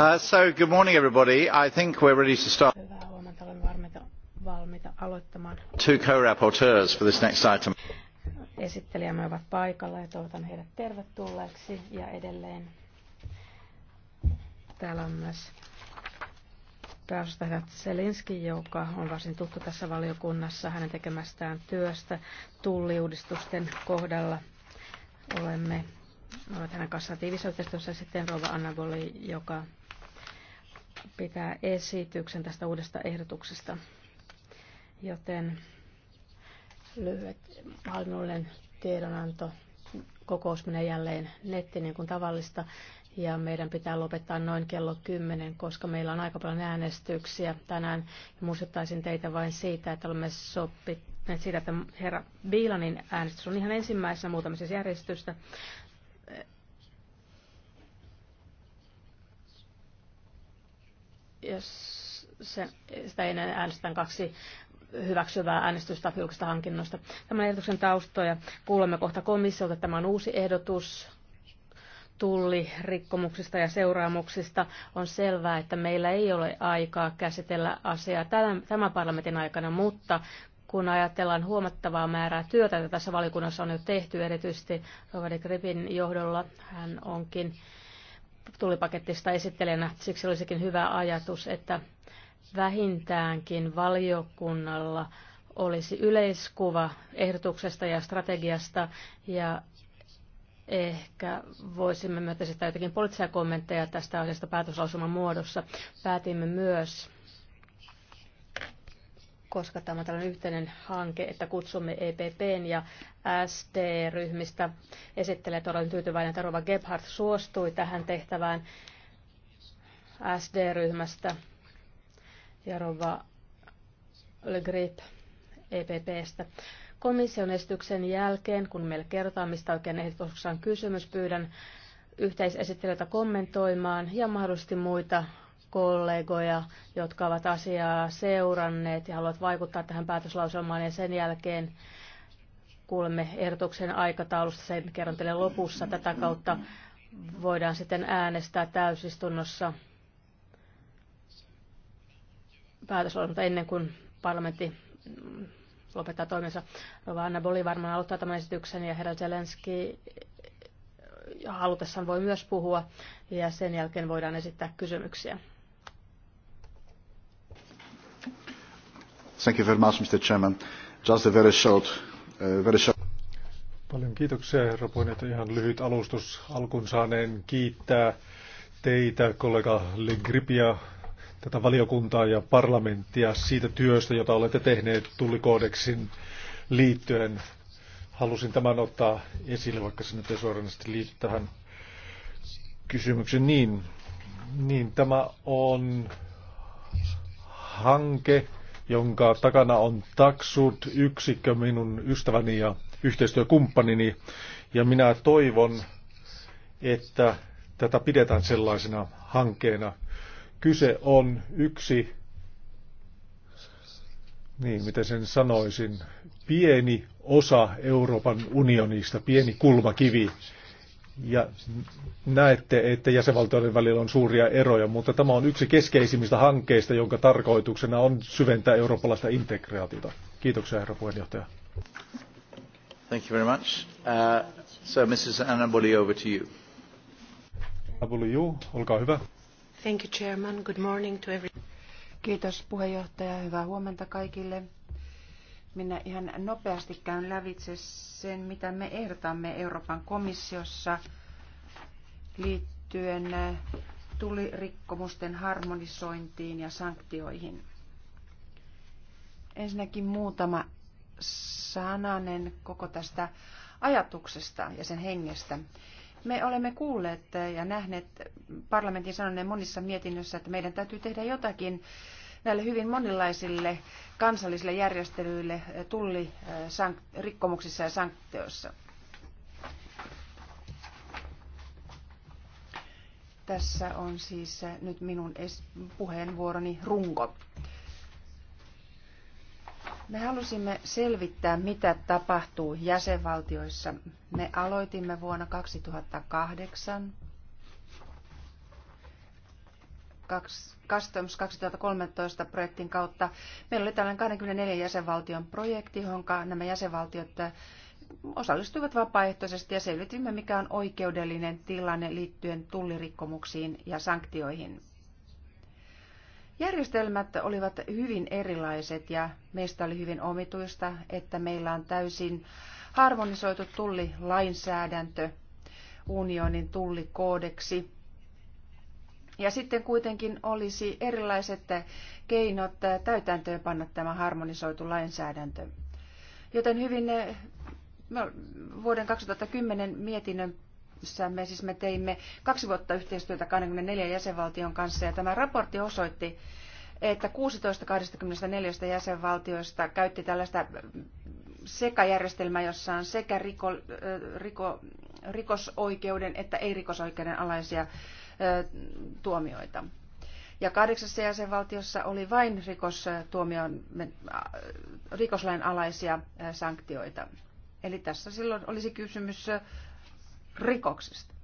Uh, so, good morning everybody. I think we're ready to start. Hyvää huomenta, olemme valmiita aloittamaan. Two co-rapporteurs for this next item. Esittelijämme ovat paikalla ja toivotan heidät tervetulleeksi ja edelleen. Täällä on myös pääosastaja Selinski, joka on varsin tuttu tässä valiokunnassa hänen tekemästään työstä tulliuudistusten kohdalla. Olemme olet hänen kanssaan tiivissä yhteistyössä sitten Rova Annaboli, joka pitää esityksen tästä uudesta ehdotuksesta. Joten lyhyet hallinnollinen tiedonanto. Kokous menee jälleen nettiin niin kuin tavallista ja meidän pitää lopettaa noin kello 10, koska meillä on aika paljon äänestyksiä tänään. Muistuttaisin teitä vain siitä, että olemme sopineet siitä, että herra Biilanin äänestys on ihan ensimmäisenä muutamisessa järjestystä. jos se, sitä ei äänestetään kaksi hyväksyvää äänestystä julkista hankinnosta. Tämän ehdotuksen taustoja kuulemme kohta komissiolta. Tämä on uusi ehdotus tullirikkomuksista ja seuraamuksista. On selvää, että meillä ei ole aikaa käsitellä asiaa tämän parlamentin aikana, mutta kun ajatellaan huomattavaa määrää työtä, jota tässä valikunnassa on jo tehty, erityisesti Rovadi Gripin johdolla, hän onkin tulipakettista esittelijänä. Siksi olisikin hyvä ajatus, että vähintäänkin valiokunnalla olisi yleiskuva ehdotuksesta ja strategiasta ja ehkä voisimme myötä sitä jotakin poliittisia kommentteja tästä asiasta päätöslausuman muodossa. Päätimme myös koska tämä on tällainen yhteinen hanke, että kutsumme EPPn ja SD-ryhmistä esittelee todella tyytyväinen, että Rova Gebhardt suostui tähän tehtävään SD-ryhmästä ja Rova Le Grip EPPstä. Komission esityksen jälkeen, kun meille kerrotaan, mistä oikein ehdotuksessa on kysymys, pyydän yhteisesittelijöitä kommentoimaan ja mahdollisesti muita kollegoja, jotka ovat asiaa seuranneet ja haluavat vaikuttaa tähän päätöslauselmaan ja sen jälkeen kuulemme ehdotuksen aikataulusta sen kerron teille lopussa. Tätä kautta voidaan sitten äänestää täysistunnossa päätöslauselmaa ennen kuin parlamentti lopettaa toimensa. Rova Anna Boli varmaan aloittaa tämän esityksen ja herra Zelenski halutessaan voi myös puhua ja sen jälkeen voidaan esittää kysymyksiä. Thank you very much, Mr. Chairman. Just a very short, uh, very short... Paljon kiitoksia, herra puhemies. Ihan lyhyt alustus alkuun saaneen kiittää teitä, kollega Le tätä valiokuntaa ja parlamenttia siitä työstä, jota olette tehneet tullikoodeksin liittyen. Halusin tämän ottaa esille, vaikka se nyt ei suoranaisesti liity tähän kysymykseen. Niin, niin tämä on hanke, jonka takana on Taksut, yksikkö minun ystäväni ja yhteistyökumppanini. Ja minä toivon, että tätä pidetään sellaisena hankkeena. Kyse on yksi, niin miten sen sanoisin, pieni osa Euroopan unionista, pieni kulmakivi ja näette, että jäsenvaltioiden välillä on suuria eroja, mutta tämä on yksi keskeisimmistä hankkeista, jonka tarkoituksena on syventää eurooppalaista integraatiota. Kiitoksia, herra puheenjohtaja. Thank you very much. Uh, so Mrs. Anaboli, over to you. Anaboli, you, olkaa hyvä. Thank you, Chairman. Good morning to everyone. Kiitos puheenjohtaja. Hyvää huomenta kaikille. Minä ihan nopeasti käyn lävitse sen, mitä me ehdotamme Euroopan komissiossa liittyen tulirikkomusten harmonisointiin ja sanktioihin. Ensinnäkin muutama sananen koko tästä ajatuksesta ja sen hengestä. Me olemme kuulleet ja nähneet parlamentin sanoneen monissa mietinnöissä, että meidän täytyy tehdä jotakin näille hyvin monilaisille kansallisille järjestelyille eh, tullirikkomuksissa eh, ja sanktioissa. Tässä on siis eh, nyt minun puheenvuoroni runko. Me halusimme selvittää, mitä tapahtuu jäsenvaltioissa. Me aloitimme vuonna 2008 Customs 2013 projektin kautta. Meillä oli tällainen 24 jäsenvaltion projekti, johon nämä jäsenvaltiot äh, osallistuivat vapaaehtoisesti ja selvitimme, mikä on oikeudellinen tilanne liittyen tullirikkomuksiin ja sanktioihin. Järjestelmät olivat hyvin erilaiset ja meistä oli hyvin omituista, että meillä on täysin harmonisoitu tullilainsäädäntö unionin tullikoodeksi ja sitten kuitenkin olisi erilaiset keinot täytäntöön panna tämä harmonisoitu lainsäädäntö. Joten hyvin eh, no, vuoden 2010 mietinnön me, siis me teimme kaksi vuotta yhteistyötä 24 jäsenvaltion kanssa ja tämä raportti osoitti, että 16 24 jäsenvaltioista käytti tällaista sekajärjestelmää, jossa on sekä riko, eh, riko, rikosoikeuden että ei-rikosoikeuden alaisia tuomioita. Ja kahdeksassa jäsenvaltiossa oli vain rikoslain alaisia sanktioita. Eli tässä silloin olisi kysymys rikoksista.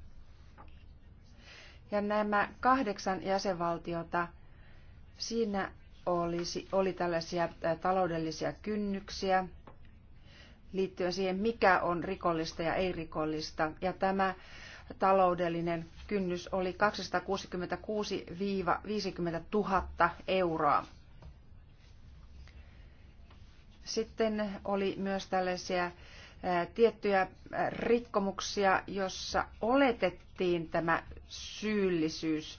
Ja nämä kahdeksan jäsenvaltiota, siinä olisi, oli tällaisia taloudellisia kynnyksiä liittyen siihen, mikä on rikollista ja ei-rikollista. Ja tämä taloudellinen kynnys oli 266-50 000 euroa. Sitten oli myös tällaisia tiettyjä rikkomuksia, jossa oletettiin tämä syyllisyys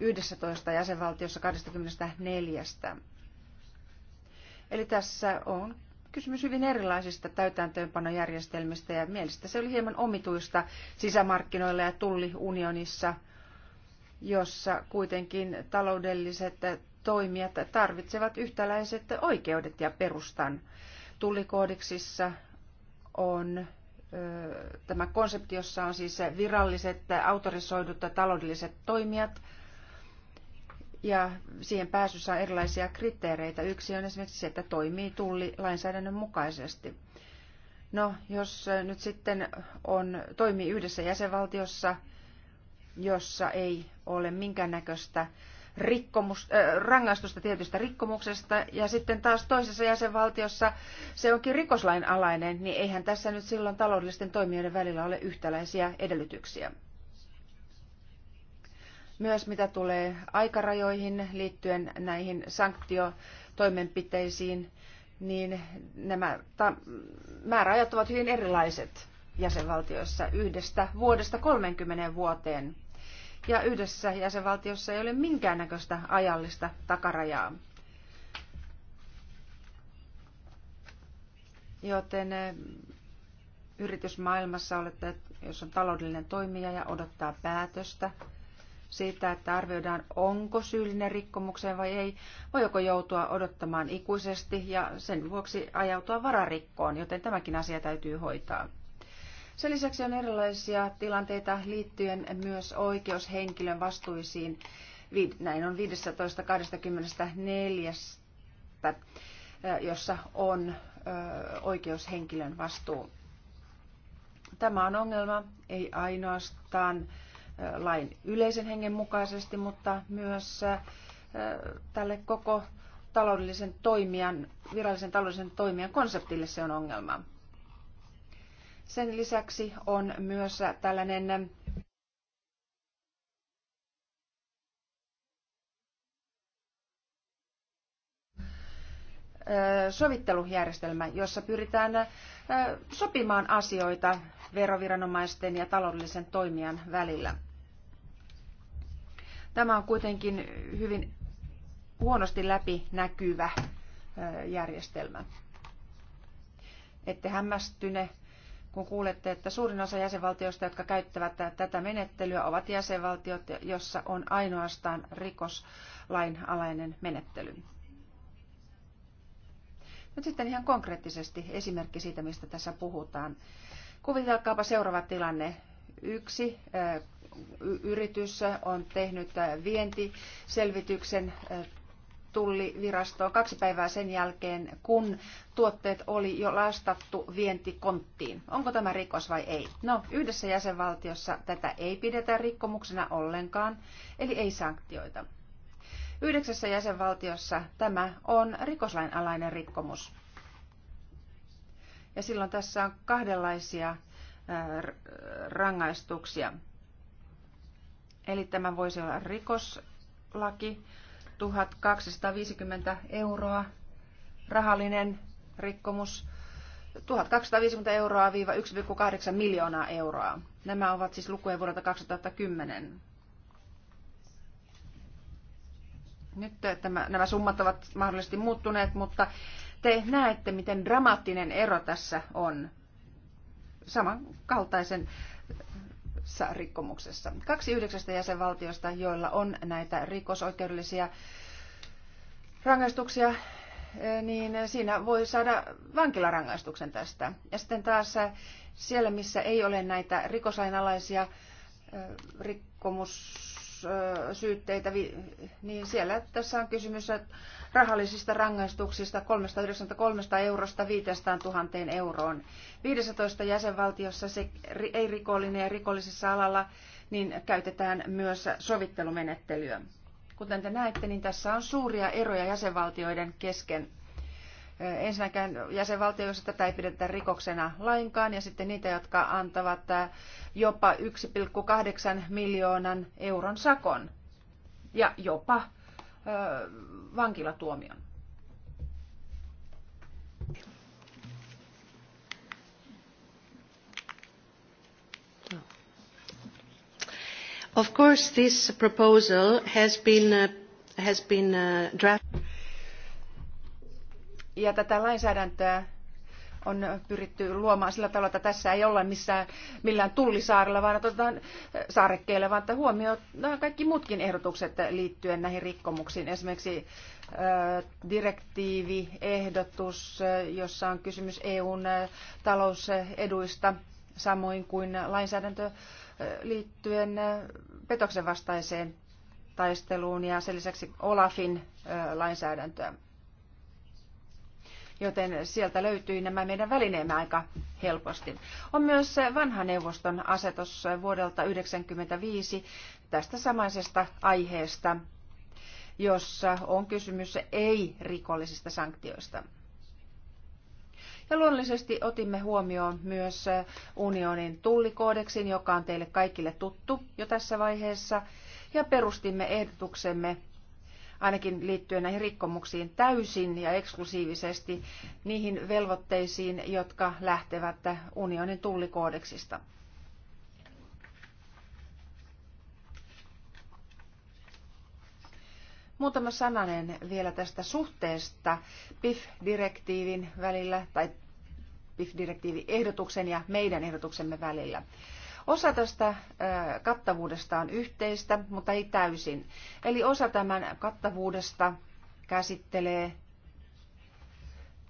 11 jäsenvaltiossa 24. Eli tässä on kysymys hyvin erilaisista täytäntöönpanojärjestelmistä ja mielestä se oli hieman omituista sisämarkkinoilla ja tulliunionissa, jossa kuitenkin taloudelliset toimijat tarvitsevat yhtäläiset oikeudet ja perustan. Tullikoodiksissa on tämä konsepti, jossa on siis viralliset autorisoidut taloudelliset toimijat – ja siihen pääsyssä on erilaisia kriteereitä. Yksi on esimerkiksi se, että toimii tulli lainsäädännön mukaisesti. No, jos nyt sitten on, toimii yhdessä jäsenvaltiossa, jossa ei ole minkäännäköistä rikkomus, äh, rangaistusta tietystä rikkomuksesta, ja sitten taas toisessa jäsenvaltiossa se onkin rikoslain alainen, niin eihän tässä nyt silloin taloudellisten toimijoiden välillä ole yhtäläisiä edellytyksiä. Myös mitä tulee aikarajoihin liittyen näihin sanktiotoimenpiteisiin, niin nämä ta- määräajat ovat hyvin erilaiset jäsenvaltioissa yhdestä vuodesta 30 vuoteen. Ja yhdessä jäsenvaltiossa ei ole minkäännäköistä ajallista takarajaa. Joten eh, yritysmaailmassa olette, jos on taloudellinen toimija ja odottaa päätöstä, siitä, että arvioidaan, onko syyllinen rikkomukseen vai ei, voi joko joutua odottamaan ikuisesti ja sen vuoksi ajautua vararikkoon, joten tämäkin asia täytyy hoitaa. Sen lisäksi on erilaisia tilanteita liittyen myös oikeushenkilön vastuisiin. Näin on 15.24, jossa on oikeushenkilön vastuu. Tämä on ongelma ei ainoastaan lain yleisen hengen mukaisesti, mutta myös tälle koko taloudellisen toimijan, virallisen taloudellisen toimijan konseptille se on ongelma. Sen lisäksi on myös tällainen sovittelujärjestelmä, jossa pyritään sopimaan asioita veroviranomaisten ja taloudellisen toimijan välillä. Tämä on kuitenkin hyvin huonosti läpinäkyvä järjestelmä. Ette hämmästyne, kun kuulette, että suurin osa jäsenvaltioista, jotka käyttävät tätä menettelyä, ovat jäsenvaltiot, jossa on ainoastaan rikoslain alainen menettely. Nyt sitten ihan konkreettisesti esimerkki siitä, mistä tässä puhutaan. Kuvitelkaapa seuraava tilanne. Yksi yritys on tehnyt vientiselvityksen tullivirastoon kaksi päivää sen jälkeen, kun tuotteet oli jo lastattu vientikonttiin. Onko tämä rikos vai ei? No, yhdessä jäsenvaltiossa tätä ei pidetä rikkomuksena ollenkaan, eli ei sanktioita. Yhdeksässä jäsenvaltiossa tämä on rikoslainalainen rikkomus. Ja silloin tässä on kahdenlaisia rangaistuksia. Eli tämä voisi olla rikoslaki, 1250 euroa, rahallinen rikkomus, 1250 euroa viiva 1,8 miljoonaa euroa. Nämä ovat siis lukuja vuodelta 2010. Nyt tämä, nämä summat ovat mahdollisesti muuttuneet, mutta te näette, miten dramaattinen ero tässä on samankaltaisen rikkomuksessa. Kaksi yhdeksästä jäsenvaltiosta, joilla on näitä rikosoikeudellisia rangaistuksia, niin siinä voi saada vankilarangaistuksen tästä. Ja sitten taas siellä, missä ei ole näitä rikoslainalaisia rikkomussyytteitä, niin siellä tässä on kysymys että rahallisista rangaistuksista 393 eurosta 500 000 euroon. 15 jäsenvaltiossa se ei rikollinen ja rikollisessa alalla niin käytetään myös sovittelumenettelyä. Kuten te näette, niin tässä on suuria eroja jäsenvaltioiden kesken. Ensinnäkään jäsenvaltio, jossa tätä ei pidetä rikoksena lainkaan, ja sitten niitä, jotka antavat jopa 1,8 miljoonan euron sakon ja jopa vankilatuomion. Of course, this proposal has been, uh, has been uh, drafted. Ja tätä lainsäädäntöä on pyritty luomaan sillä tavalla, että tässä ei olla missään, millään tullisaarella, vaan otetaan saarekkeelle, vaan että huomioidaan kaikki muutkin ehdotukset liittyen näihin rikkomuksiin. Esimerkiksi direktiivi, ehdotus, jossa on kysymys EUn talouseduista, samoin kuin lainsäädäntö liittyen petoksen vastaiseen taisteluun ja sen lisäksi Olafin lainsäädäntöä joten sieltä löytyi nämä meidän välineemme aika helposti. On myös vanha neuvoston asetus vuodelta 1995 tästä samaisesta aiheesta, jossa on kysymys ei-rikollisista sanktioista. Ja luonnollisesti otimme huomioon myös unionin tullikoodeksin, joka on teille kaikille tuttu jo tässä vaiheessa, ja perustimme ehdotuksemme ainakin liittyen näihin rikkomuksiin täysin ja eksklusiivisesti niihin velvoitteisiin, jotka lähtevät unionin tullikoodeksista. Muutama sananen vielä tästä suhteesta PIF-direktiivin välillä tai pif ehdotuksen ja meidän ehdotuksemme välillä. Osa tästä kattavuudesta on yhteistä, mutta ei täysin. Eli osa tämän kattavuudesta käsittelee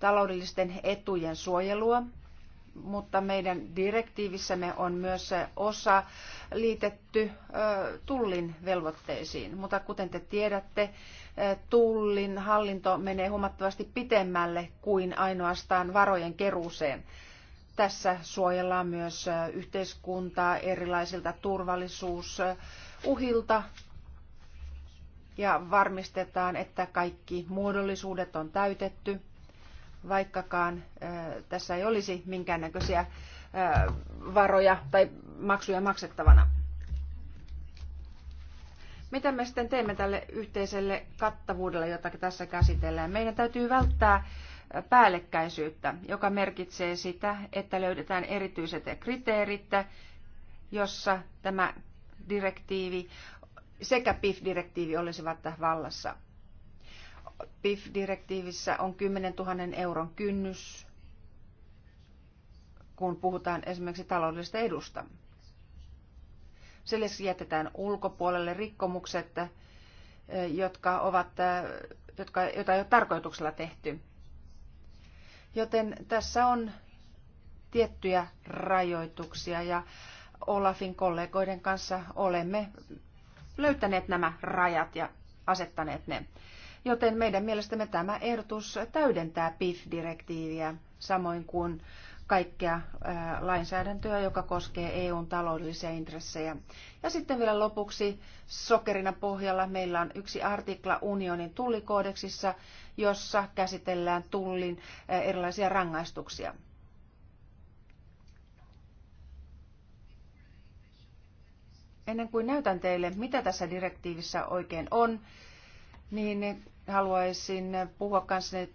taloudellisten etujen suojelua, mutta meidän direktiivissämme on myös osa liitetty tullin velvoitteisiin. Mutta kuten te tiedätte, tullin hallinto menee huomattavasti pitemmälle kuin ainoastaan varojen keruuseen. Tässä suojellaan myös yhteiskuntaa erilaisilta turvallisuusuhilta ja varmistetaan, että kaikki muodollisuudet on täytetty, vaikkakaan tässä ei olisi minkäännäköisiä varoja tai maksuja maksettavana. Mitä me sitten teemme tälle yhteiselle kattavuudelle, jota tässä käsitellään? Meidän täytyy välttää päällekkäisyyttä, joka merkitsee sitä, että löydetään erityiset kriteerit, jossa tämä direktiivi sekä PIF-direktiivi olisivat vallassa. PIF-direktiivissä on 10 000 euron kynnys, kun puhutaan esimerkiksi taloudellisesta edusta. Sille jätetään ulkopuolelle rikkomukset, jotka ovat, jotka, joita ei ole tarkoituksella tehty. Joten tässä on tiettyjä rajoituksia ja Olafin kollegoiden kanssa olemme löytäneet nämä rajat ja asettaneet ne. Joten meidän mielestämme tämä ehdotus täydentää PIF-direktiiviä, samoin kuin kaikkea lainsäädäntöä, joka koskee EUn taloudellisia intressejä. Ja sitten vielä lopuksi sokerina pohjalla meillä on yksi artikla unionin tullikoodeksissa, jossa käsitellään tullin erilaisia rangaistuksia. Ennen kuin näytän teille, mitä tässä direktiivissä oikein on, niin haluaisin puhua kanssani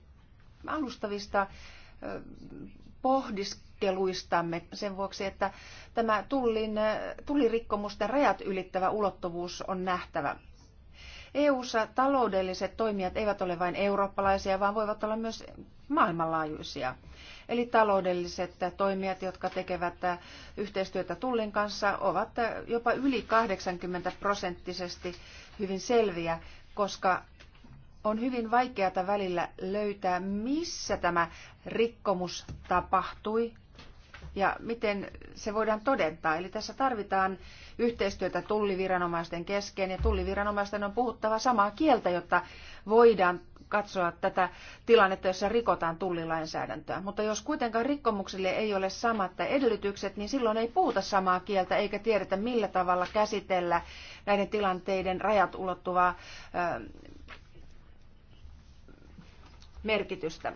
alustavista pohdiskeluistamme sen vuoksi, että tämä tullin, tullirikkomusten rajat ylittävä ulottuvuus on nähtävä. EU-ssa taloudelliset toimijat eivät ole vain eurooppalaisia, vaan voivat olla myös maailmanlaajuisia. Eli taloudelliset toimijat, jotka tekevät yhteistyötä Tullin kanssa, ovat jopa yli 80 prosenttisesti hyvin selviä, koska on hyvin vaikeata välillä löytää, missä tämä rikkomus tapahtui ja miten se voidaan todentaa. Eli tässä tarvitaan yhteistyötä tulliviranomaisten kesken ja tulliviranomaisten on puhuttava samaa kieltä, jotta voidaan katsoa tätä tilannetta, jossa rikotaan tullilainsäädäntöä. Mutta jos kuitenkaan rikkomuksille ei ole samat edellytykset, niin silloin ei puhuta samaa kieltä eikä tiedetä, millä tavalla käsitellä näiden tilanteiden rajat ulottuvaa merkitystä.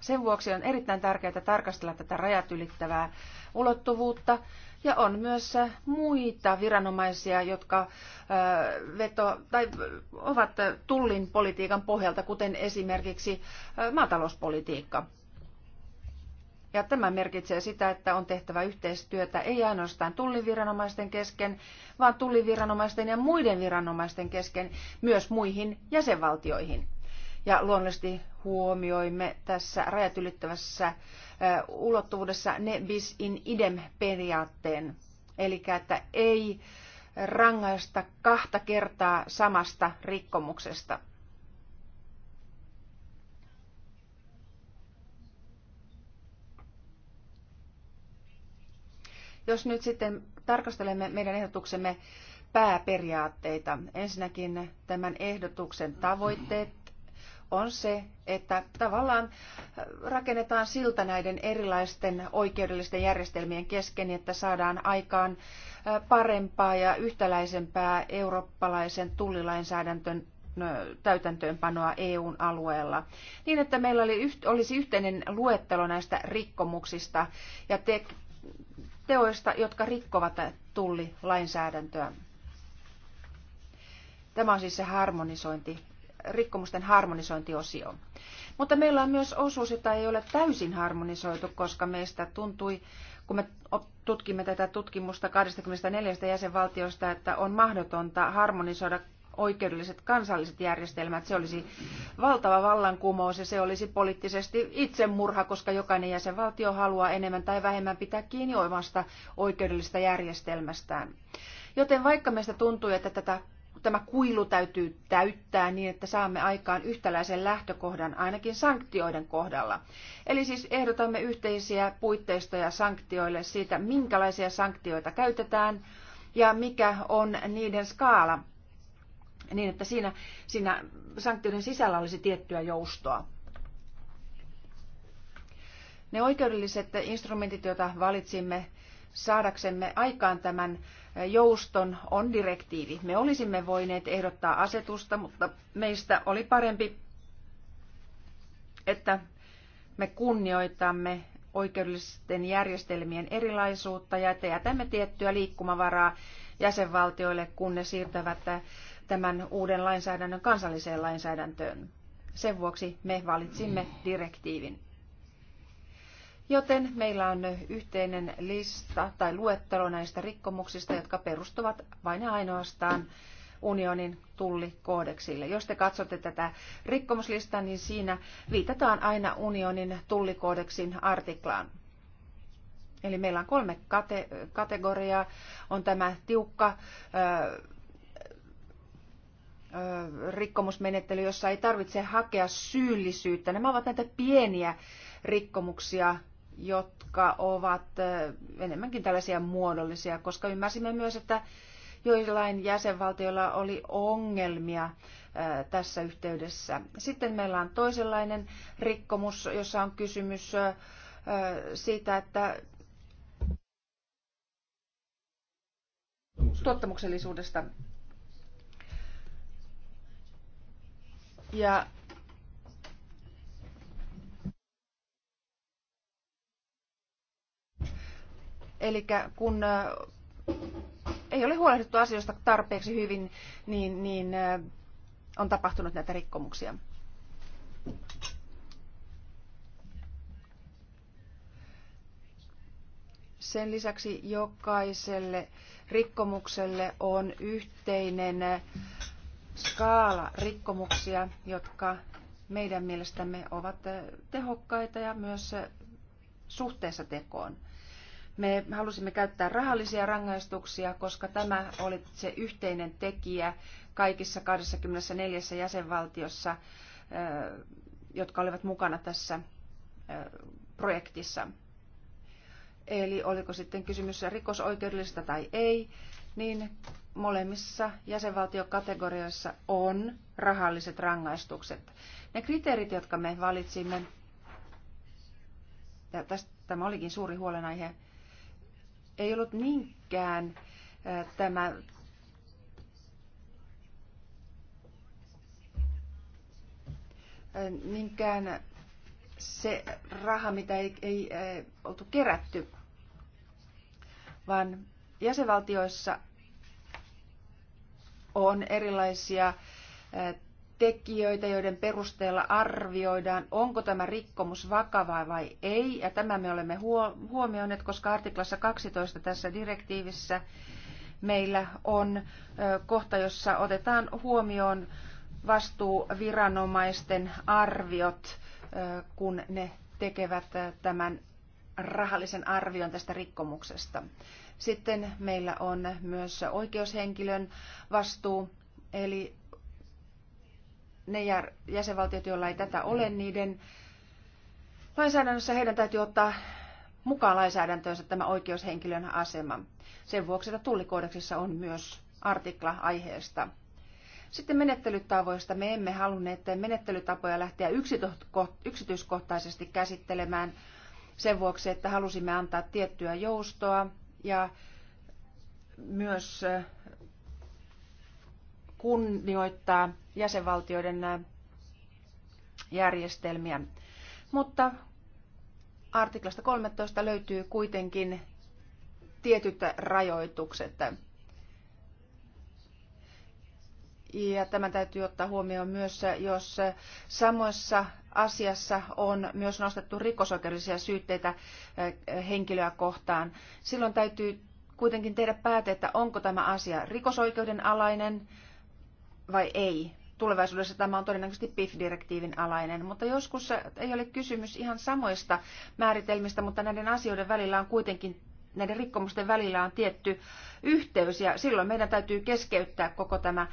Sen vuoksi on erittäin tärkeää tarkastella tätä rajat ylittävää ulottuvuutta ja on myös äh, muita viranomaisia, jotka äh, veto, tai äh, ovat tullin politiikan pohjalta, kuten esimerkiksi maatalouspolitiikka. Ja tämä merkitsee sitä, että on tehtävä yhteistyötä ei ainoastaan tulliviranomaisten kesken, vaan tulliviranomaisten ja muiden viranomaisten kesken myös muihin jäsenvaltioihin. Ja luonnollisesti huomioimme tässä rajat ylittävässä ulottuvuudessa ne bis in idem periaatteen. Eli että ei rangaista kahta kertaa samasta rikkomuksesta. Jos nyt sitten tarkastelemme meidän ehdotuksemme pääperiaatteita. Ensinnäkin tämän ehdotuksen tavoitteet on se, että tavallaan rakennetaan silta näiden erilaisten oikeudellisten järjestelmien kesken, niin että saadaan aikaan parempaa ja yhtäläisempää eurooppalaisen tullilainsäädäntön täytäntöönpanoa EUn alueella, niin että meillä oli, olisi yhteinen luettelo näistä rikkomuksista ja te, teoista, jotka rikkovat tullilainsäädäntöä. Tämä on siis se harmonisointi, rikkomusten harmonisointiosio. Mutta meillä on myös osuus, jota ei ole täysin harmonisoitu, koska meistä tuntui, kun me tutkimme tätä tutkimusta 24 jäsenvaltiosta, että on mahdotonta harmonisoida oikeudelliset kansalliset järjestelmät. Se olisi valtava vallankumous ja se olisi poliittisesti itsemurha, koska jokainen jäsenvaltio haluaa enemmän tai vähemmän pitää kiinni omasta oikeudellisesta järjestelmästään. Joten vaikka meistä tuntuu, että tätä tämä kuilu täytyy täyttää niin, että saamme aikaan yhtäläisen lähtökohdan ainakin sanktioiden kohdalla. Eli siis ehdotamme yhteisiä puitteistoja sanktioille siitä, minkälaisia sanktioita käytetään ja mikä on niiden skaala niin että siinä, siinä sanktioiden sisällä olisi tiettyä joustoa. Ne oikeudelliset instrumentit, joita valitsimme saadaksemme aikaan tämän jouston, on direktiivi. Me olisimme voineet ehdottaa asetusta, mutta meistä oli parempi, että me kunnioitamme oikeudellisten järjestelmien erilaisuutta ja että jätämme tiettyä liikkumavaraa jäsenvaltioille, kun ne siirtävät tämän uuden lainsäädännön kansalliseen lainsäädäntöön. Sen vuoksi me valitsimme direktiivin. Joten meillä on yhteinen lista tai luettelo näistä rikkomuksista, jotka perustuvat vain ja ainoastaan unionin tullikoodeksille. Jos te katsotte tätä rikkomuslistaa, niin siinä viitataan aina unionin tullikoodeksin artiklaan. Eli meillä on kolme kate- kategoriaa. On tämä tiukka ö, rikkomusmenettely, jossa ei tarvitse hakea syyllisyyttä. Nämä ovat näitä pieniä rikkomuksia, jotka ovat enemmänkin tällaisia muodollisia, koska ymmärsimme myös, että joillain jäsenvaltioilla oli ongelmia tässä yhteydessä. Sitten meillä on toisenlainen rikkomus, jossa on kysymys siitä, että tuottamuksellisuudesta Ja Eli kun äh, ei ole huolehdittu asioista tarpeeksi hyvin, niin, niin äh, on tapahtunut näitä rikkomuksia. Sen lisäksi jokaiselle rikkomukselle on yhteinen äh, skaala rikkomuksia, jotka meidän mielestämme ovat eh, tehokkaita ja myös eh, suhteessa tekoon. Me halusimme käyttää rahallisia rangaistuksia, koska tämä oli se yhteinen tekijä kaikissa 24 jäsenvaltiossa, eh, jotka olivat mukana tässä projektissa. Eli oliko sitten kysymys rikosoikeudellista tai ei, niin molemmissa jäsenvaltiokategorioissa on rahalliset rangaistukset. Ne kriteerit, jotka me valitsimme, ja tästä, tämä olikin suuri huolenaihe, ei ollut niinkään tämä niinkään se raha, mitä ei, ei, ei oltu kerätty, vaan Jäsenvaltioissa on erilaisia tekijöitä, joiden perusteella arvioidaan, onko tämä rikkomus vakava vai ei. Ja tämä me olemme huomioineet, koska artiklassa 12 tässä direktiivissä meillä on kohta, jossa otetaan huomioon vastuuviranomaisten arviot, kun ne tekevät tämän rahallisen arvion tästä rikkomuksesta. Sitten meillä on myös oikeushenkilön vastuu, eli ne jäsenvaltiot, joilla ei tätä ole, niiden lainsäädännössä heidän täytyy ottaa mukaan lainsäädäntöönsä tämä oikeushenkilön asema. Sen vuoksi, että tullikoodeksissa on myös artikla aiheesta. Sitten menettelytavoista. Me emme halunneet menettelytapoja lähteä yksityiskohtaisesti käsittelemään sen vuoksi, että halusimme antaa tiettyä joustoa ja myös äh, kunnioittaa jäsenvaltioiden äh, järjestelmiä. Mutta artiklasta 13 löytyy kuitenkin tietyt rajoitukset. Ja tämä täytyy ottaa huomioon myös, jos samoissa asiassa on myös nostettu rikosoikeudellisia syytteitä eh, henkilöä kohtaan. Silloin täytyy kuitenkin tehdä päätös, että onko tämä asia rikosoikeuden alainen vai ei. Tulevaisuudessa tämä on todennäköisesti PIF-direktiivin alainen, mutta joskus ei ole kysymys ihan samoista määritelmistä, mutta näiden asioiden välillä on kuitenkin näiden rikkomusten välillä on tietty yhteys ja silloin meidän täytyy keskeyttää koko tämä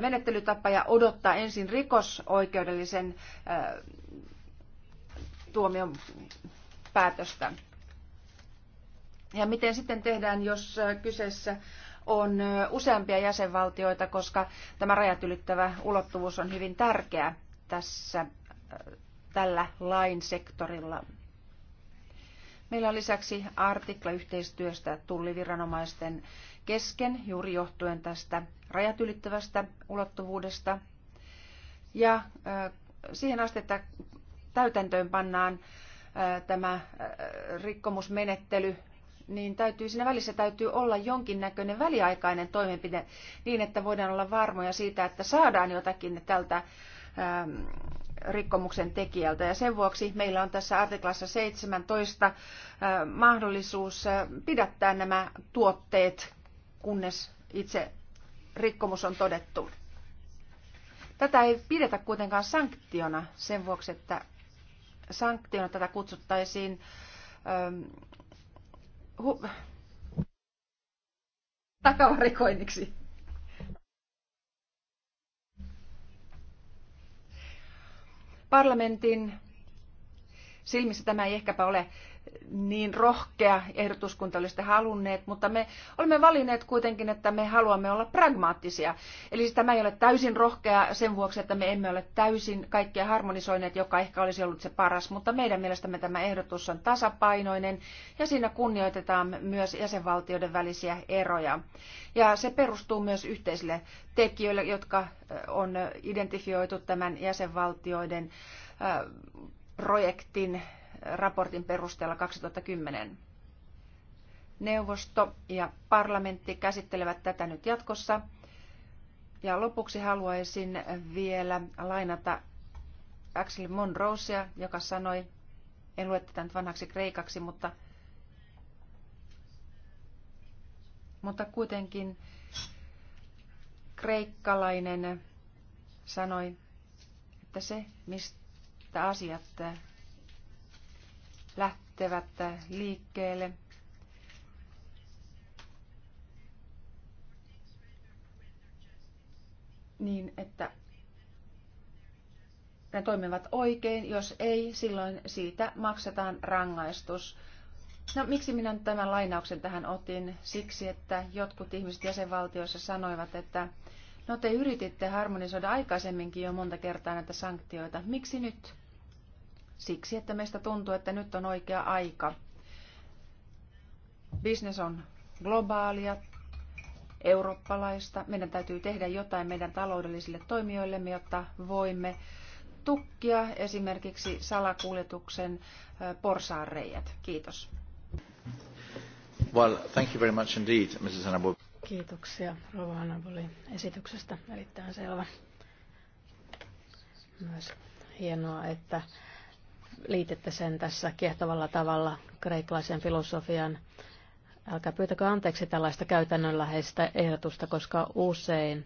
menettelytapa ja odottaa ensin rikosoikeudellisen tuomion päätöstä. Ja miten sitten tehdään, jos kyseessä on useampia jäsenvaltioita, koska tämä rajat ylittävä ulottuvuus on hyvin tärkeä tässä tällä lainsektorilla. Meillä on lisäksi artikla yhteistyöstä tulliviranomaisten kesken juuri johtuen tästä rajat ylittävästä ulottuvuudesta. Ja siihen asti, että täytäntöön pannaan tämä rikkomusmenettely, niin täytyy, siinä välissä täytyy olla jonkinnäköinen väliaikainen toimenpide niin, että voidaan olla varmoja siitä, että saadaan jotakin tältä rikkomuksen tekijältä. Ja sen vuoksi meillä on tässä artiklassa 17 mahdollisuus pidättää nämä tuotteet, kunnes itse rikkomus on todettu. Tätä ei pidetä kuitenkaan sanktiona sen vuoksi, että sanktiona tätä kutsuttaisiin takavarikoinniksi. Parlamentin silmissä tämä ei ehkäpä ole niin rohkea ehdotus kuin te olisitte halunneet, mutta me olemme valinneet kuitenkin, että me haluamme olla pragmaattisia. Eli siis tämä ei ole täysin rohkea sen vuoksi, että me emme ole täysin kaikkia harmonisoineet, joka ehkä olisi ollut se paras, mutta meidän mielestämme tämä ehdotus on tasapainoinen ja siinä kunnioitetaan myös jäsenvaltioiden välisiä eroja. Ja se perustuu myös yhteisille tekijöille, jotka on identifioitu tämän jäsenvaltioiden projektin raportin perusteella 2010. Neuvosto ja parlamentti käsittelevät tätä nyt jatkossa. Ja lopuksi haluaisin vielä lainata Axel Monrosea, joka sanoi, en lue tätä nyt vanhaksi kreikaksi, mutta, mutta kuitenkin kreikkalainen sanoi, että se, mistä asiat lähtevät liikkeelle. Niin, että ne toimivat oikein. Jos ei, silloin siitä maksetaan rangaistus. No miksi minä nyt tämän lainauksen tähän otin? Siksi, että jotkut ihmiset jäsenvaltioissa sanoivat, että no te yrititte harmonisoida aikaisemminkin jo monta kertaa näitä sanktioita. Miksi nyt? siksi, että meistä tuntuu, että nyt on oikea aika. Business on globaalia, eurooppalaista. Meidän täytyy tehdä jotain meidän taloudellisille toimijoillemme, jotta voimme tukkia esimerkiksi salakuljetuksen porsaanreijät. Kiitos. Well, thank you very much indeed, Mrs. Kiitoksia Rova Anaboli esityksestä. Erittäin selvä. Myös hienoa, että liititte sen tässä kiehtovalla tavalla kreikkalaisen filosofian. Älkää pyytäkö anteeksi tällaista käytännönläheistä ehdotusta, koska usein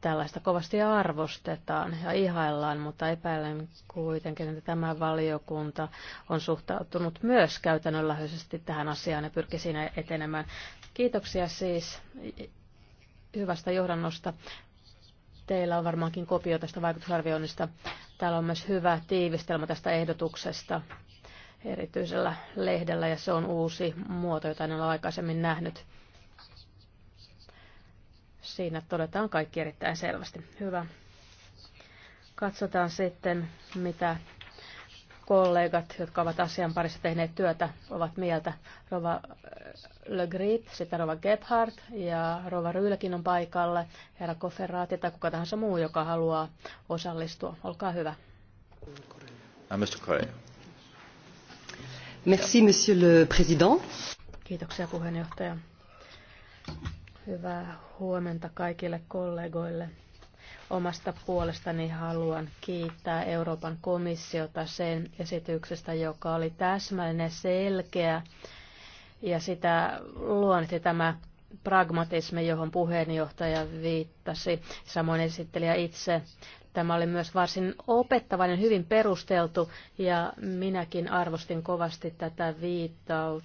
tällaista kovasti arvostetaan ja ihaillaan, mutta epäilen kuitenkin, että tämä valiokunta on suhtautunut myös käytännönläheisesti tähän asiaan ja pyrki siinä etenemään. Kiitoksia siis hyvästä johdannosta. Teillä on varmaankin kopio tästä vaikutusarvioinnista. Täällä on myös hyvä tiivistelmä tästä ehdotuksesta erityisellä lehdellä ja se on uusi muoto, jota en ole aikaisemmin nähnyt. Siinä todetaan kaikki erittäin selvästi. Hyvä. Katsotaan sitten, mitä kollegat, jotka ovat asian parissa tehneet työtä, ovat mieltä. Rova äh, Le Grit, sitten Rova Gebhardt ja Rova Ryylläkin on paikalla, herra Koferaati tai kuka tahansa muu, joka haluaa osallistua. Olkaa hyvä. Uh, Merci, monsieur le président. Kiitoksia puheenjohtaja. Hyvää huomenta kaikille kollegoille. Omasta puolestani haluan kiittää Euroopan komissiota sen esityksestä, joka oli täsmällinen, selkeä ja sitä luonti tämä pragmatismi, johon puheenjohtaja viittasi, samoin esittelijä itse. Tämä oli myös varsin opettavainen, hyvin perusteltu ja minäkin arvostin kovasti tätä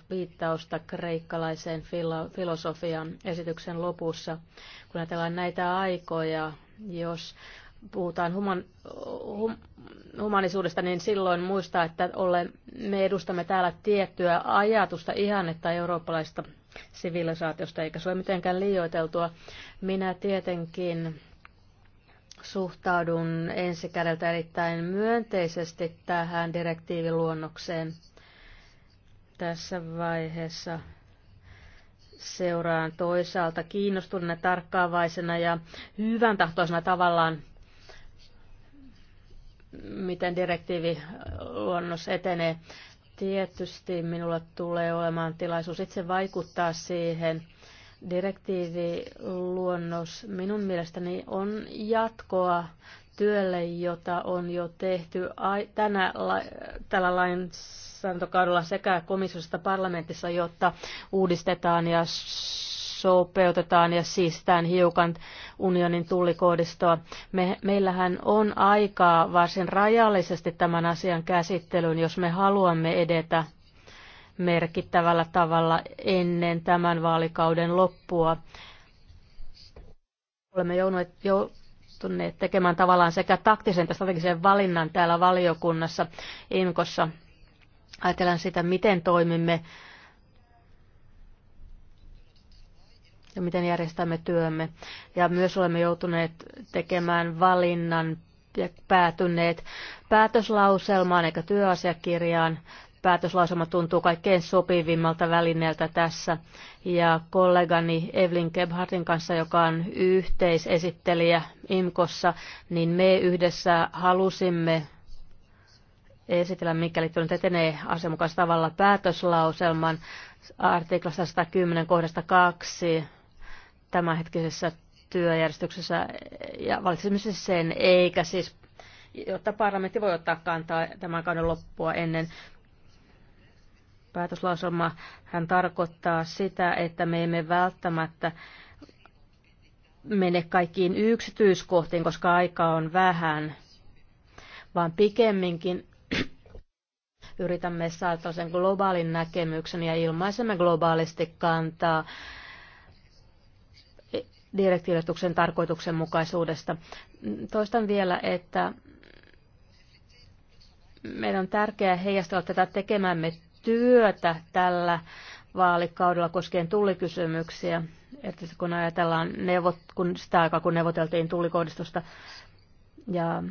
viittausta kreikkalaiseen filosofian esityksen lopussa. Kun ajatellaan näitä aikoja, jos puhutaan human, hum, humanisuudesta, niin silloin muista, että olen, me edustamme täällä tiettyä ajatusta, ihannetta eurooppalaista sivilisaatiosta, eikä se ole mitenkään liioiteltua. Minä tietenkin suhtaudun ensikädeltä erittäin myönteisesti tähän direktiiviluonnokseen tässä vaiheessa – seuraan toisaalta kiinnostuneena, tarkkaavaisena ja hyvän tahtoisena tavallaan, miten direktiiviluonnos etenee. Tietysti minulla tulee olemaan tilaisuus itse vaikuttaa siihen. Direktiiviluonnos minun mielestäni on jatkoa työlle, jota on jo tehty tänä, tällä lain täysistuntokaudella sekä komissiossa että parlamentissa, jotta uudistetaan ja sopeutetaan ja siistään hiukan unionin tullikoodistoa. Me, meillähän on aikaa varsin rajallisesti tämän asian käsittelyyn, jos me haluamme edetä merkittävällä tavalla ennen tämän vaalikauden loppua. Olemme joutuneet, joutuneet tekemään tavallaan sekä taktisen että strategisen valinnan täällä valiokunnassa Inkossa. Ajatellaan sitä, miten toimimme ja miten järjestämme työmme. Ja myös olemme joutuneet tekemään valinnan ja päätyneet päätöslauselmaan eikä työasiakirjaan. Päätöslauselma tuntuu kaikkein sopivimmalta välineeltä tässä. Ja kollegani Evelyn Gebhardin kanssa, joka on yhteisesittelijä IMKossa, niin me yhdessä halusimme esitellä, mikäli nyt etenee asianmukaisella tavalla päätöslauselman artiklasta 110 kohdasta 2 tämänhetkisessä työjärjestyksessä ja valitsemisessa siis sen, eikä siis, jotta parlamentti voi ottaa kantaa tämän kauden loppua ennen päätöslauselma. Hän tarkoittaa sitä, että me emme välttämättä mene kaikkiin yksityiskohtiin, koska aikaa on vähän, vaan pikemminkin yritämme saada sen globaalin näkemyksen ja ilmaisemme globaalisti kantaa direktiivituksen tarkoituksenmukaisuudesta. Toistan vielä, että meidän on tärkeää heijastella tätä tekemämme työtä tällä vaalikaudella koskien tullikysymyksiä, että kun ajatellaan neuvot, kun sitä aikaa, kun neuvoteltiin tullikohdistusta ja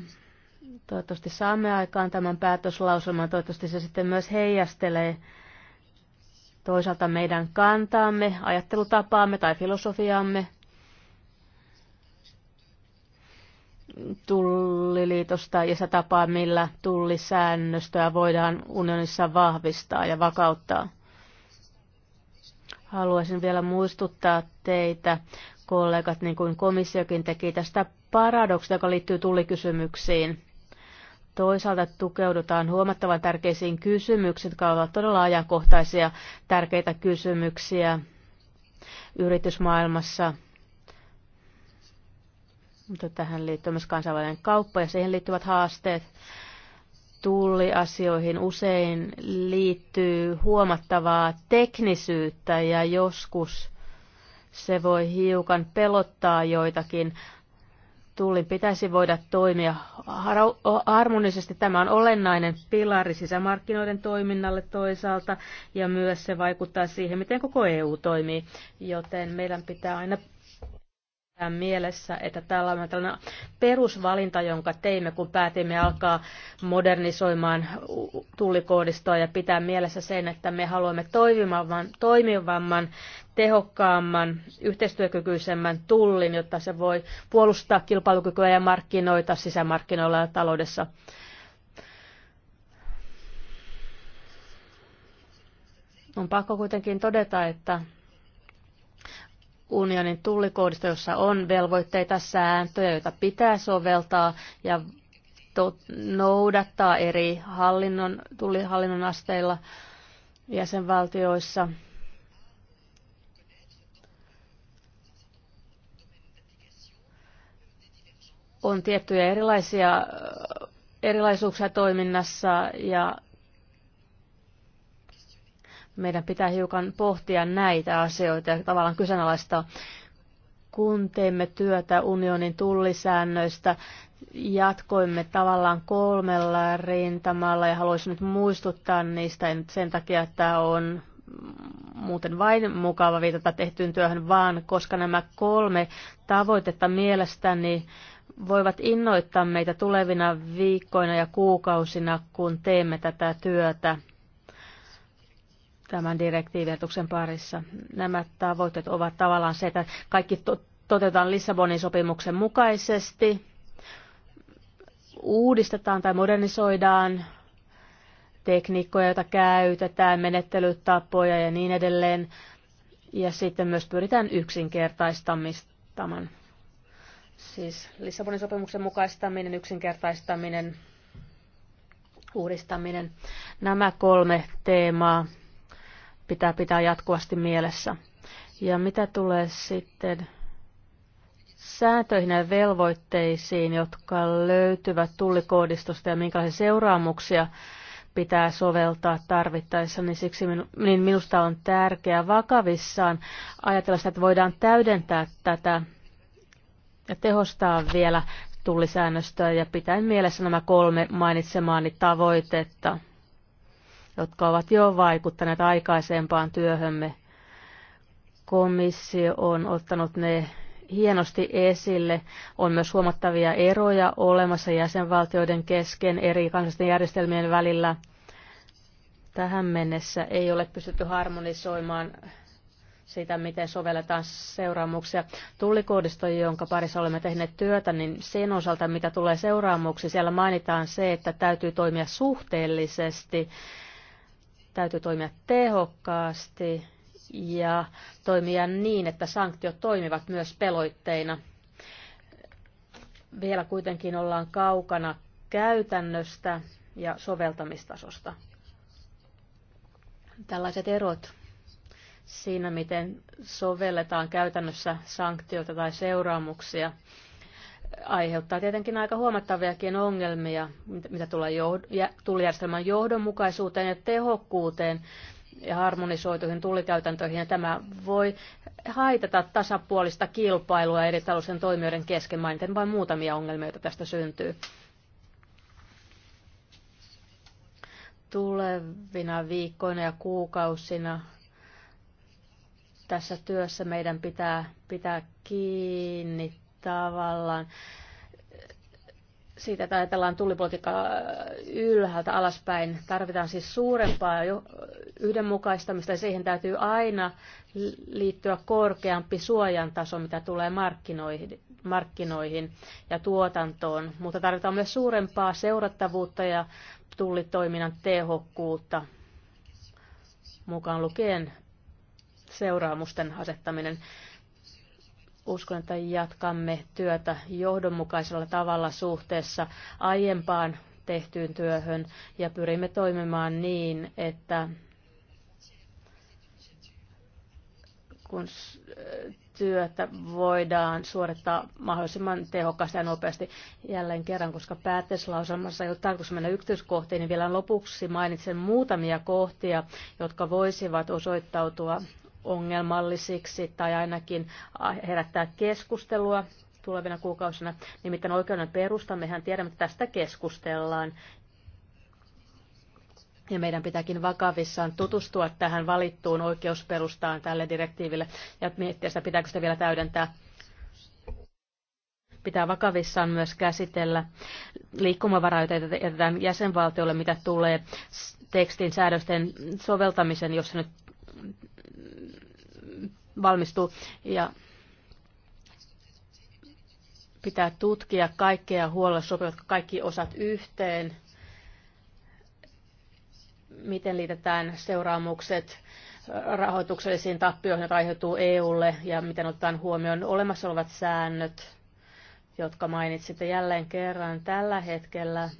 Toivottavasti saamme aikaan tämän päätöslausuman. Toivottavasti se sitten myös heijastelee toisaalta meidän kantaamme, ajattelutapaamme tai filosofiaamme tulliliitosta ja se tapa, millä tullisäännöstöä voidaan unionissa vahvistaa ja vakauttaa. Haluaisin vielä muistuttaa teitä, kollegat, niin kuin komissiokin teki tästä paradoksista, joka liittyy tullikysymyksiin Toisaalta tukeudutaan huomattavan tärkeisiin kysymyksiin, jotka ovat todella ajankohtaisia, tärkeitä kysymyksiä yritysmaailmassa. Mutta tähän liittyy myös kansainvälinen kauppa ja siihen liittyvät haasteet. Tulliasioihin usein liittyy huomattavaa teknisyyttä ja joskus se voi hiukan pelottaa joitakin tullin pitäisi voida toimia harmonisesti. Tämä on olennainen pilari sisämarkkinoiden toiminnalle toisaalta ja myös se vaikuttaa siihen, miten koko EU toimii. Joten meidän pitää aina pitää mielessä, että tällainen, tällainen perusvalinta, jonka teimme, kun päätimme alkaa modernisoimaan tullikoodistoa ja pitää mielessä sen, että me haluamme toimivamman, toimivamman tehokkaamman, yhteistyökykyisemmän tullin, jotta se voi puolustaa kilpailukykyä ja markkinoita sisämarkkinoilla ja taloudessa. On pakko kuitenkin todeta, että unionin tullikoodista, jossa on velvoitteita, sääntöjä, joita pitää soveltaa ja to- noudattaa eri hallinnon, tullihallinnon asteilla jäsenvaltioissa. On tiettyjä erilaisia erilaisuuksia toiminnassa ja meidän pitää hiukan pohtia näitä asioita ja tavallaan kyseenalaistaa, kun teimme työtä unionin tullisäännöistä, jatkoimme tavallaan kolmella rintamalla ja haluaisin nyt muistuttaa niistä sen takia, että on muuten vain mukava viitata tehtyyn työhön, vaan koska nämä kolme tavoitetta mielestäni voivat innoittaa meitä tulevina viikkoina ja kuukausina, kun teemme tätä työtä tämän direktiivietuksen parissa. Nämä tavoitteet ovat tavallaan se, että kaikki to- toteutetaan Lissabonin sopimuksen mukaisesti, uudistetaan tai modernisoidaan tekniikkoja, joita käytetään, menettelytapoja ja niin edelleen. Ja sitten myös pyritään yksinkertaistamaan. Siis Lissabonin sopimuksen mukaistaminen, yksinkertaistaminen, uudistaminen. Nämä kolme teemaa pitää pitää jatkuvasti mielessä. Ja mitä tulee sitten sääntöihin ja velvoitteisiin, jotka löytyvät tullikoodistosta ja minkälaisia seuraamuksia pitää soveltaa tarvittaessa, niin siksi minu, niin minusta on tärkeää vakavissaan ajatella sitä, että voidaan täydentää tätä ja tehostaa vielä tullisäännöstöä ja pitää mielessä nämä kolme mainitsemaani tavoitetta – jotka ovat jo vaikuttaneet aikaisempaan työhömme. Komissio on ottanut ne hienosti esille. On myös huomattavia eroja olemassa jäsenvaltioiden kesken eri kansallisten järjestelmien välillä. Tähän mennessä ei ole pystytty harmonisoimaan sitä, miten sovelletaan seuraamuksia. Tullikoodisto, jonka parissa olemme tehneet työtä, niin sen osalta, mitä tulee seuraamuksiin, siellä mainitaan se, että täytyy toimia suhteellisesti Täytyy toimia tehokkaasti ja toimia niin, että sanktiot toimivat myös peloitteina. Vielä kuitenkin ollaan kaukana käytännöstä ja soveltamistasosta. Tällaiset erot siinä, miten sovelletaan käytännössä sanktioita tai seuraamuksia aiheuttaa tietenkin aika huomattaviakin ongelmia, mitä tulee tullijärjestelmän johdonmukaisuuteen ja tehokkuuteen ja harmonisoituihin tullikäytäntöihin, ja tämä voi haitata tasapuolista kilpailua eri talousen toimijoiden kesken, mainiten vain muutamia ongelmia, joita tästä syntyy. Tulevina viikkoina ja kuukausina tässä työssä meidän pitää pitää kiinni tavallaan siitä, että ajatellaan tullipolitiikkaa ylhäältä alaspäin. Tarvitaan siis suurempaa yhdenmukaistamista ja siihen täytyy aina liittyä korkeampi suojan taso, mitä tulee markkinoihin, markkinoihin ja tuotantoon. Mutta tarvitaan myös suurempaa seurattavuutta ja tullitoiminnan tehokkuutta, mukaan lukien seuraamusten asettaminen uskon, että jatkamme työtä johdonmukaisella tavalla suhteessa aiempaan tehtyyn työhön ja pyrimme toimimaan niin, että kun työtä voidaan suorittaa mahdollisimman tehokkaasti ja nopeasti jälleen kerran, koska päätöslauselmassa ei ole tarkoitus mennä yksityiskohtiin, niin vielä lopuksi mainitsen muutamia kohtia, jotka voisivat osoittautua ongelmallisiksi tai ainakin herättää keskustelua tulevina kuukausina. Nimittäin oikeuden perusta, mehän tiedämme, että tästä keskustellaan. Ja meidän pitääkin vakavissaan tutustua tähän valittuun oikeusperustaan tälle direktiiville ja miettiä sitä, pitääkö sitä vielä täydentää. Pitää vakavissaan myös käsitellä liikkumavaraa, jota jätetään jäsenvaltiolle, mitä tulee tekstin säädösten soveltamisen, jos se nyt valmistuu. Ja pitää tutkia kaikkea huolella, sopivatko kaikki osat yhteen, miten liitetään seuraamukset rahoituksellisiin tappioihin, jotka aiheutuu EUlle, ja miten otetaan huomioon olemassa olevat säännöt, jotka mainitsitte jälleen kerran tällä hetkellä.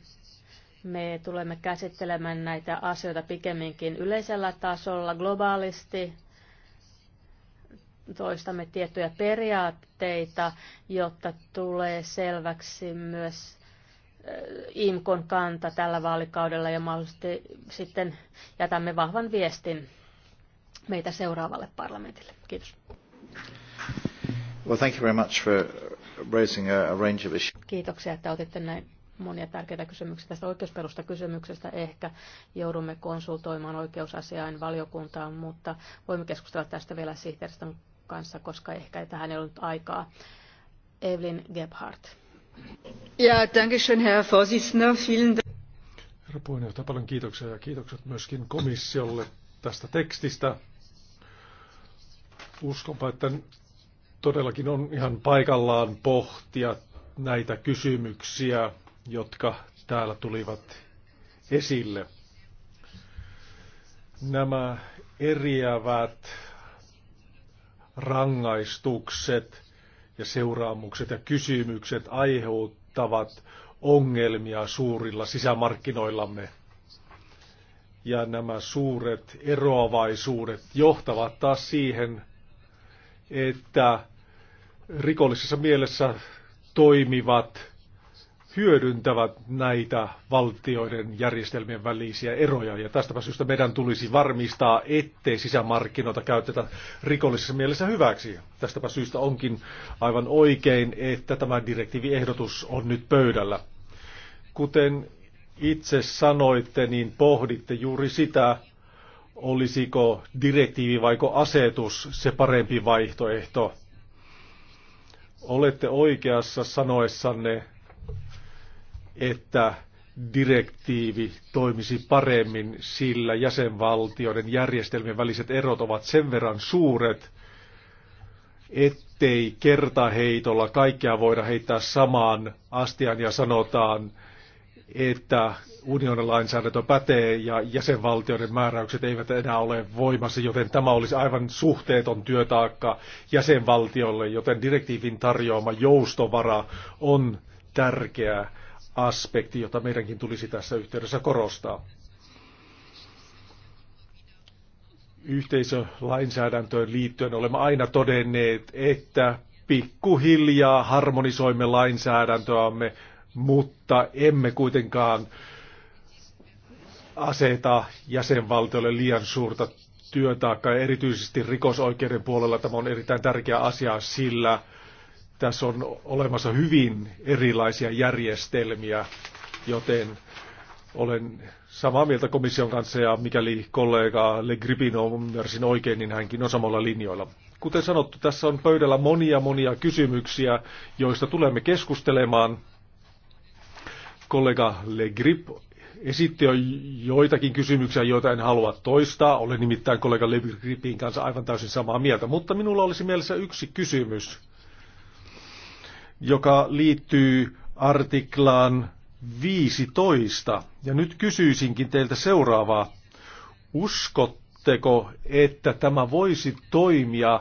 Me tulemme käsittelemään näitä asioita pikemminkin yleisellä tasolla globaalisti toistamme tiettyjä periaatteita, jotta tulee selväksi myös eh, IMKon kanta tällä vaalikaudella ja mahdollisesti sitten jätämme vahvan viestin meitä seuraavalle parlamentille. Kiitos. Well, thank you very much for raising a, range of issues. Kiitoksia, että otitte näin monia tärkeitä kysymyksiä tästä oikeusperusta kysymyksestä. Ehkä joudumme konsultoimaan oikeusasiain valiokuntaan, mutta voimme keskustella tästä vielä sihteeristön kanssa, koska ehkä tähän ei ollut aikaa. Evelyn Gebhardt. Ja, danke schön, Herr Vorsitzender. Vielen Dank. Herra puheenjohtaja, paljon kiitoksia ja kiitokset myöskin komissiolle tästä tekstistä. Uskonpa, että todellakin on ihan paikallaan pohtia näitä kysymyksiä, jotka täällä tulivat esille. Nämä eriävät rangaistukset ja seuraamukset ja kysymykset aiheuttavat ongelmia suurilla sisämarkkinoillamme. Ja nämä suuret eroavaisuudet johtavat taas siihen, että rikollisessa mielessä toimivat hyödyntävät näitä valtioiden järjestelmien välisiä eroja. Ja tästä syystä meidän tulisi varmistaa, ettei sisämarkkinoita käytetä rikollisessa mielessä hyväksi. Tästäpä syystä onkin aivan oikein, että tämä direktiiviehdotus on nyt pöydällä. Kuten itse sanoitte, niin pohditte juuri sitä, olisiko direktiivi vaiko asetus se parempi vaihtoehto. Olette oikeassa sanoessanne, että direktiivi toimisi paremmin, sillä jäsenvaltioiden järjestelmien väliset erot ovat sen verran suuret, ettei kertaheitolla kaikkea voida heittää samaan astian ja sanotaan, että unionin lainsäädäntö pätee ja jäsenvaltioiden määräykset eivät enää ole voimassa, joten tämä olisi aivan suhteeton työtaakka jäsenvaltiolle, joten direktiivin tarjoama joustovara on tärkeää aspekti, jota meidänkin tulisi tässä yhteydessä korostaa. Yhteisölainsäädäntöön liittyen olemme aina todenneet, että pikkuhiljaa harmonisoimme lainsäädäntöämme, mutta emme kuitenkaan aseta jäsenvaltiolle liian suurta työtaakkaa, erityisesti rikosoikeuden puolella tämä on erittäin tärkeä asia, sillä tässä on olemassa hyvin erilaisia järjestelmiä, joten olen samaa mieltä komission kanssa ja mikäli kollega Le Gribin on ymmärsin oikein, niin hänkin on samalla linjoilla. Kuten sanottu, tässä on pöydällä monia monia kysymyksiä, joista tulemme keskustelemaan. Kollega Le Grip esitti jo joitakin kysymyksiä, joita en halua toistaa. Olen nimittäin kollega Le Gripin kanssa aivan täysin samaa mieltä, mutta minulla olisi mielessä yksi kysymys joka liittyy artiklaan 15. Ja nyt kysyisinkin teiltä seuraavaa. Uskotteko, että tämä voisi toimia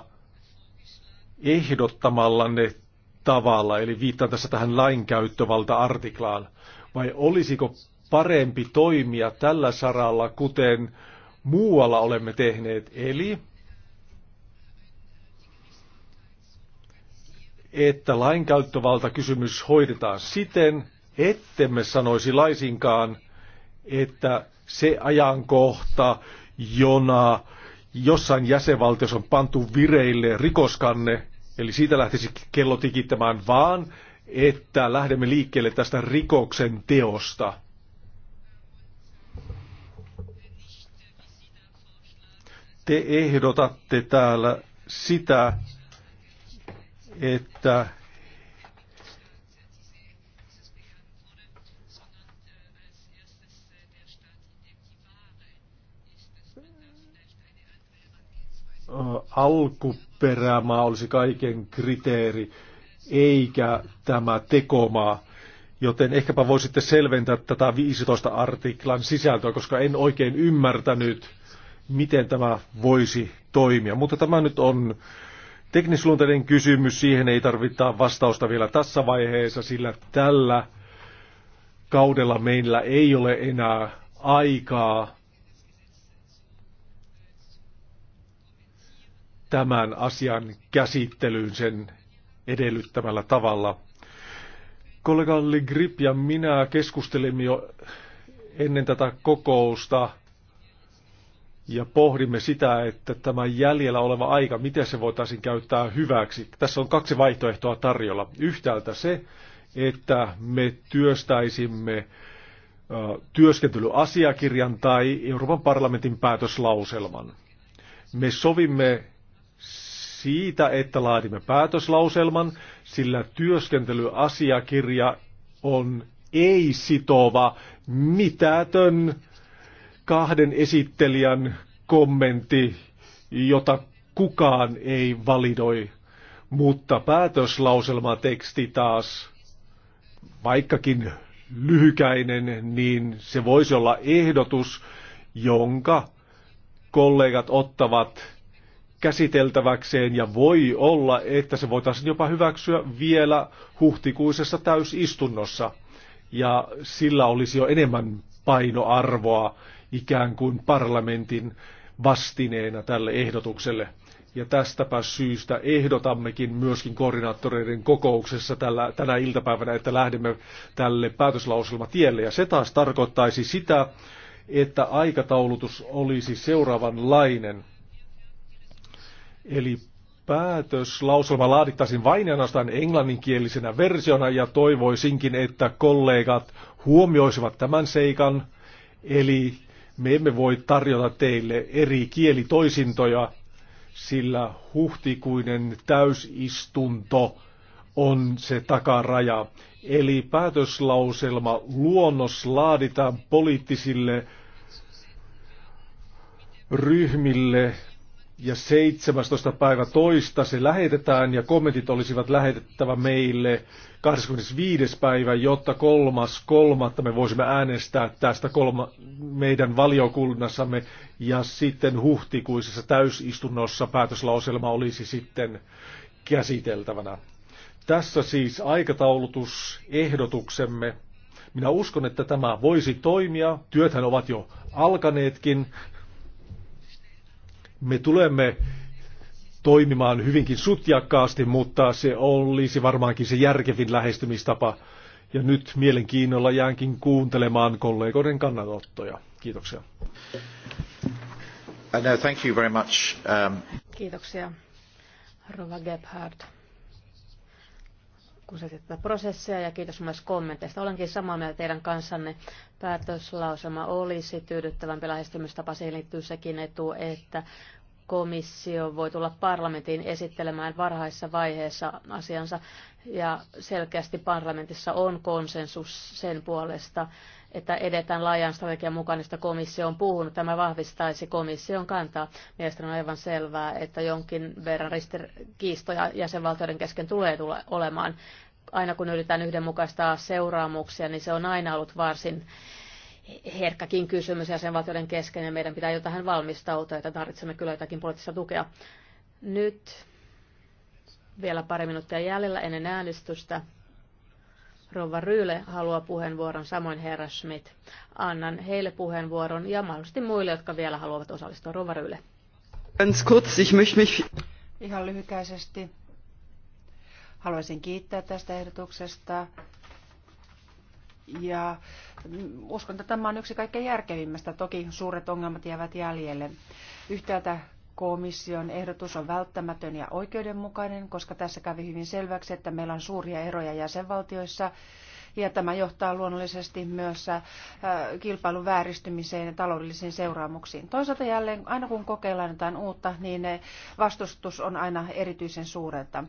ehdottamallanne tavalla, eli viittaan tässä tähän lainkäyttövalta-artiklaan, vai olisiko parempi toimia tällä saralla, kuten muualla olemme tehneet, eli että lainkäyttövaltakysymys hoidetaan siten, ettemme sanoisi laisinkaan, että se ajankohta, jona jossain jäsenvaltiossa on pantu vireille rikoskanne, eli siitä lähtisi kello tikittämään, vaan että lähdemme liikkeelle tästä rikoksen teosta. Te ehdotatte täällä sitä, että alkuperämaa olisi kaiken kriteeri, eikä tämä tekomaa. Joten ehkäpä voisitte selventää tätä 15 artiklan sisältöä, koska en oikein ymmärtänyt, miten tämä voisi toimia. Mutta tämä nyt on Teknisluonteinen kysymys, siihen ei tarvita vastausta vielä tässä vaiheessa, sillä tällä kaudella meillä ei ole enää aikaa tämän asian käsittelyyn sen edellyttämällä tavalla. Kollega Le Grip ja minä keskustelimme jo ennen tätä kokousta ja pohdimme sitä, että tämä jäljellä oleva aika, miten se voitaisiin käyttää hyväksi. Tässä on kaksi vaihtoehtoa tarjolla. Yhtäältä se, että me työstäisimme työskentelyasiakirjan tai Euroopan parlamentin päätöslauselman. Me sovimme siitä, että laadimme päätöslauselman, sillä työskentelyasiakirja on ei-sitova, mitätön kahden esittelijän kommentti, jota kukaan ei validoi, mutta päätöslauselmateksti taas, vaikkakin lyhykäinen, niin se voisi olla ehdotus, jonka kollegat ottavat käsiteltäväkseen ja voi olla, että se voitaisiin jopa hyväksyä vielä huhtikuisessa täysistunnossa. Ja sillä olisi jo enemmän painoarvoa ikään kuin parlamentin vastineena tälle ehdotukselle. Ja tästäpä syystä ehdotammekin myöskin koordinaattoreiden kokouksessa tällä, tänä iltapäivänä, että lähdemme tälle päätöslauselmatielle. Ja se taas tarkoittaisi sitä, että aikataulutus olisi seuraavanlainen. Eli päätöslauselma laadittaisiin vain ainoastaan englanninkielisenä versiona ja toivoisinkin, että kollegat huomioisivat tämän seikan, eli me emme voi tarjota teille eri kielitoisintoja, sillä huhtikuinen täysistunto on se takaraja. Eli päätöslauselma luonnos laaditaan poliittisille ryhmille ja 17. päivä toista se lähetetään ja kommentit olisivat lähetettävä meille 25. päivä, jotta kolmas kolmatta me voisimme äänestää tästä kolma, meidän valiokunnassamme ja sitten huhtikuisessa täysistunnossa päätöslauselma olisi sitten käsiteltävänä. Tässä siis aikataulutusehdotuksemme. Minä uskon, että tämä voisi toimia. Työthän ovat jo alkaneetkin me tulemme toimimaan hyvinkin sutjakkaasti, mutta se olisi varmaankin se järkevin lähestymistapa. Ja nyt mielenkiinnolla jäänkin kuuntelemaan kollegoiden kannanottoja. Kiitoksia. Uh, no, thank you very much. Um... Kiitoksia, Rova Gebhardt kun se tätä prosessia ja kiitos myös kommenteista. Olenkin samaa mieltä teidän kanssanne. Päätöslausema olisi tyydyttävämpi lähestymistapa. Siihen liittyy sekin etu, että komissio voi tulla parlamentin esittelemään varhaisessa vaiheessa asiansa ja selkeästi parlamentissa on konsensus sen puolesta, että edetään laajan strategian mukaista komissio on puhunut. Tämä vahvistaisi komission kantaa. Mielestäni on aivan selvää, että jonkin verran ristikiistoja jäsenvaltioiden kesken tulee tule olemaan. Aina kun yritetään yhdenmukaistaa seuraamuksia, niin se on aina ollut varsin herkkäkin kysymys jäsenvaltioiden kesken ja meidän pitää jo tähän valmistautua, että tarvitsemme kyllä jotakin poliittista tukea. Nyt vielä pari minuuttia jäljellä ennen äänestystä. Rova Ryyle haluaa puheenvuoron, samoin herra Schmidt. Annan heille puheenvuoron ja mahdollisesti muille, jotka vielä haluavat osallistua. Rova Ryyle. Ihan lyhykäisesti. Haluaisin kiittää tästä ehdotuksesta ja mm, uskon, että tämä on yksi kaikkein järkevimmästä. Toki suuret ongelmat jäävät jäljelle. Yhtäältä komission ehdotus on välttämätön ja oikeudenmukainen, koska tässä kävi hyvin selväksi, että meillä on suuria eroja jäsenvaltioissa ja tämä johtaa luonnollisesti myös äh, kilpailun vääristymiseen ja taloudellisiin seuraamuksiin. Toisaalta jälleen, aina kun kokeillaan jotain uutta, niin äh, vastustus on aina erityisen suurelta.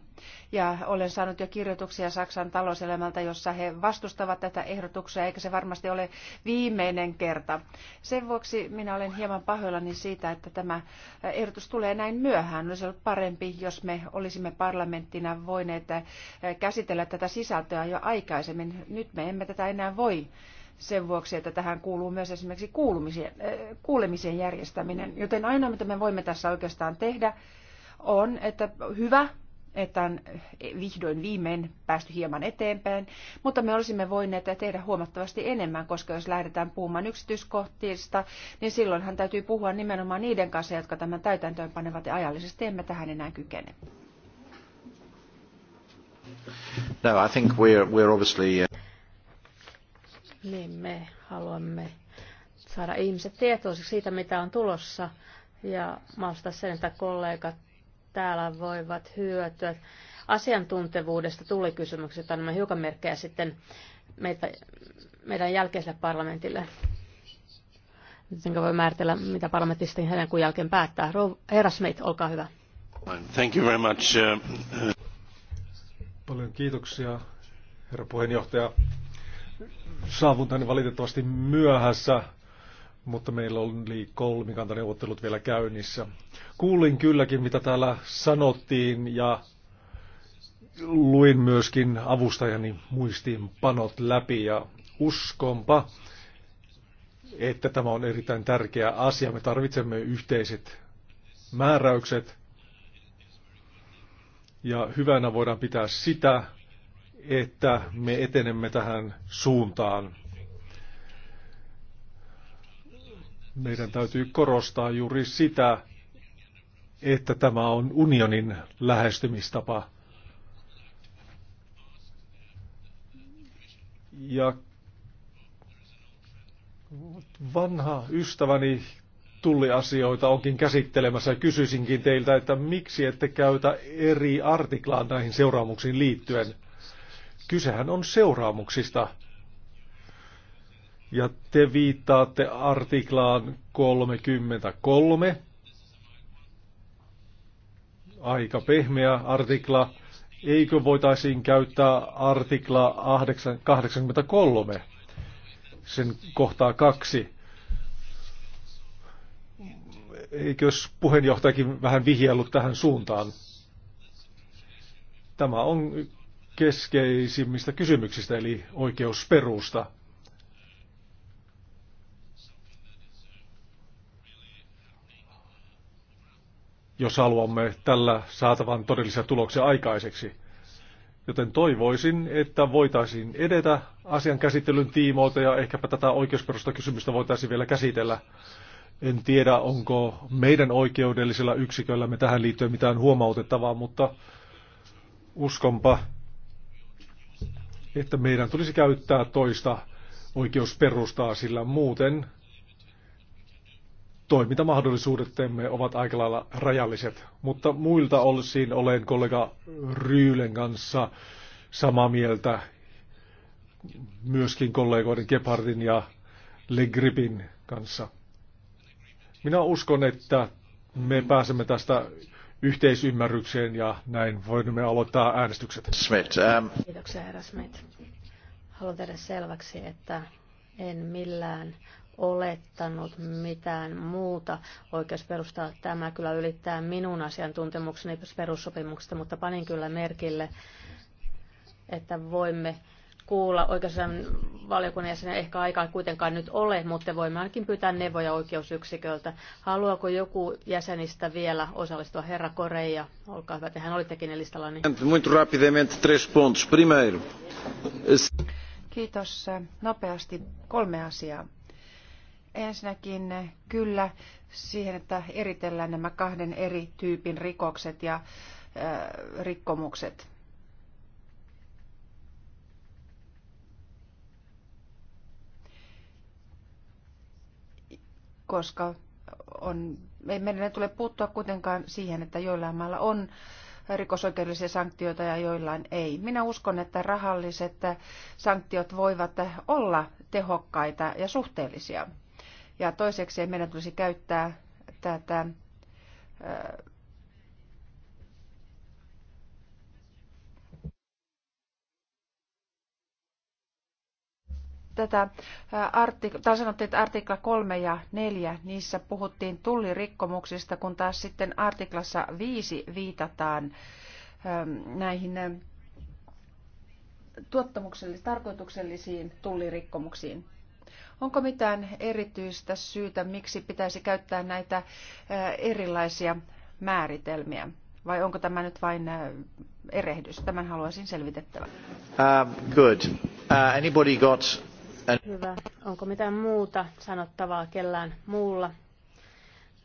Ja olen saanut jo kirjoituksia Saksan talouselämältä, jossa he vastustavat tätä ehdotuksia, eikä se varmasti ole viimeinen kerta. Sen vuoksi minä olen hieman pahoillani siitä, että tämä äh, ehdotus tulee näin myöhään. Olisi ollut parempi, jos me olisimme parlamenttina voineet käsitellä tätä sisältöä jo aikaisemmin nyt me emme tätä enää voi sen vuoksi, että tähän kuuluu myös esimerkiksi kuulumisien, äh, kuulemisen järjestäminen. Joten ainoa, mitä me voimme tässä oikeastaan tehdä, on, että hyvä, että on eh, vihdoin viimein päästy hieman eteenpäin, mutta me olisimme voineet tehdä huomattavasti enemmän, koska jos lähdetään puhumaan yksityiskohtista, niin silloinhan täytyy puhua nimenomaan niiden kanssa, jotka tämän täytäntöön panevat ja ajallisesti emme tähän enää kykene. No, I think we're, we're obviously... Uh, niin, me haluamme saada ihmiset tietoisiksi siitä, mitä on tulossa ja mahdollistaa sen, että kollegat täällä voivat hyötyä. Asiantuntevuudesta tuli että annamme hiukan merkkejä sitten meitä, meidän jälkeiselle parlamentille. Miten voi määritellä, mitä parlamentti sitten hänen kun jälkeen päättää. Herra Smith, olkaa hyvä. Thank you very much. Uh, Paljon kiitoksia, herra puheenjohtaja. Saavun tänne valitettavasti myöhässä, mutta meillä oli kolmikantaneuvottelut vielä käynnissä. Kuulin kylläkin, mitä täällä sanottiin ja luin myöskin avustajani muistiinpanot läpi ja uskonpa, että tämä on erittäin tärkeä asia. Me tarvitsemme yhteiset määräykset ja hyvänä voidaan pitää sitä, että me etenemme tähän suuntaan. Meidän täytyy korostaa juuri sitä, että tämä on unionin lähestymistapa. Ja vanha ystäväni tulliasioita onkin käsittelemässä. Kysyisinkin teiltä, että miksi ette käytä eri artiklaa näihin seuraamuksiin liittyen? Kysehän on seuraamuksista. Ja te viittaatte artiklaan 33. Aika pehmeä artikla. Eikö voitaisiin käyttää artiklaa 83? Sen kohtaa kaksi Eikö jos puheenjohtajakin vähän vihjellut tähän suuntaan? Tämä on keskeisimmistä kysymyksistä, eli oikeusperusta. jos haluamme tällä saatavan todellisia tuloksia aikaiseksi. Joten toivoisin, että voitaisiin edetä asian käsittelyn tiimoilta ja ehkäpä tätä oikeusperusta kysymystä voitaisiin vielä käsitellä en tiedä, onko meidän oikeudellisella yksiköllämme tähän liittyen mitään huomautettavaa, mutta uskonpa, että meidän tulisi käyttää toista oikeusperustaa, sillä muuten toimintamahdollisuudemme ovat aika lailla rajalliset. Mutta muilta olisiin olen kollega Ryylen kanssa samaa mieltä, myöskin kollegoiden Gebhardin ja Legripin kanssa. Minä uskon, että me pääsemme tästä yhteisymmärrykseen ja näin voimme aloittaa äänestykset. Smith, um... Kiitoksia herra Smith. Haluan tehdä selväksi, että en millään olettanut mitään muuta oikeusperustaa. Tämä kyllä ylittää minun asiantuntemukseni perussopimuksesta, mutta panin kyllä merkille, että voimme kuulla oikeastaan valiokunnan jäsenen ehkä aikaa kuitenkaan nyt ole, mutta voimme ainakin pyytää neuvoja oikeusyksiköltä. Haluaako joku jäsenistä vielä osallistua? Herra Koreja, olkaa hyvä, tehän olittekin listalla. Niin... Kiitos. Nopeasti kolme asiaa. Ensinnäkin kyllä siihen, että eritellään nämä kahden eri tyypin rikokset ja äh, rikkomukset koska on, ei meidän tule puuttua kuitenkaan siihen, että joillain mailla on rikosoikeudellisia sanktioita ja joillain ei. Minä uskon, että rahalliset sanktiot voivat olla tehokkaita ja suhteellisia. Ja toiseksi meidän tulisi käyttää tätä tätä artik- tai sanottiin, että artikla 3 ja 4, niissä puhuttiin tullirikkomuksista, kun taas sitten artiklassa 5 viitataan näihin tuottamuksellisiin, tarkoituksellisiin tullirikkomuksiin. Onko mitään erityistä syytä, miksi pitäisi käyttää näitä erilaisia määritelmiä? Vai onko tämä nyt vain erehdys? Tämän haluaisin selvitettävä. Uh, um, good. Uh, anybody got Hyvä. Onko mitään muuta sanottavaa kellään muulla?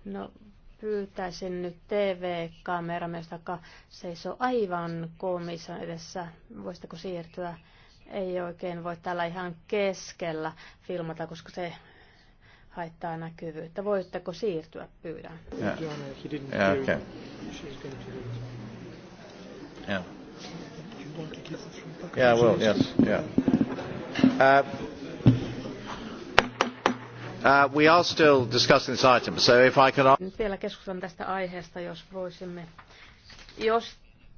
No, pyytäisin nyt TV-kameramiestä, joka seisoo aivan komission edessä. Voisitko siirtyä? Ei oikein voi täällä ihan keskellä filmata, koska se haittaa näkyvyyttä. Voitteko siirtyä, pyydän? Yeah. Yeah, no, okay. Yeah. Yeah, well, yes, yeah. Uh, Uh, we are still discussing this item, so if I Nyt vielä keskustelemme tästä aiheesta, jos voisimme. Jos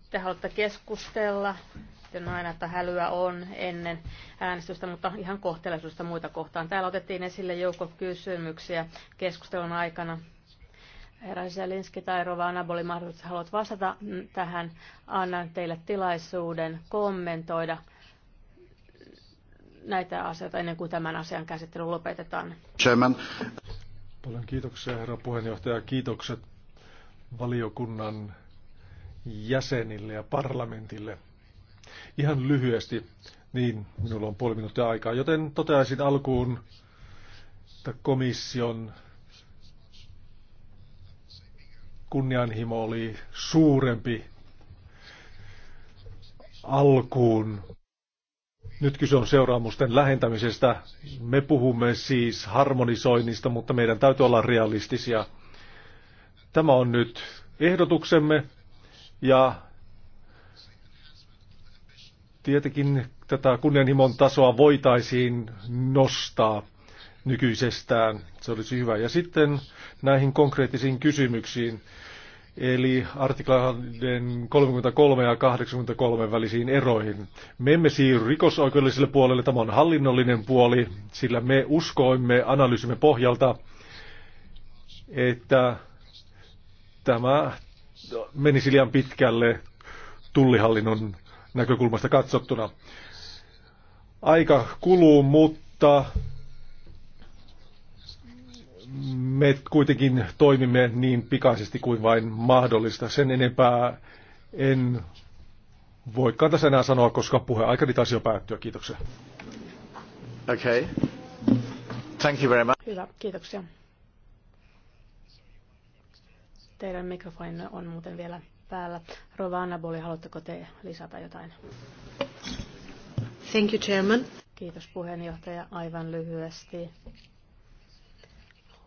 te haluatte keskustella, sitten aina, että hälyä on ennen äänestystä, mutta ihan kohteellisuudesta muita kohtaan. Täällä otettiin esille joukko kysymyksiä keskustelun aikana. Herra Zelinski tai Rova Anaboli, mahdollisesti haluat vastata tähän. Annan teille tilaisuuden kommentoida näitä asioita ennen kuin tämän asian käsittely lopetetaan. Chairman. Paljon kiitoksia herra puheenjohtaja. Kiitokset valiokunnan jäsenille ja parlamentille. Ihan lyhyesti, niin minulla on puoli minuuttia aikaa, joten toteaisin alkuun, että komission kunnianhimo oli suurempi alkuun nyt kyse on seuraamusten lähentämisestä. Me puhumme siis harmonisoinnista, mutta meidän täytyy olla realistisia. Tämä on nyt ehdotuksemme ja tietenkin tätä kunnianhimon tasoa voitaisiin nostaa nykyisestään. Se olisi hyvä. Ja sitten näihin konkreettisiin kysymyksiin eli artiklaiden 33 ja 83 välisiin eroihin. Me emme siirry rikosoikeudelliselle puolelle, tämä on hallinnollinen puoli, sillä me uskoimme analyysimme pohjalta, että tämä menisi liian pitkälle tullihallinnon näkökulmasta katsottuna. Aika kuluu, mutta me kuitenkin toimimme niin pikaisesti kuin vain mahdollista. Sen enempää en voi tässä enää sanoa, koska puheaikani taisi jo päättyä. Kiitoksia. Okay. Thank you very much. Hyvä, kiitoksia. Teidän mikrofoninne on muuten vielä päällä. Rova Annaboli, haluatteko te lisätä jotain? Thank you, Chairman. Kiitos puheenjohtaja. Aivan lyhyesti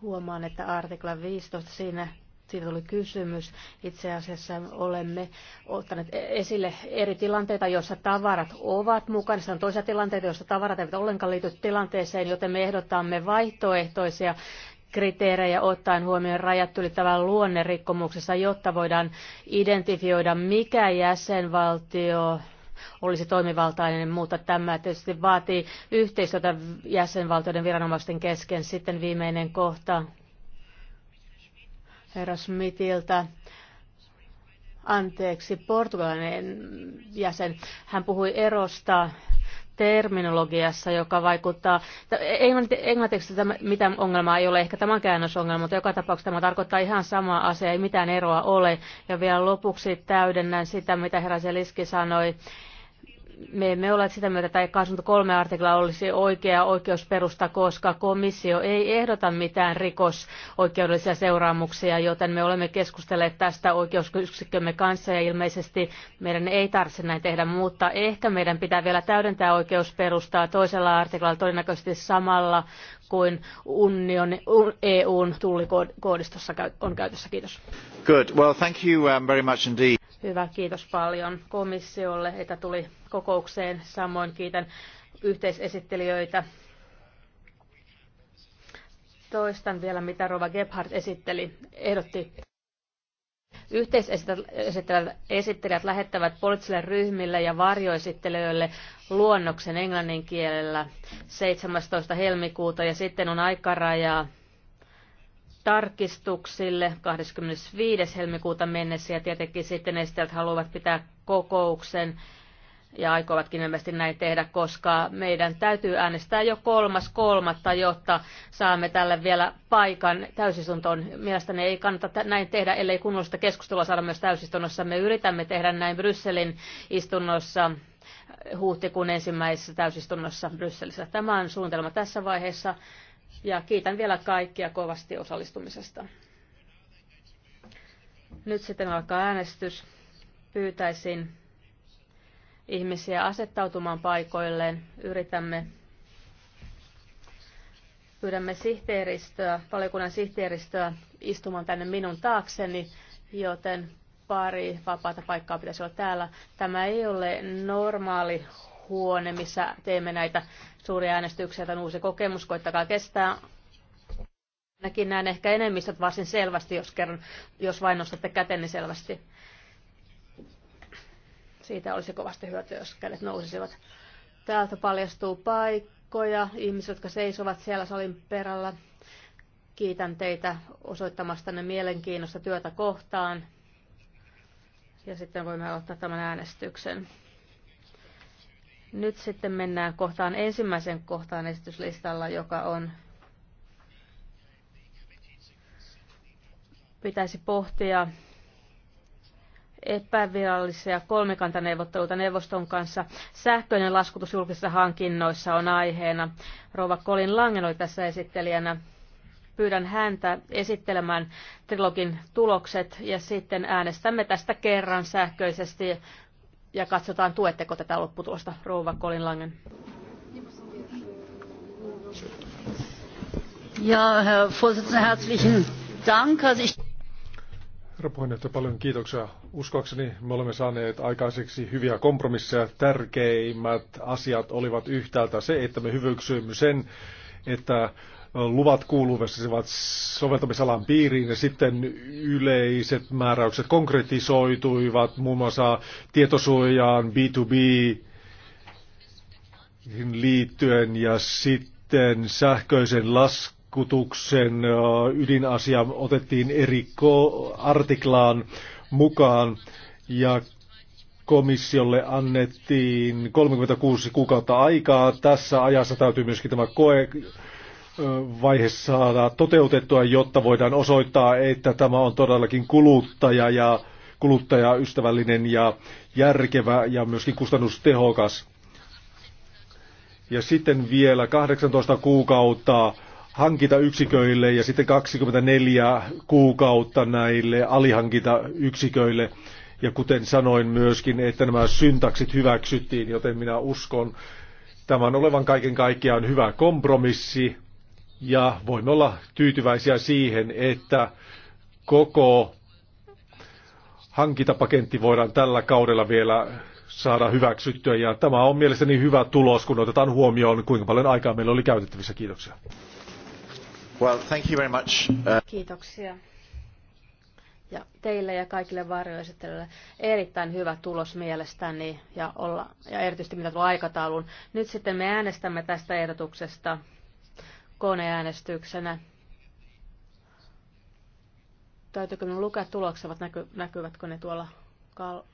Huomaan, että artikla 15 siinä siitä tuli kysymys. Itse asiassa olemme ottaneet e- esille eri tilanteita, joissa tavarat ovat mukana. se on toisia tilanteita, joissa tavarat eivät ollenkaan liity tilanteeseen, joten me ehdotamme vaihtoehtoisia kriteerejä ottaen huomioon rajat ylittävän luonnerikkomuksessa, jotta voidaan identifioida, mikä jäsenvaltio olisi toimivaltainen, mutta tämä tietysti vaatii yhteistyötä jäsenvaltioiden viranomaisten kesken. Sitten viimeinen kohta herra Smithiltä. Anteeksi, portugalainen jäsen. Hän puhui erosta terminologiassa, joka vaikuttaa, englantiksi tämä, mitään ongelmaa ei ole, ehkä tämä käännösongelma, mutta joka tapauksessa tämä tarkoittaa ihan samaa asiaa, ei mitään eroa ole. Ja vielä lopuksi täydennän sitä, mitä herra Seliski sanoi me emme ole sitä mieltä, että 23 artikla olisi oikea oikeusperusta, koska komissio ei ehdota mitään rikosoikeudellisia seuraamuksia, joten me olemme keskustelleet tästä oikeusyksikkömme kanssa ja ilmeisesti meidän ei tarvitse näin tehdä, mutta ehkä meidän pitää vielä täydentää oikeusperustaa toisella artiklalla todennäköisesti samalla kuin union, EUn tullikoodistossa on käytössä. Kiitos. Good. Well, thank you um, very much indeed. Hyvä, kiitos paljon komissiolle, että tuli kokoukseen. Samoin kiitän yhteisesittelijöitä. Toistan vielä, mitä Rova Gebhardt esitteli, ehdotti. Yhteisesittelijät lähettävät poliittisille ryhmille ja varjoesittelijöille luonnoksen englannin kielellä 17. helmikuuta ja sitten on aikarajaa tarkistuksille 25. helmikuuta mennessä ja tietenkin sitten esteet haluavat pitää kokouksen ja aikovatkin ilmeisesti näin tehdä, koska meidän täytyy äänestää jo kolmas kolmatta, jotta saamme tälle vielä paikan täysistuntoon. Mielestäni ei kannata näin tehdä, ellei kunnollista keskustelua saada myös täysistunnossa. Me yritämme tehdä näin Brysselin istunnossa huhtikuun ensimmäisessä täysistunnossa Brysselissä. Tämä on suunnitelma tässä vaiheessa. Ja kiitän vielä kaikkia kovasti osallistumisesta. Nyt sitten alkaa äänestys. Pyytäisin ihmisiä asettautumaan paikoilleen. Yritämme pyydämme sihteeristöä, valiokunnan sihteeristöä istumaan tänne minun taakseni, joten pari vapaata paikkaa pitäisi olla täällä. Tämä ei ole normaali huone, missä teemme näitä suuria äänestyksiä. Tämä uusi kokemus, koittakaa kestää. Näkin näen ehkä enemmistöt varsin selvästi, jos, kerran, jos vain nostatte käteni selvästi. Siitä olisi kovasti hyötyä, jos kädet nousisivat. Täältä paljastuu paikkoja, ihmiset, jotka seisovat siellä salin perällä. Kiitän teitä osoittamastanne mielenkiinnosta työtä kohtaan. Ja sitten voimme ottaa tämän äänestyksen. Nyt sitten mennään kohtaan ensimmäisen kohtaan esityslistalla, joka on pitäisi pohtia epävirallisia kolmikantaneuvotteluita neuvoston kanssa. Sähköinen laskutus julkisissa hankinnoissa on aiheena. Rova Colin Langen oli tässä esittelijänä. Pyydän häntä esittelemään trilogin tulokset ja sitten äänestämme tästä kerran sähköisesti ja katsotaan, tuetteko tätä lopputulosta, rouva Colin Langen. Ja, Herr Vorsitzender, herzlichen Dank. Also ich... Herra puheenjohtaja, paljon kiitoksia. Uskoakseni me olemme saaneet aikaiseksi hyviä kompromisseja. Tärkeimmät asiat olivat yhtäältä se, että me hyväksyimme sen, että luvat kuuluvat soveltamisalan piiriin ja sitten yleiset määräykset konkretisoituivat muun muassa tietosuojaan, B2B liittyen ja sitten sähköisen laskutuksen ydinasia otettiin eri artiklaan mukaan ja komissiolle annettiin 36 kuukautta aikaa. Tässä ajassa täytyy myöskin tämä koe vaiheessa saadaan toteutettua, jotta voidaan osoittaa, että tämä on todellakin kuluttaja ja kuluttajaystävällinen ja järkevä ja myöskin kustannustehokas. Ja sitten vielä 18 kuukautta hankita yksiköille ja sitten 24 kuukautta näille alihankita yksiköille. Ja kuten sanoin myöskin, että nämä syntaksit hyväksyttiin, joten minä uskon tämän olevan kaiken kaikkiaan hyvä kompromissi ja voimme olla tyytyväisiä siihen, että koko hankintapaketti voidaan tällä kaudella vielä saada hyväksyttyä. Ja tämä on mielestäni hyvä tulos, kun otetaan huomioon, kuinka paljon aikaa meillä oli käytettävissä. Kiitoksia. Well, thank you very much. Uh... Kiitoksia. Ja teille ja kaikille varjoesittelijöille erittäin hyvä tulos mielestäni ja, olla, ja erityisesti mitä tulee aikatauluun. Nyt sitten me äänestämme tästä ehdotuksesta koneäänestyksenä. Täytyykö minun lukea tulokset, näky, näkyvätkö ne tuolla kal-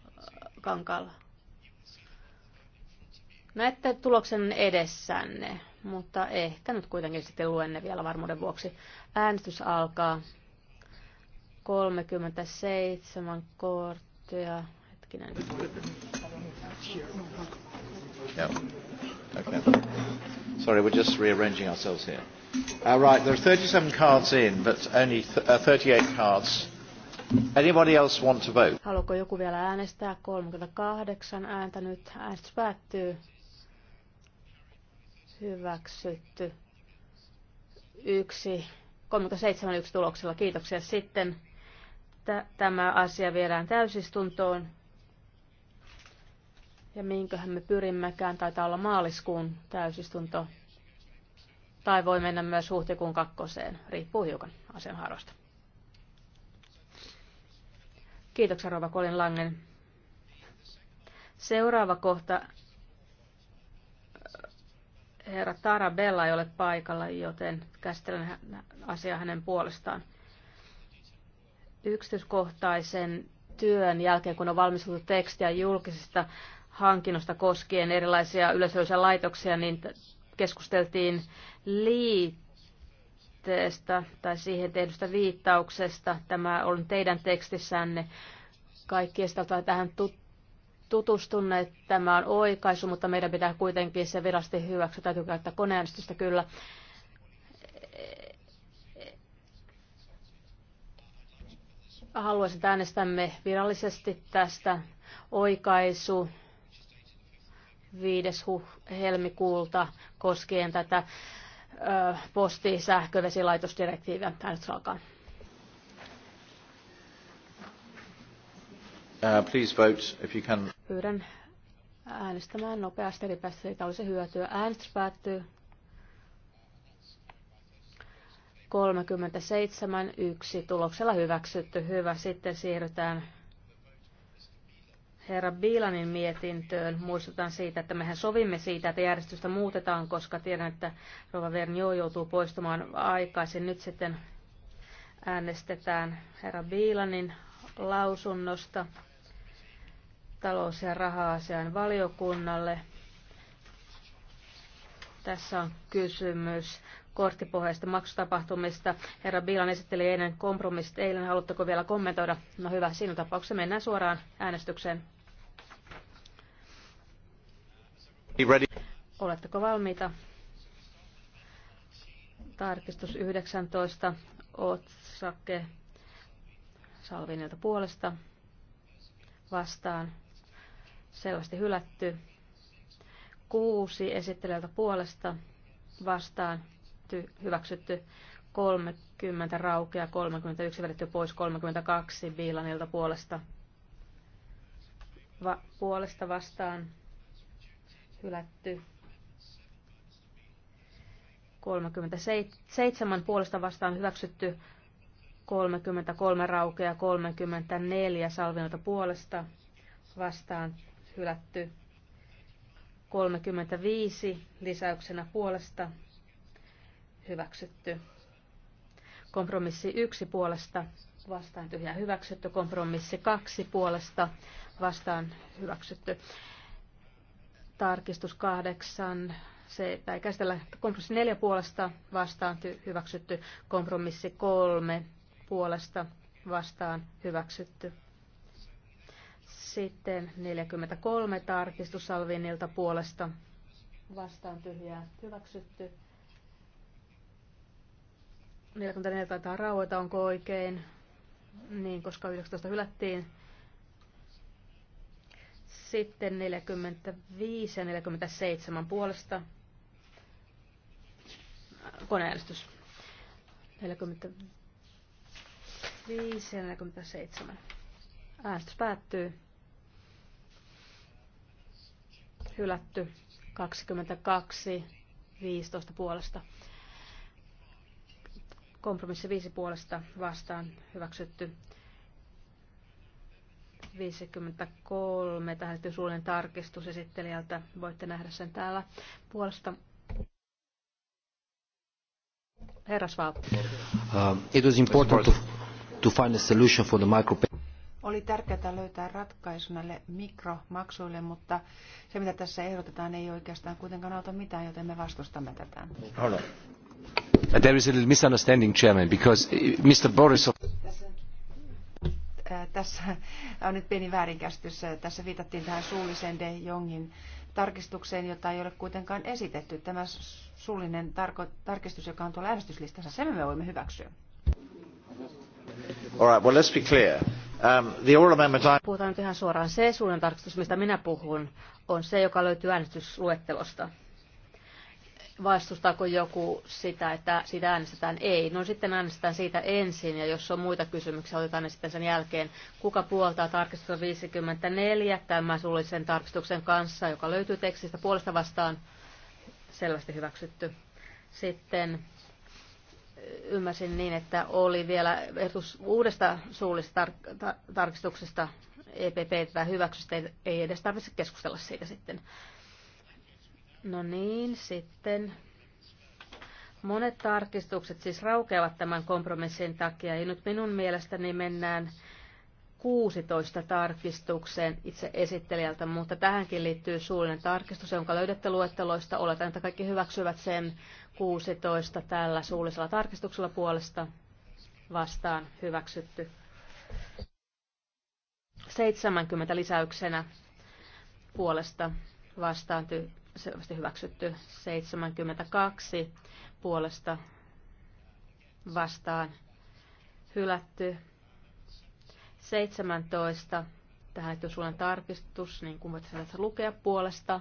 kankaalla? Näette tuloksen edessänne, mutta ehkä nyt kuitenkin sitten luen ne vielä varmuuden vuoksi. Äänestys alkaa. 37 korttia. Hetkinen. Joo. Okay. Sorry, we're just rearranging ourselves here. Uh, right, there are 37 cards in, but only th- uh, 38 cards. Anybody else want to vote? Haluatko joku vielä äänestää? 38 ääntä nyt. Äänestys päättyy. Hyväksytty. Yksi. 37 yksi tuloksella. Kiitoksia. Sitten t- tämä asia viedään täysistuntoon. Ja minköhän me pyrimmekään, taitaa olla maaliskuun täysistunto tai voi mennä myös huhtikuun kakkoseen, riippuu hiukan asianhaarosta. Kiitoksia Rova Kolin Langen. Seuraava kohta. Herra Tara Bella ei ole paikalla, joten käsittelen asiaa hänen puolestaan. Yksityiskohtaisen työn jälkeen, kun on valmisteltu tekstiä julkisista hankinnosta koskien erilaisia yleisöllisiä laitoksia, niin keskusteltiin liitteestä tai siihen tehdystä viittauksesta. Tämä on teidän tekstissänne. Kaikki estävät tähän tutustuneet. Tämä on oikaisu, mutta meidän pitää kuitenkin se virasti hyväksyä. Täytyy käyttää koneäänestystä kyllä. Haluaisin, että äänestämme virallisesti tästä oikaisu 5. Huh- helmikuulta koskien tätä posti-, sähkövesilaitosdirektiiviä Tämä nyt alkaa. Uh, please vote if you can. Pyydän äänestämään nopeasti päästä siitä olisi hyötyä. Äänestys päättyy 37.1. Tuloksella hyväksytty. Hyvä. Sitten siirrytään herra Biilanin mietintöön. Muistutan siitä, että mehän sovimme siitä, että järjestystä muutetaan, koska tiedän, että Rova Vernio joutuu poistumaan aikaisin. Nyt sitten äänestetään herra Biilanin lausunnosta talous- ja raha-asian valiokunnalle. Tässä on kysymys korttipohjaista maksutapahtumista. Herra Biilan esitteli eilen kompromissit. Eilen haluatteko vielä kommentoida? No hyvä, siinä tapauksessa mennään suoraan äänestykseen. Oletteko valmiita? Tarkistus 19, otsake Salvinilta puolesta vastaan. Selvästi hylätty. Kuusi esittelijältä puolesta vastaan ty, hyväksytty 30 raukea, 31 vedetty pois, 32 Viilanilta puolesta, va, puolesta vastaan hylätty. 37 puolesta vastaan hyväksytty 33 raukea 34 salvinolta puolesta vastaan hylätty 35 lisäyksenä puolesta hyväksytty. Kompromissi 1 puolesta vastaan tyhjä hyväksytty. Kompromissi 2 puolesta vastaan hyväksytty. Tarkistus kahdeksan. Se ei käsitellä kompromissi neljä puolesta vastaan hyväksytty. Kompromissi kolme puolesta vastaan hyväksytty. Sitten 43 tarkistus Salvinilta puolesta vastaan tyhjää hyväksytty. 44 taitaa rauhoita, onko oikein? Niin, koska 19 hylättiin. Sitten 45 ja 47 puolesta koneäänestys. 45 ja 47. Äänestys päättyy. Hylätty 22 15 puolesta. Kompromissi 5 puolesta vastaan hyväksytty 53. Tähän sitten suullinen tarkistus esittelijältä. Voitte nähdä sen täällä puolesta. Herra Schwab. Uh, it was important to, to find a solution for the micro oli tärkeää löytää ratkaisu näille mikromaksuille, mutta se mitä tässä ehdotetaan ei oikeastaan kuitenkaan auta mitään, joten me vastustamme tätä. There is a little misunderstanding, Chairman, because uh, Mr. Borisov... Äh, tässä on nyt pieni väärinkäsitys. Äh, tässä viitattiin tähän suulliseen De Jongin tarkistukseen, jota ei ole kuitenkaan esitetty. Tämä suullinen tarkistus, joka on tuolla äänestyslistassa, sen me voimme hyväksyä. All right, well, let's be clear. Um, the oral amendment I... Puhutaan nyt ihan suoraan. Se suullinen tarkistus, mistä minä puhun, on se, joka löytyy äänestysluettelosta vastustaako joku sitä, että siitä äänestetään ei. No sitten äänestetään siitä ensin ja jos on muita kysymyksiä, otetaan ne sitten sen jälkeen. Kuka puoltaa tarkistusta 54 tämä suullisen tarkistuksen kanssa, joka löytyy tekstistä puolesta vastaan selvästi hyväksytty. Sitten ymmärsin niin, että oli vielä ehdotus uudesta suullisesta tar- tar- tarkistuksesta EPP tätä hyväksystä, ei edes tarvitse keskustella siitä sitten. No niin, sitten monet tarkistukset siis raukeavat tämän kompromissin takia. Ja nyt minun mielestäni mennään 16 tarkistukseen itse esittelijältä, mutta tähänkin liittyy suullinen tarkistus, jonka löydätte luetteloista. Oletan, että kaikki hyväksyvät sen 16 tällä suullisella tarkistuksella puolesta vastaan hyväksytty. 70 lisäyksenä puolesta vastaan selvästi hyväksytty 72 puolesta vastaan hylätty 17. Tähän liittyy suunnan tarkistus, niin kuin voit tässä lukea puolesta.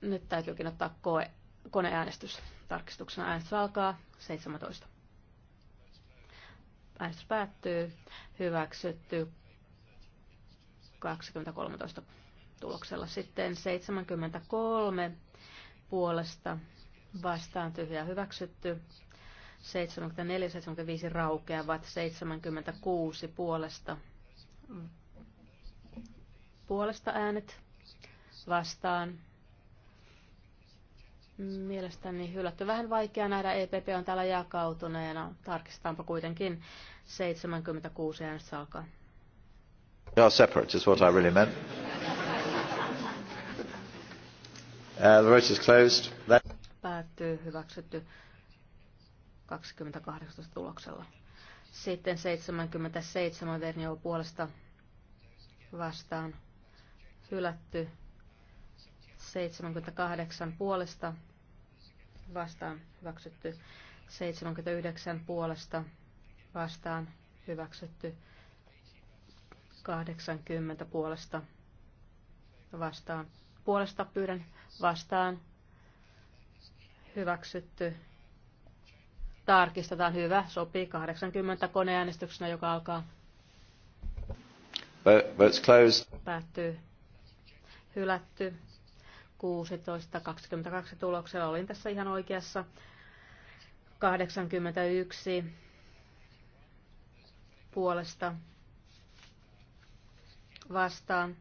Nyt täytyykin ottaa koe, koneäänestys. Tarkistuksena äänestys alkaa 17. Äänestys päättyy. Hyväksytty 2013 tuloksella. Sitten 73 puolesta vastaan tyhjää hyväksytty. 74 75 raukeavat 76 puolesta puolesta äänet vastaan. Mielestäni hylätty. Vähän vaikea nähdä, EPP on täällä jakautuneena. Tarkistetaanpa kuitenkin 76 äänestä alkaa. Yeah, separate is what I really meant. Uh, the vote is closed. That... Päättyy hyväksytty 28 tuloksella. Sitten 77 Vernio puolesta vastaan hylätty 78 puolesta vastaan hyväksytty 79 puolesta vastaan hyväksytty 80 puolesta vastaan puolesta pyydän vastaan hyväksytty. Tarkistetaan hyvä, sopii 80 koneäänestyksenä, joka alkaa. Votes closed. Päättyy. Hylätty. 16.22 tuloksella olin tässä ihan oikeassa. 81 puolesta vastaan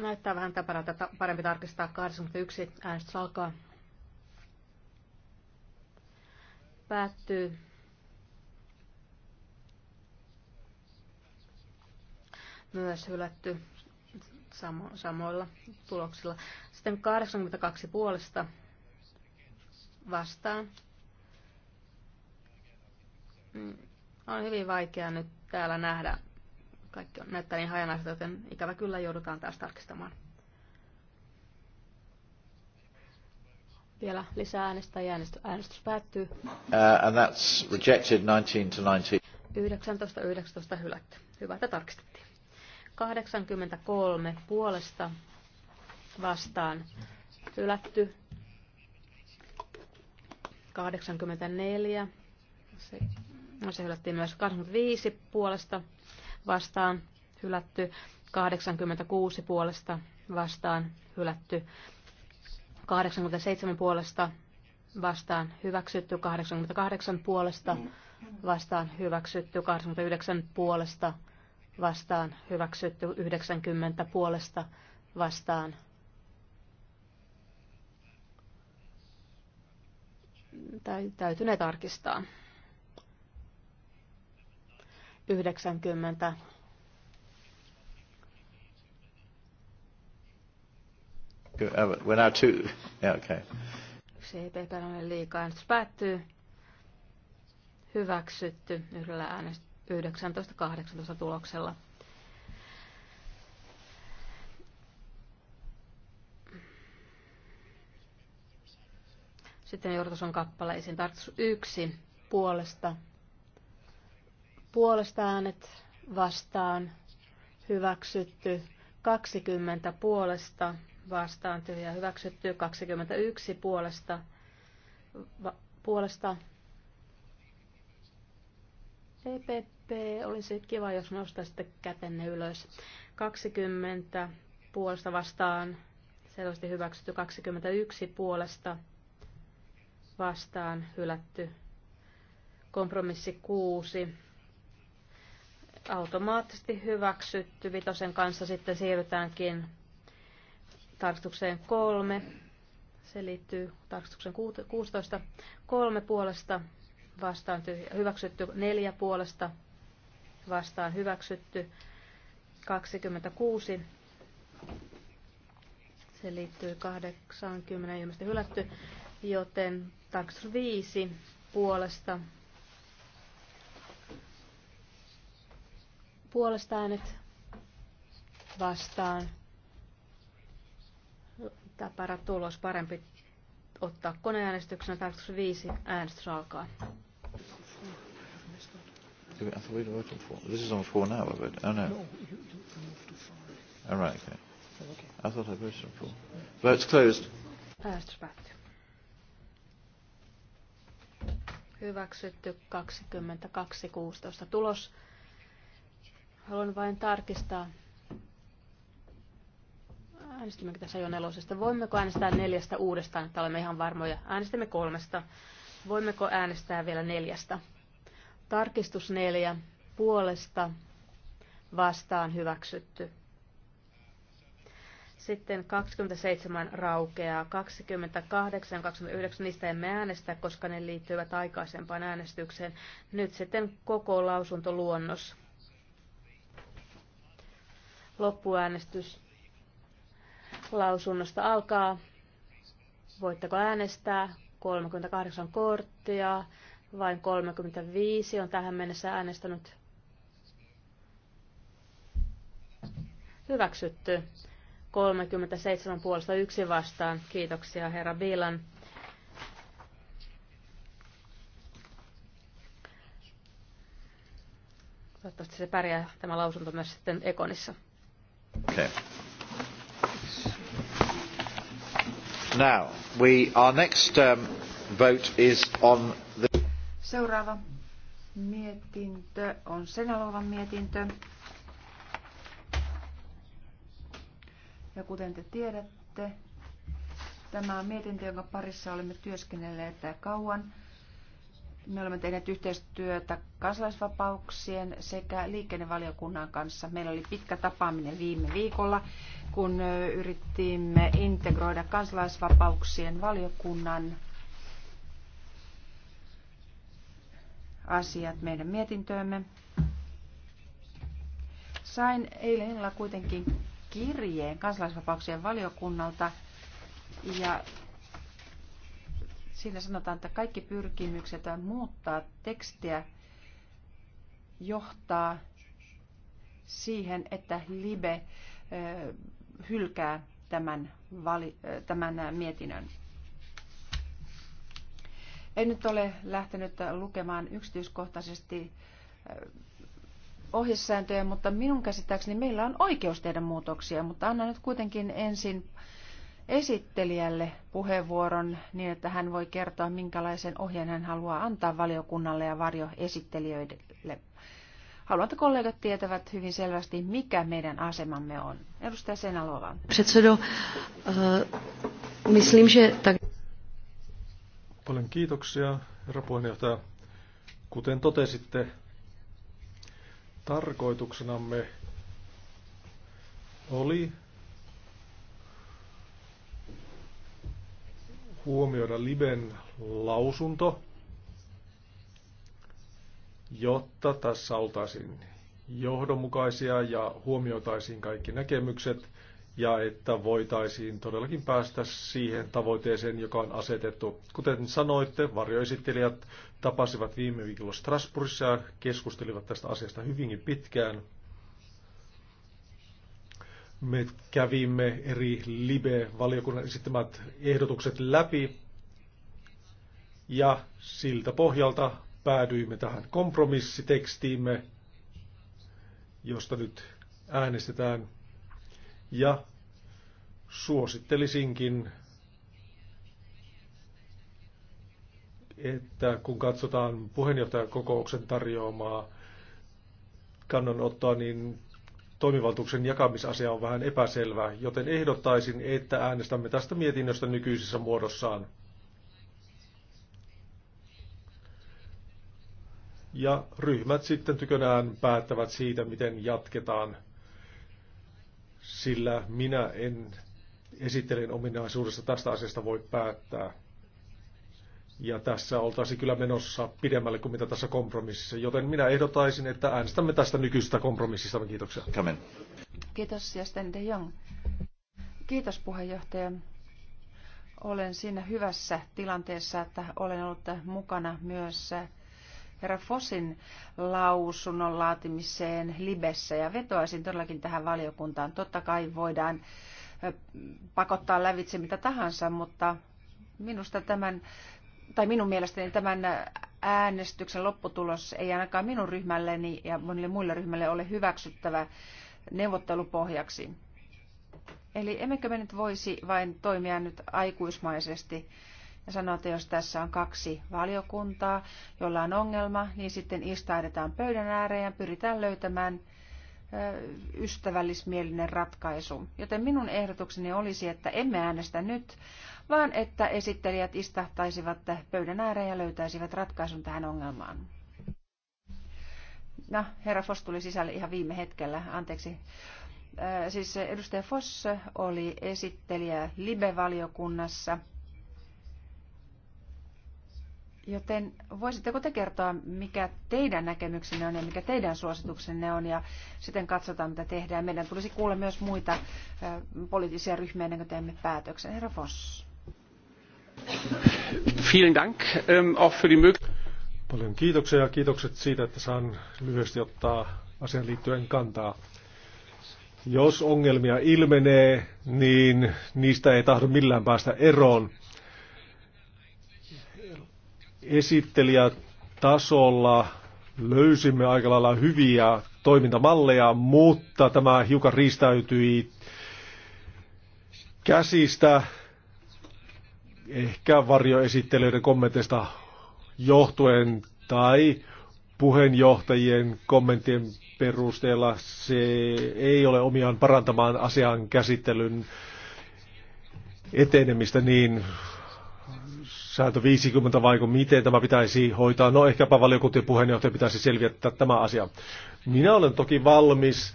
Näyttää vähän täpärältä, parempi tarkistaa 81, äänestys alkaa. Päättyy. Myös hylätty samo, samoilla tuloksilla. Sitten 82 puolesta vastaan. Mm, on hyvin vaikea nyt täällä nähdä kaikki on, näyttää niin hajanaista, joten ikävä kyllä joudutaan taas tarkistamaan. Vielä lisää äänestä ja Äänestys, äänestys päättyy. Uh, and that's rejected 19 to 19. 19, 19 hylätty. Hyvä, että tarkistettiin. 83 puolesta vastaan hylätty. 84. Se, se hylättiin myös 25 puolesta vastaan hylätty, 86 puolesta vastaan hylätty, 87 puolesta vastaan hyväksytty, 88 puolesta vastaan hyväksytty, 89 puolesta vastaan hyväksytty, 90 puolesta vastaan täytyy ne tarkistaa. 90 We're now two. Yeah, okay. Yksi EPP on liikaa. Äänestys päättyy. Hyväksytty yhdellä äänestä 19-18 tuloksella. Sitten Jortos on kappaleisiin. Tartus yksi puolesta puolesta äänet vastaan hyväksytty, 20 puolesta vastaan tyhjä hyväksytty, 21 puolesta, va, puolesta EPP, olisi kiva, jos nostaisitte kätenne ylös. 20 puolesta vastaan, selvästi hyväksytty, 21 puolesta vastaan, hylätty. Kompromissi 6 automaattisesti hyväksytty. Vitosen kanssa sitten siirrytäänkin tarkistukseen kolme. Se liittyy tarkistuksen 16. Kolme puolesta vastaan tyhjä, hyväksytty, neljä puolesta vastaan hyväksytty, 26. Se liittyy 80 ilmeisesti hylätty, joten tarkistus 5 puolesta puolesta äänet vastaan. Tämä tulos parempi ottaa koneäänestyksenä. Tarkoitus 5. Äänestys alkaa. I thought we were for. This is on four now, but oh no. All no, oh, right, okay. Oh, okay. I thought I voted on four. Vote's closed. Äänestys päättyy. Hyväksytty 22.16 tulos. Haluan vain tarkistaa, äänestimmekö tässä jo nelosesta. Voimmeko äänestää neljästä uudestaan, että olemme ihan varmoja. Äänestimme kolmesta. Voimmeko äänestää vielä neljästä? Tarkistus neljä. Puolesta vastaan hyväksytty. Sitten 27 raukeaa, 28, 29, niistä emme äänestä, koska ne liittyvät aikaisempaan äänestykseen. Nyt sitten koko lausuntoluonnos Loppuäänestys lausunnosta alkaa. Voitteko äänestää? 38 korttia. Vain 35 on tähän mennessä äänestänyt. Hyväksytty. 37 puolesta yksi vastaan. Kiitoksia herra Biilan. Toivottavasti se pärjää tämä lausunto myös sitten Ekonissa. Okay. Now, we, our next um, vote is on the... Seuraava mietintö on Senalovan mietintö. Ja kuten te tiedätte, tämä on mietintö, jonka parissa olemme työskennelleet kauan. Me olemme tehneet yhteistyötä kansalaisvapauksien sekä liikennevaliokunnan kanssa. Meillä oli pitkä tapaaminen viime viikolla, kun yrittimme integroida kansalaisvapauksien valiokunnan asiat meidän mietintöömme. Sain eilen illalla kuitenkin kirjeen kansalaisvapauksien valiokunnalta ja Siinä sanotaan, että kaikki pyrkimykset muuttaa tekstiä johtaa siihen, että Libe hylkää tämän, vali, tämän mietinnön. En nyt ole lähtenyt lukemaan yksityiskohtaisesti ohjesääntöjä, mutta minun käsittääkseni meillä on oikeus tehdä muutoksia, mutta annan nyt kuitenkin ensin esittelijälle puheenvuoron niin, että hän voi kertoa, minkälaisen ohjeen hän haluaa antaa valiokunnalle ja varjoesittelijöille. Haluan, että kollegat tietävät hyvin selvästi, mikä meidän asemamme on. Edustaja Senalova. Předsedo, eh, myslím, že... Paljon kiitoksia, herra puheenjohtaja. Kuten totesitte, tarkoituksenamme oli huomioida Liben lausunto, jotta tässä oltaisiin johdonmukaisia ja huomioitaisiin kaikki näkemykset ja että voitaisiin todellakin päästä siihen tavoitteeseen, joka on asetettu. Kuten sanoitte, varjoesittelijät tapasivat viime viikolla Strasbourgissa ja keskustelivat tästä asiasta hyvinkin pitkään. Me kävimme eri LIBE-valiokunnan esittämät ehdotukset läpi ja siltä pohjalta päädyimme tähän kompromissitekstiimme, josta nyt äänestetään. Ja suosittelisinkin, että kun katsotaan puheenjohtajakokouksen tarjoamaa kannanottoa, niin toimivaltuuksen jakamisasia on vähän epäselvä, joten ehdottaisin, että äänestämme tästä mietinnöstä nykyisessä muodossaan. Ja ryhmät sitten tykönään päättävät siitä, miten jatketaan, sillä minä en esittelen ominaisuudessa tästä asiasta voi päättää. Ja tässä oltaisiin kyllä menossa pidemmälle kuin mitä tässä kompromississa. Joten minä ehdotaisin, että äänestämme tästä nykyisestä kompromissista. Kiitoksia. Kamen. Kiitos ja de Jong. Kiitos puheenjohtaja. Olen siinä hyvässä tilanteessa, että olen ollut mukana myös herra Fosin lausunnon laatimiseen Libessä ja vetoaisin todellakin tähän valiokuntaan. Totta kai voidaan eh, pakottaa lävitse mitä tahansa, mutta minusta tämän tai minun mielestäni tämän äänestyksen lopputulos ei ainakaan minun ryhmälleni ja monille muille ryhmille ole hyväksyttävä neuvottelupohjaksi. Eli emmekö me nyt voisi vain toimia nyt aikuismaisesti ja sanoa, että jos tässä on kaksi valiokuntaa, jolla on ongelma, niin sitten istahdetaan pöydän ääreen ja pyritään löytämään ystävällismielinen ratkaisu. Joten minun ehdotukseni olisi, että emme äänestä nyt, vaan että esittelijät istahtaisivat pöydän ääreen ja löytäisivät ratkaisun tähän ongelmaan. No, herra Foss tuli sisälle ihan viime hetkellä, anteeksi. Siis edustaja Foss oli esittelijä Libe-valiokunnassa – Joten voisitteko te kertoa, mikä teidän näkemyksenne on ja mikä teidän suosituksenne on ja sitten katsotaan, mitä tehdään. Meidän tulisi kuulla myös muita poliittisia ryhmiä ennen kuin teemme päätöksen. Herra Voss. Vielen Dank, ähm, auch für die Paljon kiitoksia ja kiitokset siitä, että saan lyhyesti ottaa asian liittyen kantaa. Jos ongelmia ilmenee, niin niistä ei tahdo millään päästä eroon esittelijätasolla löysimme aika lailla hyviä toimintamalleja, mutta tämä hiukan riistäytyi käsistä, ehkä varjoesittelijöiden kommenteista johtuen tai puheenjohtajien kommenttien perusteella se ei ole omiaan parantamaan asian käsittelyn etenemistä niin sääntö 50 vai miten tämä pitäisi hoitaa. No ehkäpä valiokuntien puheenjohtaja pitäisi selvittää tämä asia. Minä olen toki valmis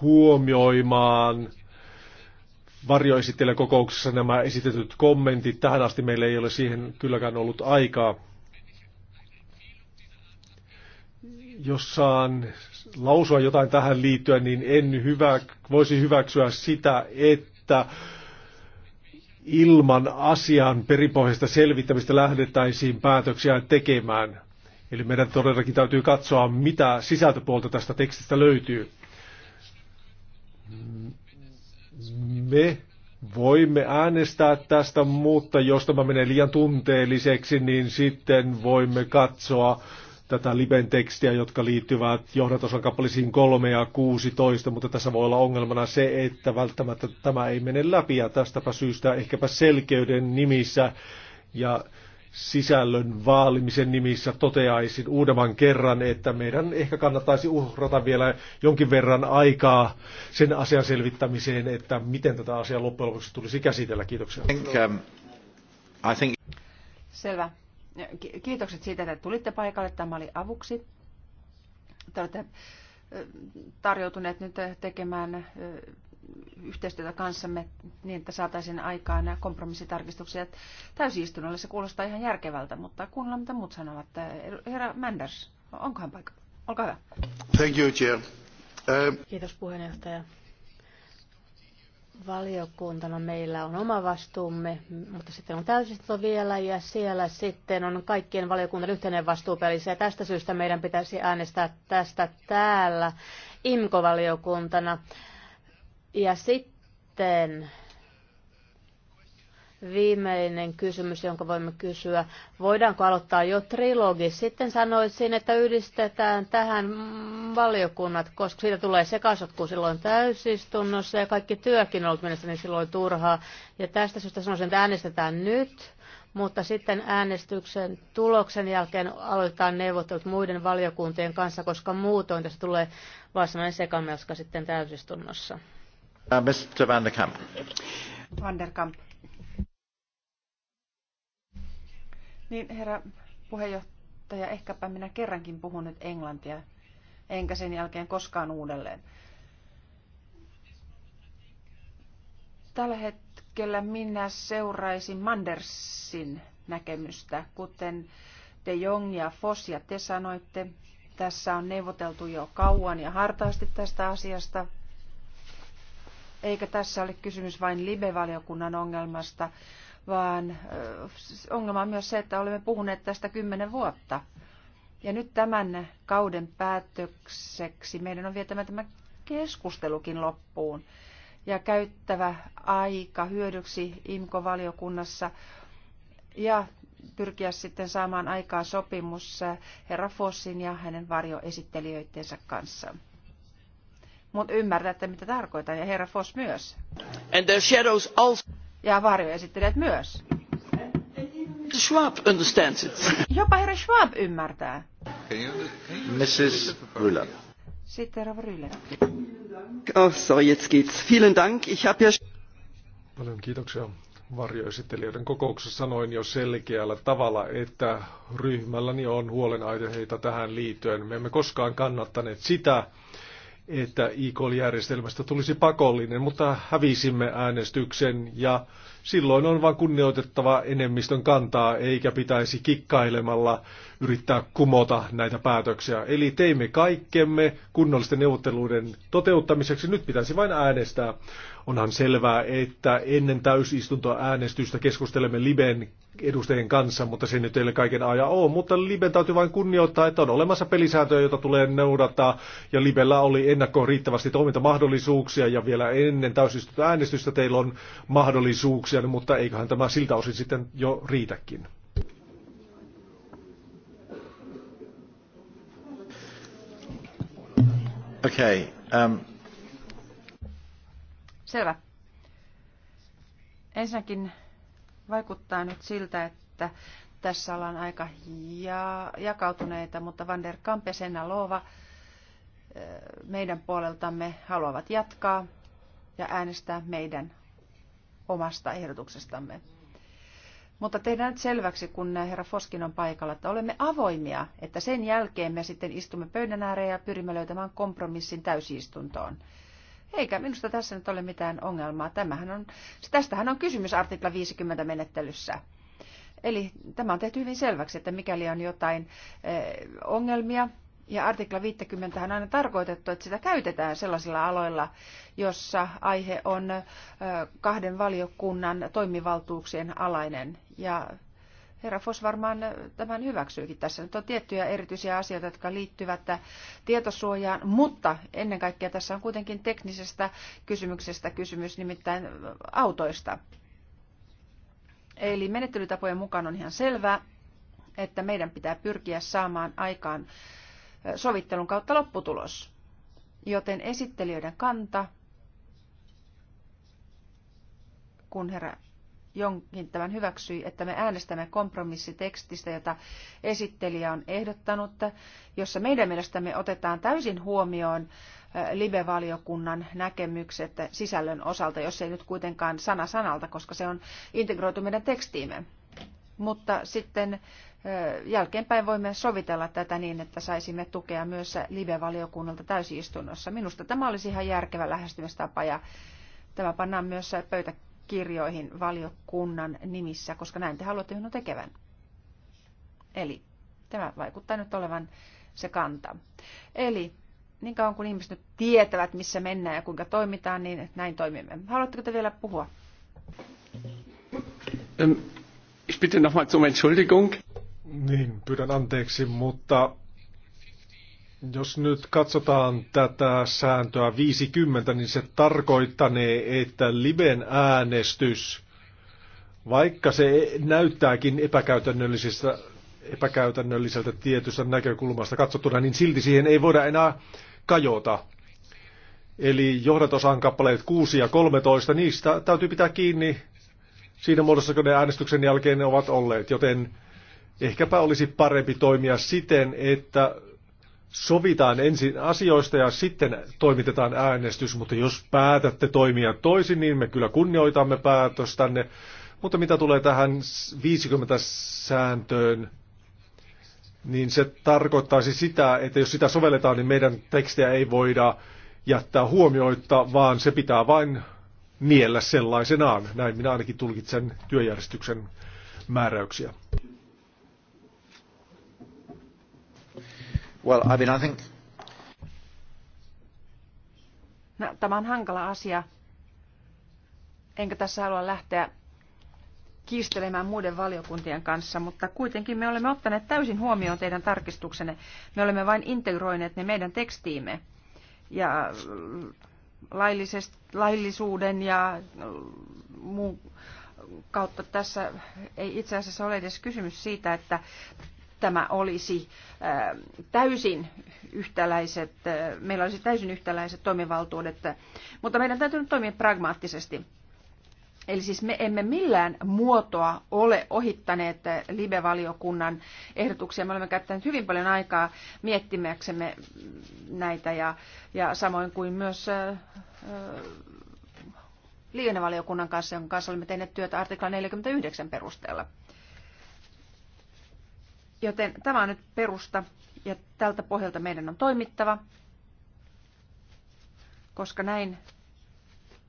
huomioimaan varjoesittelijän kokouksessa nämä esitetyt kommentit. Tähän asti meillä ei ole siihen kylläkään ollut aikaa. Jos saan lausua jotain tähän liittyen, niin en hyvä, voisi hyväksyä sitä, että ilman asian peripohjaista selvittämistä lähdettäisiin päätöksiä tekemään. Eli meidän todellakin täytyy katsoa, mitä sisältöpuolta tästä tekstistä löytyy. Me voimme äänestää tästä, mutta jos tämä menee liian tunteelliseksi, niin sitten voimme katsoa, tätä Liben tekstiä, jotka liittyvät johdatosan 3 ja 16, mutta tässä voi olla ongelmana se, että välttämättä tämä ei mene läpi ja tästäpä syystä ehkäpä selkeyden nimissä ja sisällön vaalimisen nimissä toteaisin uudemman kerran, että meidän ehkä kannattaisi uhrata vielä jonkin verran aikaa sen asian selvittämiseen, että miten tätä asiaa loppujen lopuksi tulisi käsitellä. Kiitoksia. Um, Selvä. Kiitokset siitä, että tulitte paikalle. Tämä oli avuksi. Te olette tarjoutuneet nyt tekemään yhteistyötä kanssamme niin, että saataisiin aikaan kompromissitarkistuksia täysistunnolle. Se kuulostaa ihan järkevältä, mutta kuunnellaan mitä muut sanovat. Herra Manders, onkohan paikka? Olkaa hyvä. Thank you, chair. Um... Kiitos puheenjohtaja valiokuntana meillä on oma vastuumme, mutta sitten on täysistunto vielä ja siellä sitten on kaikkien valiokunnan yhteinen vastuupelissä ja tästä syystä meidän pitäisi äänestää tästä täällä imkovaliokuntana. Ja sitten viimeinen kysymys, jonka voimme kysyä. Voidaanko aloittaa jo trilogi? Sitten sanoisin, että yhdistetään tähän valiokunnat, koska siitä tulee sekasotku silloin täysistunnossa ja kaikki työkin on ollut mielestäni silloin turhaa. Ja tästä syystä sanoisin, että äänestetään nyt, mutta sitten äänestyksen tuloksen jälkeen aloitetaan neuvottelut muiden valiokuntien kanssa, koska muutoin tässä tulee varsinainen sekamelska sitten täysistunnossa. Uh, Mr. Van der Kamp. Van der Kamp. Niin herra puheenjohtaja, ehkäpä minä kerrankin puhun nyt englantia, enkä sen jälkeen koskaan uudelleen. Tällä hetkellä minä seuraisin Mandersin näkemystä, kuten De Jong ja Foss ja te sanoitte. Tässä on neuvoteltu jo kauan ja hartaasti tästä asiasta. Eikä tässä ole kysymys vain live-valiokunnan ongelmasta, vaan ongelma on myös se, että olemme puhuneet tästä kymmenen vuotta. Ja nyt tämän kauden päätökseksi meidän on vietämä tämä keskustelukin loppuun ja käyttävä aika hyödyksi IMKO-valiokunnassa ja pyrkiä sitten saamaan aikaa sopimus herra Fossin ja hänen varjoesittelijöitteensä kanssa. Mutta ymmärrätte, mitä tarkoitan, ja herra Foss myös. And the shadows also ja varjoesittelijät myös. Schwab understands it. Jopa herra Schwab ymmärtää. Mrs. Rüller. Sitten herra Rüller. Oh, so jetzt geht's. Vielen Dank. Ich habe ja... Paljon kiitoksia. Varjoesittelijöiden kokouksessa sanoin jo selkeällä tavalla, että ryhmälläni on huolenaiheita tähän liittyen. Me emme koskaan kannattaneet sitä, että IKL-järjestelmästä tulisi pakollinen, mutta hävisimme äänestyksen ja silloin on vain kunnioitettava enemmistön kantaa, eikä pitäisi kikkailemalla yrittää kumota näitä päätöksiä. Eli teimme kaikkemme kunnollisten neuvotteluiden toteuttamiseksi, nyt pitäisi vain äänestää. Onhan selvää, että ennen täysistuntoäänestystä keskustelemme Liben edustajien kanssa, mutta se nyt ei ole kaiken aja ole. Mutta Liben täytyy vain kunnioittaa, että on olemassa pelisääntöjä, joita tulee noudattaa. Ja Libellä oli ennakkoon riittävästi toimintamahdollisuuksia ja vielä ennen täysistuntoäänestystä teillä on mahdollisuuksia, mutta eiköhän tämä siltä osin sitten jo riitäkin. Okay. Um... Selvä. Ensinnäkin vaikuttaa nyt siltä, että tässä ollaan aika ja, jakautuneita, mutta Van der Kamp ja Senna Loova meidän puoleltamme haluavat jatkaa ja äänestää meidän omasta ehdotuksestamme. Mutta tehdään nyt selväksi, kun herra Foskin on paikalla, että olemme avoimia, että sen jälkeen me sitten istumme pöydän ääreen ja pyrimme löytämään kompromissin täysistuntoon. Eikä minusta tässä nyt ole mitään ongelmaa. Tämähän on, tästähän on kysymys artikla 50 menettelyssä. Eli tämä on tehty hyvin selväksi, että mikäli on jotain eh, ongelmia, ja artikla 50 on aina tarkoitettu, että sitä käytetään sellaisilla aloilla, jossa aihe on eh, kahden valiokunnan toimivaltuuksien alainen. Ja herra Fos varmaan tämän hyväksyykin. Tässä nyt on tiettyjä erityisiä asioita, jotka liittyvät tietosuojaan, mutta ennen kaikkea tässä on kuitenkin teknisestä kysymyksestä kysymys, nimittäin autoista. Eli menettelytapojen mukaan on ihan selvää, että meidän pitää pyrkiä saamaan aikaan sovittelun kautta lopputulos. Joten esittelijöiden kanta, kun herra jonkin tämän hyväksyi, että me äänestämme kompromissitekstistä, jota esittelijä on ehdottanut, jossa meidän mielestämme otetaan täysin huomioon live-valiokunnan näkemykset sisällön osalta, jos ei nyt kuitenkaan sana sanalta, koska se on integroitu meidän tekstiimme. Mutta sitten jälkeenpäin voimme sovitella tätä niin, että saisimme tukea myös live-valiokunnalta täysistunnossa. Minusta tämä olisi ihan järkevä lähestymistapa ja tämä pannaan myös pöytäkirjaan kirjoihin valiokunnan nimissä, koska näin te haluatte minun tekevän. Eli tämä vaikuttaa nyt olevan se kanta. Eli niin kauan kuin ihmiset nyt tietävät, missä mennään ja kuinka toimitaan, niin näin toimimme. Haluatteko te vielä puhua? Ähm, ich bitte nochmal zum Entschuldigung. Niin, pyydän anteeksi, mutta jos nyt katsotaan tätä sääntöä 50, niin se tarkoittanee, että liben äänestys, vaikka se näyttääkin epäkäytännöllisestä, epäkäytännölliseltä tietystä näkökulmasta katsottuna, niin silti siihen ei voida enää kajota. Eli johdatosan kappaleet 6 ja 13, niistä täytyy pitää kiinni siinä muodossa, kun ne äänestyksen jälkeen ne ovat olleet, joten ehkäpä olisi parempi toimia siten, että sovitaan ensin asioista ja sitten toimitetaan äänestys, mutta jos päätätte toimia toisin, niin me kyllä kunnioitamme päätöstänne. Mutta mitä tulee tähän 50-sääntöön, niin se tarkoittaisi sitä, että jos sitä sovelletaan, niin meidän tekstiä ei voida jättää huomioita, vaan se pitää vain niellä sellaisenaan. Näin minä ainakin tulkitsen työjärjestyksen määräyksiä. Well, I mean, I think... no, tämä on hankala asia. Enkä tässä halua lähteä kiistelemään muiden valiokuntien kanssa, mutta kuitenkin me olemme ottaneet täysin huomioon teidän tarkistuksenne. Me olemme vain integroineet ne meidän tekstiimme. Ja mm, laillisuuden ja mm, muun kautta tässä ei itse asiassa ole edes kysymys siitä, että tämä olisi äh, täysin yhtäläiset, äh, meillä olisi täysin yhtäläiset toimivaltuudet, äh, mutta meidän täytyy nyt toimia pragmaattisesti. Eli siis me emme millään muotoa ole ohittaneet live-valiokunnan ehdotuksia. Me olemme käyttäneet hyvin paljon aikaa miettimäksemme näitä ja, ja samoin kuin myös äh, liikennevaliokunnan kanssa, jonka kanssa olemme tehneet työtä artikla 49 perusteella. Joten tämä on nyt perusta ja tältä pohjalta meidän on toimittava, koska näin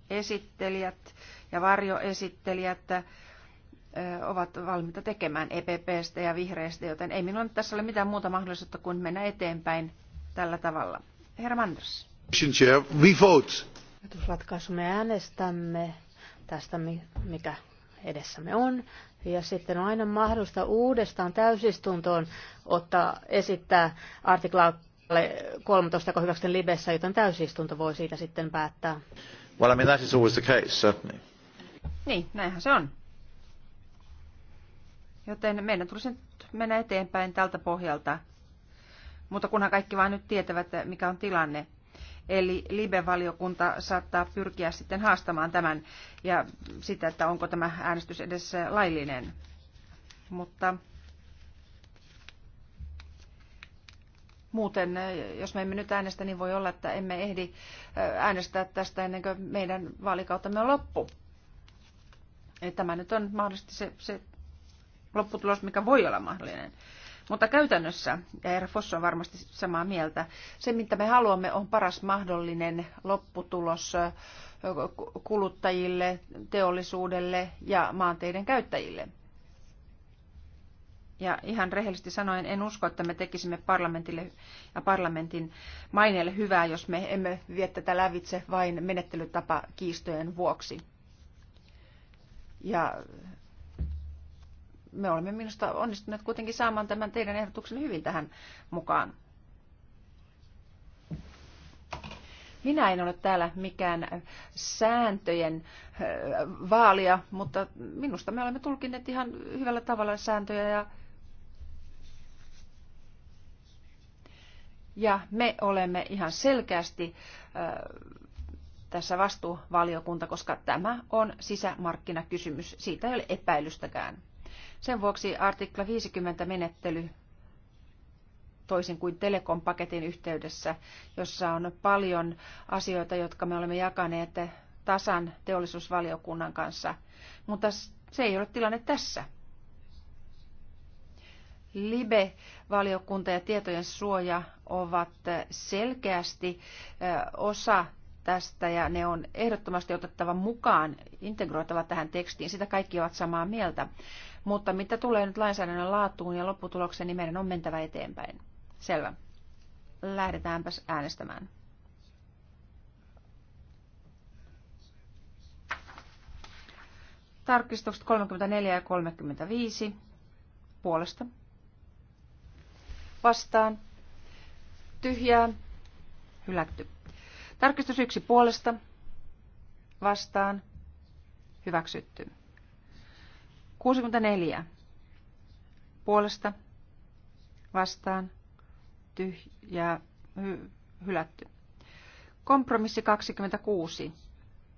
esittelijät ja varjoesittelijät ovat valmiita tekemään EPPstä ja vihreistä, joten ei minulla tässä ole mitään muuta mahdollisuutta kuin mennä eteenpäin tällä tavalla. Herra Manders. We vote. Ratkaisu me äänestämme tästä, mikä edessämme on. Ja sitten on aina mahdollista uudestaan täysistuntoon ottaa, esittää artiklaa 13, joka hyväksytään libessä, joten täysistunto voi siitä sitten päättää. Well, I mean, that is always the case, certainly. Niin, näinhän se on. Joten meidän tulisi nyt mennä eteenpäin tältä pohjalta. Mutta kunhan kaikki vain nyt tietävät, mikä on tilanne. Eli Libe-valiokunta saattaa pyrkiä sitten haastamaan tämän ja sitä, että onko tämä äänestys edes laillinen. Mutta Muuten, jos me emme nyt äänestä, niin voi olla, että emme ehdi äänestää tästä ennen kuin meidän vaalikautemme on loppu. Eli tämä nyt on mahdollisesti se, se lopputulos, mikä voi olla mahdollinen. Mutta käytännössä, ja Eero Foss on varmasti samaa mieltä, se mitä me haluamme on paras mahdollinen lopputulos kuluttajille, teollisuudelle ja maanteiden käyttäjille. Ja ihan rehellisesti sanoen, en usko, että me tekisimme parlamentille ja parlamentin maineelle hyvää, jos me emme vie tätä lävitse vain menettelytapa kiistojen vuoksi. Ja me olemme minusta onnistuneet kuitenkin saamaan tämän teidän ehdotuksen hyvin tähän mukaan. Minä en ole täällä mikään sääntöjen vaalia, mutta minusta me olemme tulkineet ihan hyvällä tavalla sääntöjä ja Ja me olemme ihan selkeästi tässä vastuuvaliokunta, koska tämä on sisämarkkinakysymys. Siitä ei ole epäilystäkään. Sen vuoksi artikla 50 menettely toisin kuin Telekom-paketin yhteydessä, jossa on paljon asioita, jotka me olemme jakaneet tasan teollisuusvaliokunnan kanssa, mutta se ei ole tilanne tässä. LIBE-valiokunta ja tietojen suoja ovat selkeästi osa tästä ja ne on ehdottomasti otettava mukaan, integroitava tähän tekstiin. Sitä kaikki ovat samaa mieltä. Mutta mitä tulee nyt lainsäädännön laatuun ja lopputulokseen, niin meidän on mentävä eteenpäin. Selvä. Lähdetäänpäs äänestämään. Tarkistukset 34 ja 35 puolesta. Vastaan. Tyhjää. Hylätty. Tarkistus yksi puolesta. Vastaan. Hyväksytty. 64 puolesta vastaan tyhjä hy, hylätty. Kompromissi 26,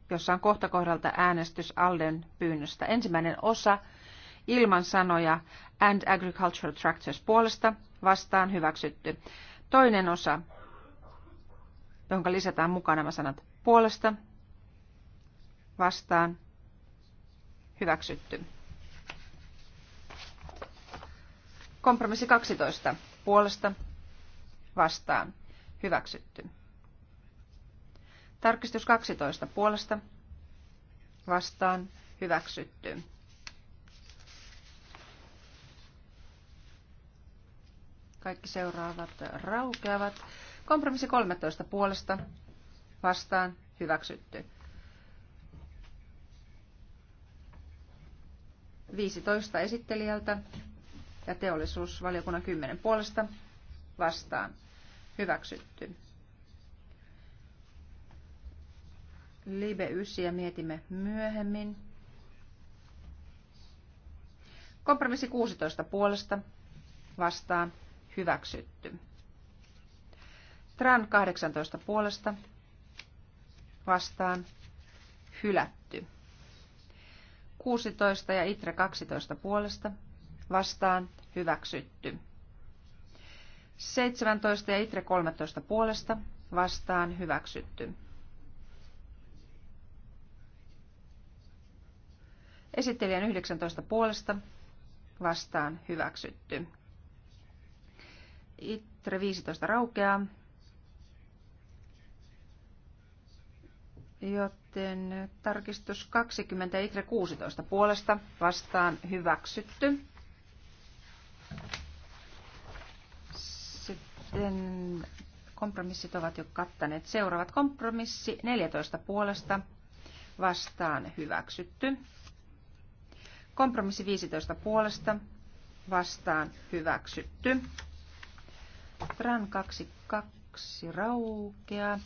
jossa on kohtakohdalta äänestys Alden pyynnöstä. Ensimmäinen osa ilman sanoja and agricultural tractors puolesta vastaan hyväksytty. Toinen osa, jonka lisätään mukaan nämä sanat puolesta vastaan hyväksytty. Kompromissi 12. Puolesta vastaan. Hyväksytty. Tarkistus 12. Puolesta vastaan. Hyväksytty. Kaikki seuraavat raukeavat. Kompromissi 13 puolesta vastaan hyväksytty. 15 esittelijältä ja teollisuusvaliokunnan 10 puolesta vastaan hyväksytty. Libe 9 ja mietimme myöhemmin. Kompromissi 16 puolesta vastaan hyväksytty. Tran 18 puolesta vastaan hylätty. 16 ja Itre 12 puolesta vastaan hyväksytty. 17 ja Itre 13 puolesta vastaan hyväksytty. Esittelijän 19 puolesta vastaan hyväksytty. Itre 15 raukeaa. Joten tarkistus 20 Itre 16 puolesta vastaan hyväksytty. sitten kompromissit ovat jo kattaneet. Seuraavat kompromissi 14 puolesta vastaan hyväksytty. Kompromissi 15 puolesta vastaan hyväksytty. Tran 22 raukeaa.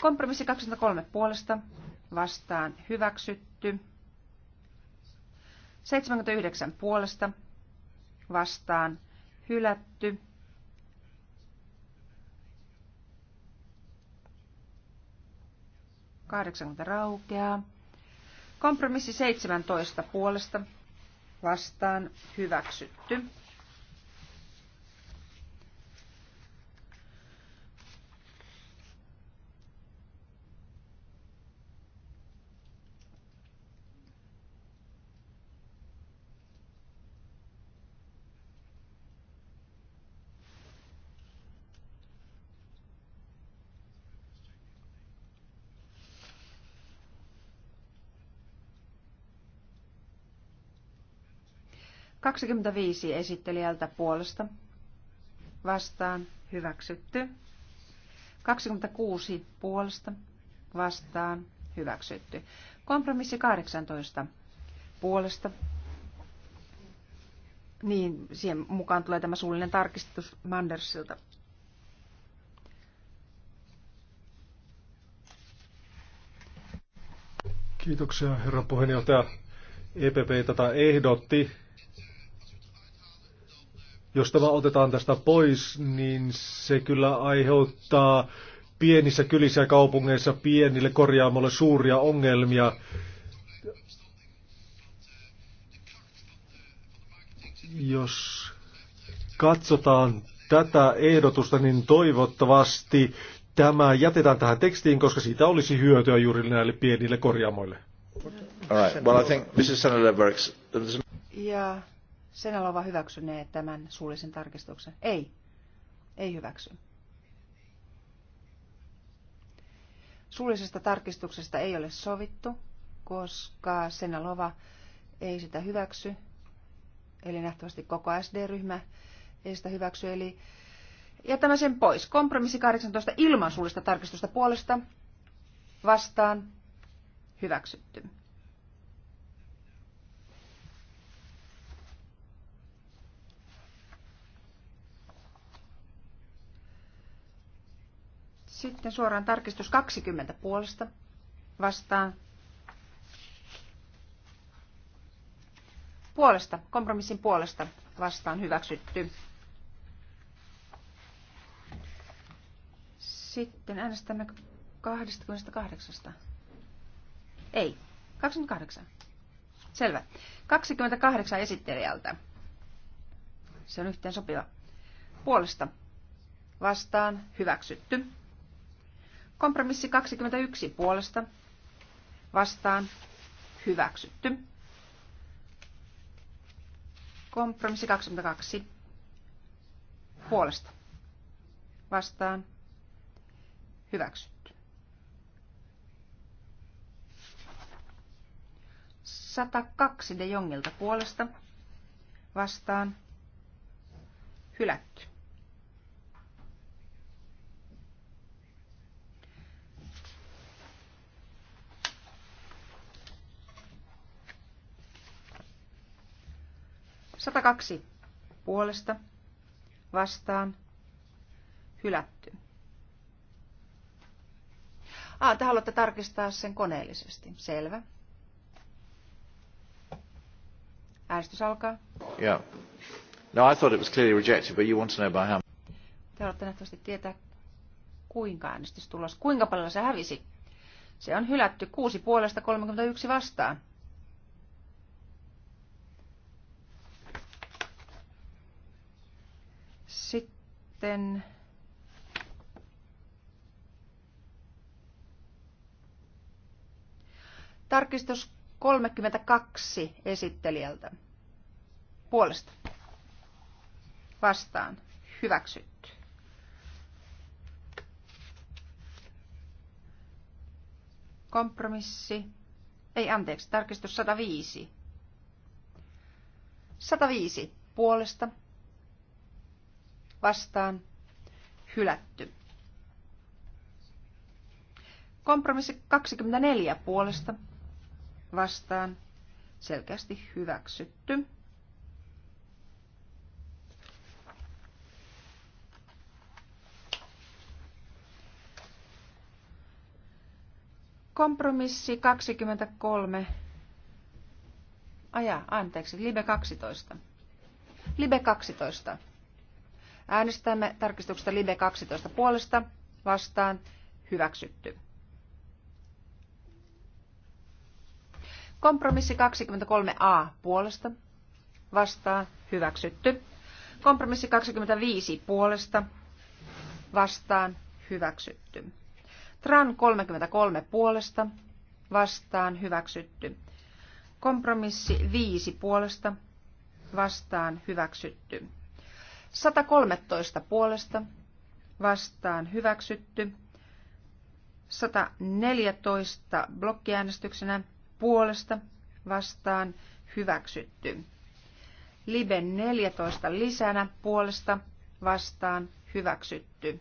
Kompromissi 23 puolesta vastaan hyväksytty. 79 puolesta vastaan hylätty. 80 raukeaa. Kompromissi 17 puolesta vastaan hyväksytty. 25 esittelijältä puolesta. Vastaan. Hyväksytty. 26 puolesta. Vastaan. Hyväksytty. Kompromissi 18 puolesta. Niin, siihen mukaan tulee tämä suullinen tarkistus Mandersilta. Kiitoksia herra puheenjohtaja. EPP tätä ehdotti jos tämä otetaan tästä pois, niin se kyllä aiheuttaa pienissä kylissä ja kaupungeissa pienille korjaamolle suuria ongelmia. Jos katsotaan tätä ehdotusta, niin toivottavasti tämä jätetään tähän tekstiin, koska siitä olisi hyötyä juuri näille pienille korjaamoille. All right. Well, I think Mrs. Senator Ja sen alova hyväksynee tämän suullisen tarkistuksen. Ei. Ei hyväksy. Suullisesta tarkistuksesta ei ole sovittu, koska Senalova ei sitä hyväksy. Eli nähtävästi koko SD-ryhmä ei sitä hyväksy. Eli jätämme sen pois. Kompromissi 18 ilman suullista tarkistusta puolesta vastaan hyväksytty. Sitten suoraan tarkistus 20 puolesta vastaan. Puolesta, kompromissin puolesta vastaan hyväksytty. Sitten äänestämme 28. Ei, 28. Selvä. 28 esittelijältä. Se on yhteen sopiva. Puolesta vastaan hyväksytty. Kompromissi 21 puolesta vastaan hyväksytty. Kompromissi 22 puolesta vastaan hyväksytty. 102 de Jongilta puolesta vastaan hylätty. 102 puolesta vastaan hylätty. Ah, te haluatte tarkistaa sen koneellisesti. Selvä. Äänestys alkaa. Yeah. No, I thought it was clearly rejected, but you want to know by how. Te haluatte nähtävästi tietää, kuinka äänestys tulos, kuinka paljon se hävisi. Se on hylätty 6 puolesta 31 vastaan. Sitten tarkistus 32 esittelijältä. Puolesta. Vastaan. Hyväksytty. Kompromissi. Ei anteeksi, tarkistus 105. 105 puolesta vastaan hylätty. Kompromissi 24 puolesta vastaan selkeästi hyväksytty. Kompromissi 23. Aja, anteeksi, Libe 12. Libe 12 Äänestämme tarkistuksesta Libe 12 puolesta vastaan hyväksytty. Kompromissi 23a puolesta vastaan hyväksytty. Kompromissi 25 puolesta vastaan hyväksytty. Tran 33 puolesta vastaan hyväksytty. Kompromissi 5 puolesta vastaan hyväksytty. 113 puolesta vastaan hyväksytty. 114 blokkiäänestyksenä puolesta vastaan hyväksytty. Libe 14 lisänä puolesta vastaan hyväksytty.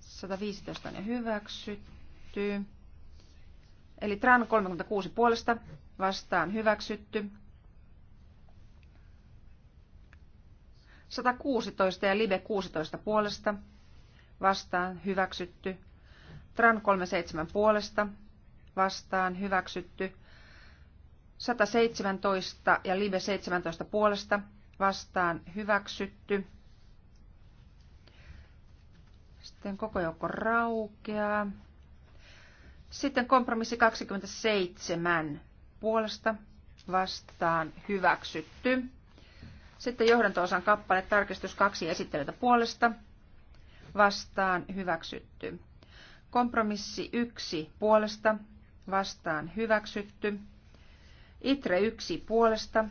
115 ne hyväksytty. Eli Tran 36 puolesta vastaan hyväksytty. 116 ja Libe 16 puolesta, vastaan hyväksytty. Tran 37 puolesta, vastaan hyväksytty. 117 ja Live 17 puolesta vastaan hyväksytty. Sitten koko joukko raukeaa. Sitten kompromissi 27 puolesta vastaan hyväksytty. Sitten johdanto-osan kappale, tarkistus kaksi esittelytä puolesta, vastaan hyväksytty. Kompromissi yksi puolesta, vastaan hyväksytty. ITRE yksi puolesta,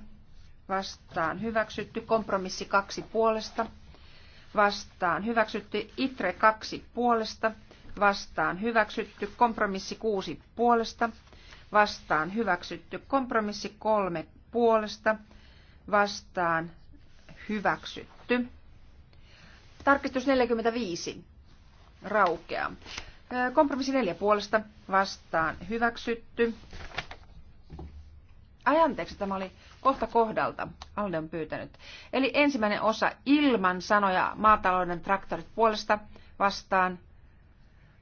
vastaan hyväksytty. Kompromissi kaksi puolesta, vastaan hyväksytty. ITRE kaksi puolesta, vastaan hyväksytty. Kompromissi kuusi puolesta, vastaan hyväksytty. Kompromissi kolme puolesta, vastaan hyväksytty. Tarkistus 45 raukeaa. Kompromissi 4 puolesta vastaan hyväksytty. Ai anteeksi, tämä oli kohta kohdalta. Alde on pyytänyt. Eli ensimmäinen osa ilman sanoja maatalouden traktorit puolesta vastaan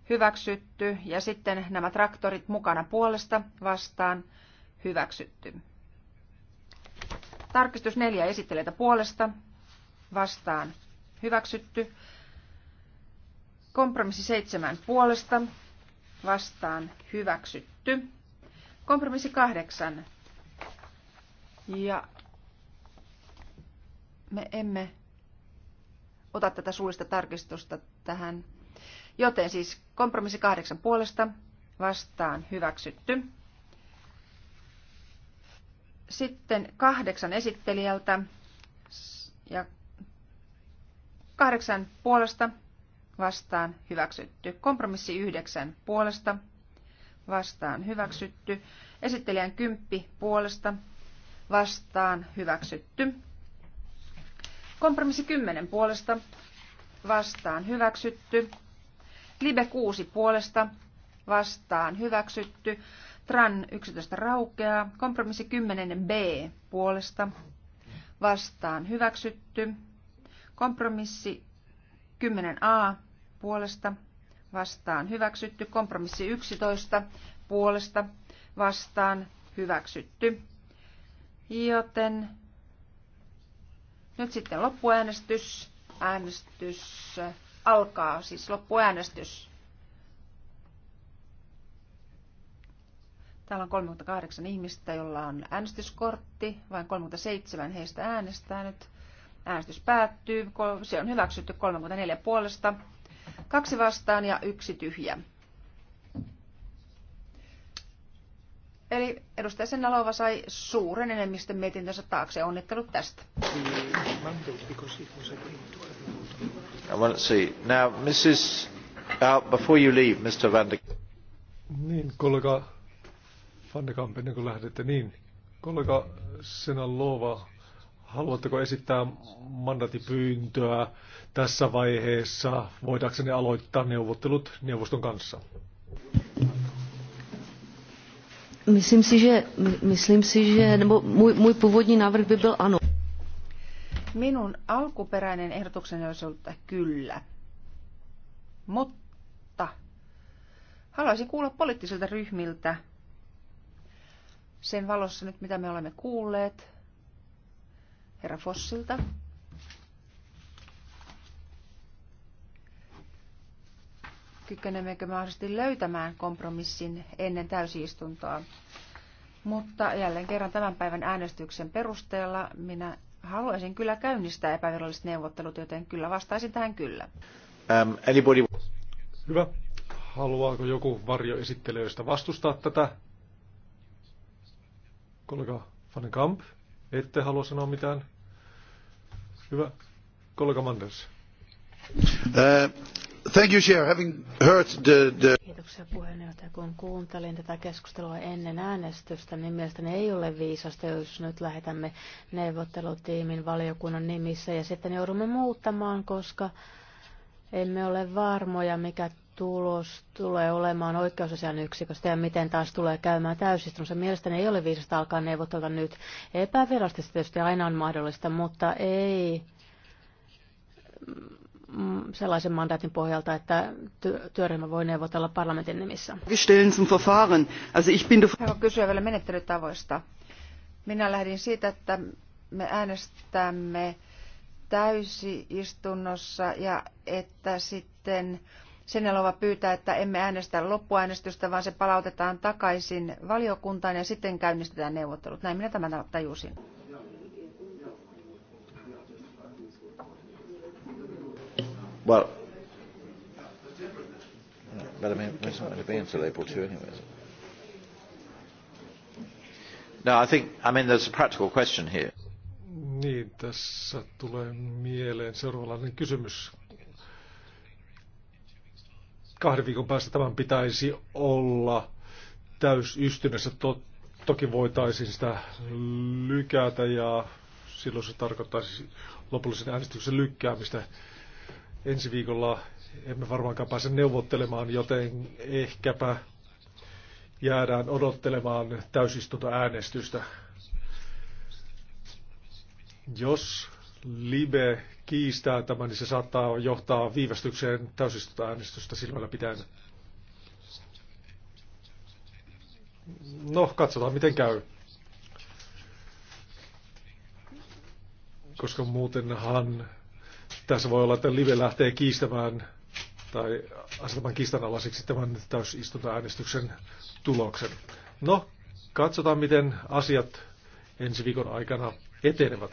hyväksytty ja sitten nämä traktorit mukana puolesta vastaan hyväksytty. Tarkistus neljä esittelijältä puolesta. Vastaan. Hyväksytty. Kompromissi seitsemän puolesta. Vastaan. Hyväksytty. Kompromissi kahdeksan. Ja me emme ota tätä suullista tarkistusta tähän. Joten siis kompromissi kahdeksan puolesta vastaan hyväksytty. Sitten kahdeksan esittelijältä ja kahdeksan puolesta vastaan hyväksytty. Kompromissi yhdeksän puolesta vastaan hyväksytty. Esittelijän kymppi puolesta vastaan hyväksytty. Kompromissi kymmenen puolesta vastaan hyväksytty. Libe kuusi puolesta vastaan hyväksytty. Tran 11 raukeaa. Kompromissi 10 B puolesta vastaan hyväksytty. Kompromissi 10 A puolesta vastaan hyväksytty. Kompromissi 11 puolesta vastaan hyväksytty. Joten nyt sitten loppuäänestys. Äänestys alkaa, siis loppuäänestys. Täällä on 38 ihmistä, jolla on äänestyskortti. Vain 37 heistä äänestää nyt. Äänestys päättyy. Se on hyväksytty 34 puolesta. Kaksi vastaan ja yksi tyhjä. Eli edustaja Sennalova sai suuren enemmistön mietintönsä taakse. Onnittelut tästä. I want to see. Now, Mrs. Uh, before you leave, Mr. Van de... Niin, kollega Fannekamp, ennen kuin lähdette, niin kollega Senalova, haluatteko esittää mandatipyyntöä tässä vaiheessa? Voidaanko ne aloittaa neuvottelut neuvoston kanssa? Myslím si, že, myslím si, že nebo můj, můj původní návrh by byl ano. Minun alkuperäinen ehdotukseni olisi ollut kyllä. Mutta haluaisin kuulla poliittisilta ryhmiltä, sen valossa nyt, mitä me olemme kuulleet herra Fossilta. Kykenemmekö mahdollisesti löytämään kompromissin ennen täysistuntoa? Mutta jälleen kerran tämän päivän äänestyksen perusteella minä haluaisin kyllä käynnistää epäviralliset neuvottelut, joten kyllä vastaisin tähän kyllä. Um, anybody... Hyvä. Haluaako joku varjoesittelijöistä vastustaa tätä? Kollega Van Kamp, ette halua sanoa mitään? Hyvä. Kollega Manders. Uh, thank you, Chair. Having heard the, the... Kiitoksia puheenjohtaja. Kun kuuntelin tätä keskustelua ennen äänestystä, niin mielestäni ei ole viisasta, jos nyt lähetämme neuvottelutiimin valiokunnan nimissä ja sitten joudumme muuttamaan, koska emme ole varmoja, mikä tulos tulee olemaan oikeusasian yksiköstä ja miten taas tulee käymään täysistunnossa. Mielestäni ei ole viisasta alkaa neuvotella nyt. Epävirallisesti tietysti aina on mahdollista, mutta ei mm, sellaisen mandaatin pohjalta, että työryhmä voi neuvotella parlamentin nimissä. Haluan kysyä vielä menettelytavoista. Minä lähdin siitä, että me äänestämme täysistunnossa ja että sitten Senelova pyytää, että emme äänestä loppuäänestystä, vaan se palautetaan takaisin valiokuntaan ja sitten käynnistetään neuvottelut. Näin minä tämän tajusin. Well, No, I think, I mean, there's a practical question here. Niin, tässä tulee mieleen seuraavanlainen kysymys kahden viikon päästä tämän pitäisi olla täysystymässä. To- toki voitaisiin sitä lykätä ja silloin se tarkoittaisi lopullisen äänestyksen lykkäämistä. Ensi viikolla emme varmaankaan pääse neuvottelemaan, joten ehkäpä jäädään odottelemaan täysistuntoäänestystä. Jos Libe kiistää tämän, niin se saattaa johtaa viivästykseen täysistuntoäänestystä silmällä pitäen. No, katsotaan miten käy. Koska muutenhan tässä voi olla, että live lähtee kiistämään tai asetamaan kiistanalaiseksi tämän täysistuntoäänestyksen tuloksen. No, katsotaan miten asiat ensi viikon aikana etenevät.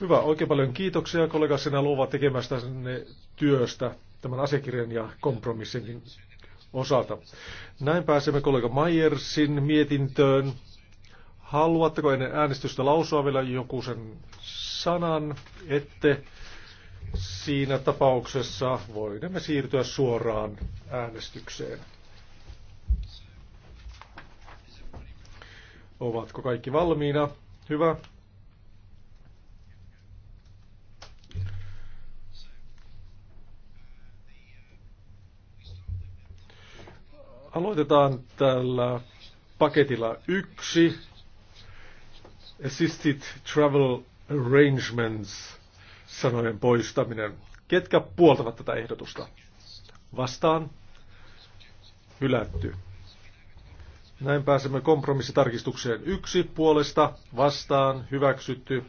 Hyvä, oikein paljon kiitoksia kollega sinä luova tekemästä työstä tämän asiakirjan ja kompromissin osalta. Näin pääsemme kollega Mayersin mietintöön. Haluatteko ennen äänestystä lausua vielä joku sen sanan, ette siinä tapauksessa voimme siirtyä suoraan äänestykseen. Ovatko kaikki valmiina? Hyvä. Aloitetaan tällä paketilla yksi. Assisted Travel Arrangements sanojen poistaminen. Ketkä puoltavat tätä ehdotusta? Vastaan. Hylätty. Näin pääsemme kompromissitarkistukseen yksi puolesta, vastaan, hyväksytty.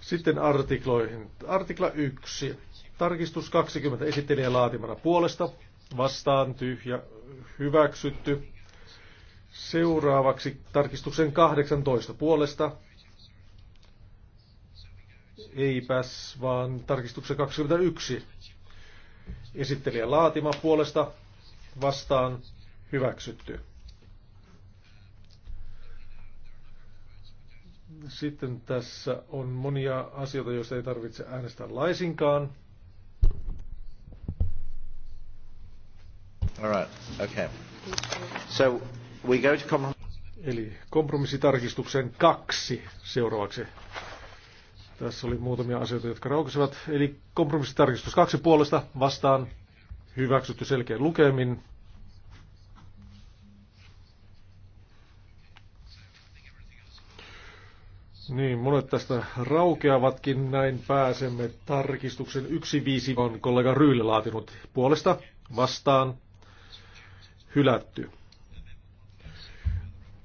Sitten artikloihin. Artikla 1. Tarkistus 20 esittelijän laatimana puolesta, vastaan tyhjä hyväksytty. Seuraavaksi tarkistuksen 18 puolesta. Eipäs, vaan tarkistuksen 21. Esittelijä laatima puolesta vastaan hyväksytty. Sitten tässä on monia asioita, joista ei tarvitse äänestää laisinkaan. All right. Okay. So we go to Eli kompromissitarkistuksen kaksi seuraavaksi. Tässä oli muutamia asioita, jotka raukesivat. Eli kompromissitarkistus kaksi puolesta vastaan hyväksytty selkeä lukemin. Niin, monet tästä raukeavatkin, näin pääsemme tarkistuksen 1.5 on kollega Ryyli laatinut puolesta vastaan hylätty.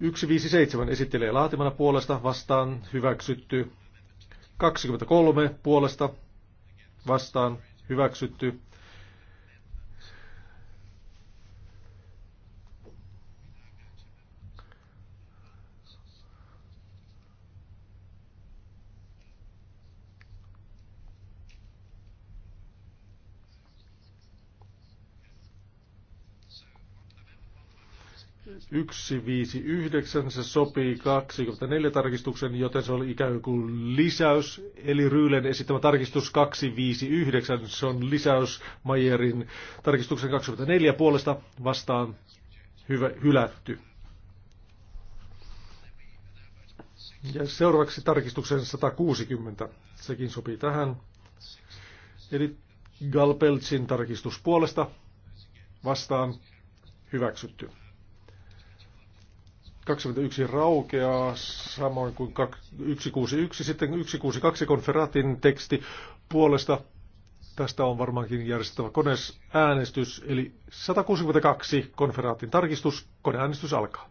157 esittelee laatimana puolesta vastaan hyväksytty. 23 puolesta vastaan hyväksytty. 159, se sopii 24 tarkistuksen, joten se oli ikään kuin lisäys, eli Ryylen esittämä tarkistus 259, se on lisäys Mayerin tarkistuksen 24 puolesta vastaan hyvä, hylätty. Ja seuraavaksi tarkistuksen 160, sekin sopii tähän. Eli Galpeltsin tarkistus puolesta vastaan hyväksytty. 21 raukeaa, samoin kuin 161. Sitten 162 konferaatin teksti puolesta. Tästä on varmaankin järjestettävä koneäänestys, eli 162 konferaatin tarkistus. Koneäänestys alkaa.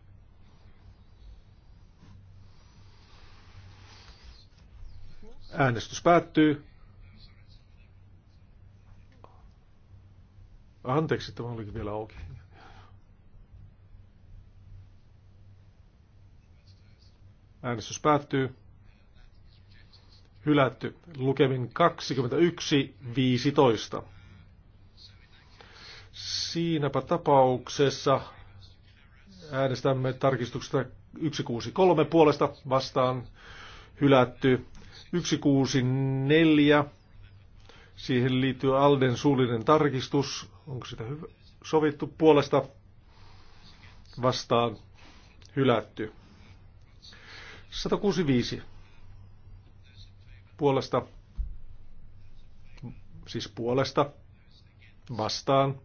Äänestys päättyy. Anteeksi, tämä olikin vielä auki. Okay. Äänestys päättyy. Hylätty. Lukemin 21.15. Siinäpä tapauksessa äänestämme tarkistuksesta 163 puolesta vastaan hylätty 164. Siihen liittyy Alden suullinen tarkistus. Onko sitä hyvä? sovittu puolesta vastaan hylätty. 165 puolesta, siis puolesta, vastaan.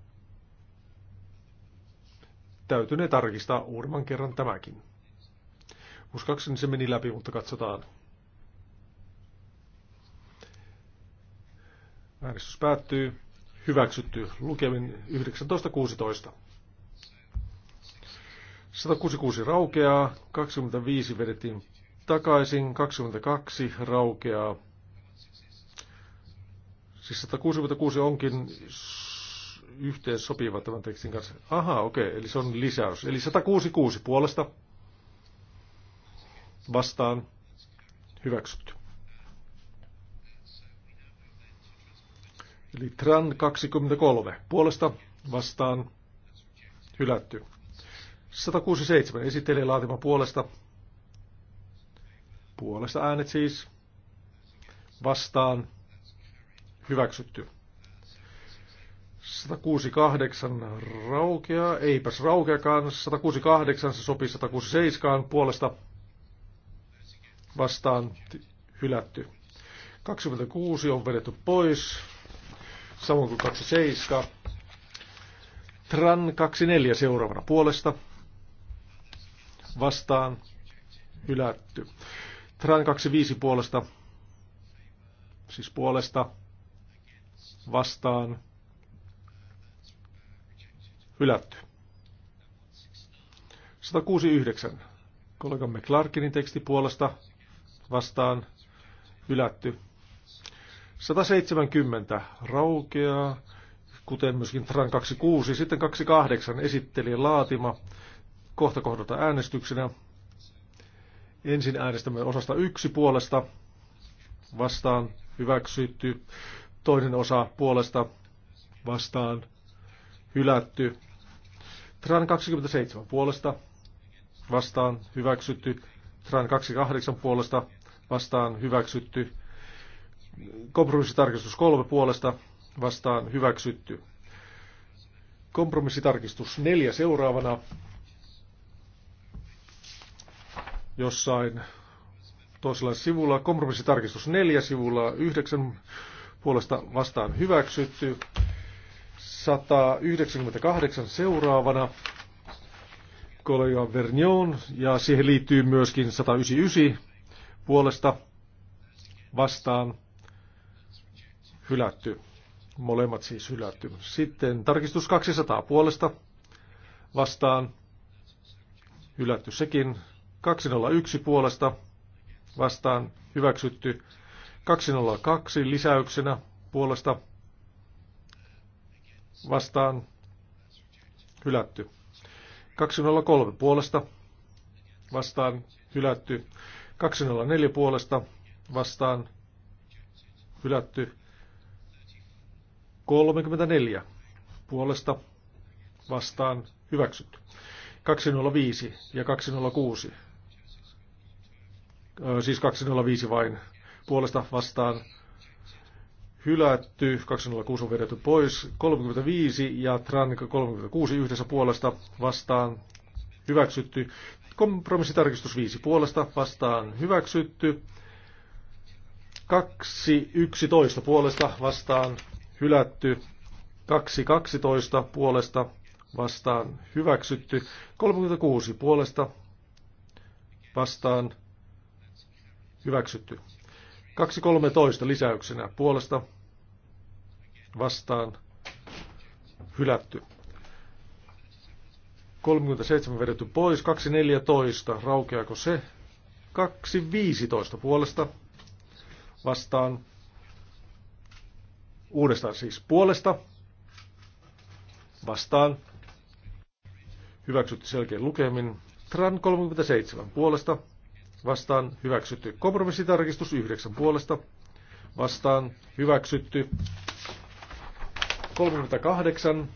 Täytyy ne tarkistaa uudemman kerran tämäkin. Uskakseni se meni läpi, mutta katsotaan. Äänestys päättyy. Hyväksytty. Lukemin 19.16. 166 raukeaa, 25 vedettiin takaisin, 22 raukeaa. Siis 166 onkin yhteen sopiva tämän tekstin kanssa. Aha, okei, eli se on lisäys. Eli 166 puolesta vastaan hyväksytty. Eli TRAN 23 puolesta vastaan hylätty. 167 esittelee laatima puolesta Puolesta äänet siis vastaan hyväksytty. 168 raukea, eipäs raukeakaan. 168 se sopii 167 puolesta vastaan hylätty. 26 on vedetty pois, samoin kuin 27. Tran 24 seuraavana puolesta vastaan hylätty. Tran 25 puolesta, siis puolesta, vastaan, hylätty. 169. Kollegamme Clarkinin teksti puolesta vastaan hylätty. 170 raukeaa, kuten myöskin Tran 26, sitten 28 esitteli laatima kohta kohdalta äänestyksenä Ensin äänestämme osasta yksi puolesta vastaan hyväksytty, toinen osa puolesta vastaan hylätty. Tran 27 puolesta vastaan hyväksytty, Tran 28 puolesta vastaan hyväksytty, kompromissitarkistus 3 puolesta vastaan hyväksytty. Kompromissitarkistus 4 seuraavana jossain toisella sivulla, kompromissitarkistus neljä sivulla, yhdeksän puolesta vastaan hyväksytty, 198 seuraavana, kollega Vernion, ja siihen liittyy myöskin 199 puolesta vastaan hylätty. Molemmat siis hylätty. Sitten tarkistus 200 puolesta vastaan hylätty sekin. 201 puolesta vastaan hyväksytty. 202 lisäyksenä puolesta vastaan hylätty. 203 puolesta vastaan hylätty. 204 puolesta vastaan hylätty. 34 puolesta vastaan hyväksytty. 205 ja 206 siis 205 vain puolesta vastaan hylätty, 206 on vedetty pois, 35 ja tranika 36 yhdessä puolesta vastaan hyväksytty, kompromissitarkistus 5 puolesta vastaan hyväksytty, 2 11 puolesta vastaan hylätty, 2 12 puolesta vastaan hyväksytty, 36 puolesta vastaan Hyväksytty. 2.13 lisäyksenä puolesta vastaan hylätty. 37 vedetty pois, 2.14, raukeako se? 2.15 puolesta vastaan, uudestaan siis puolesta vastaan, hyväksytty selkeä lukemin, Tran 37 puolesta vastaan hyväksytty. Kompromissitarkistus yhdeksän puolesta vastaan hyväksytty. 38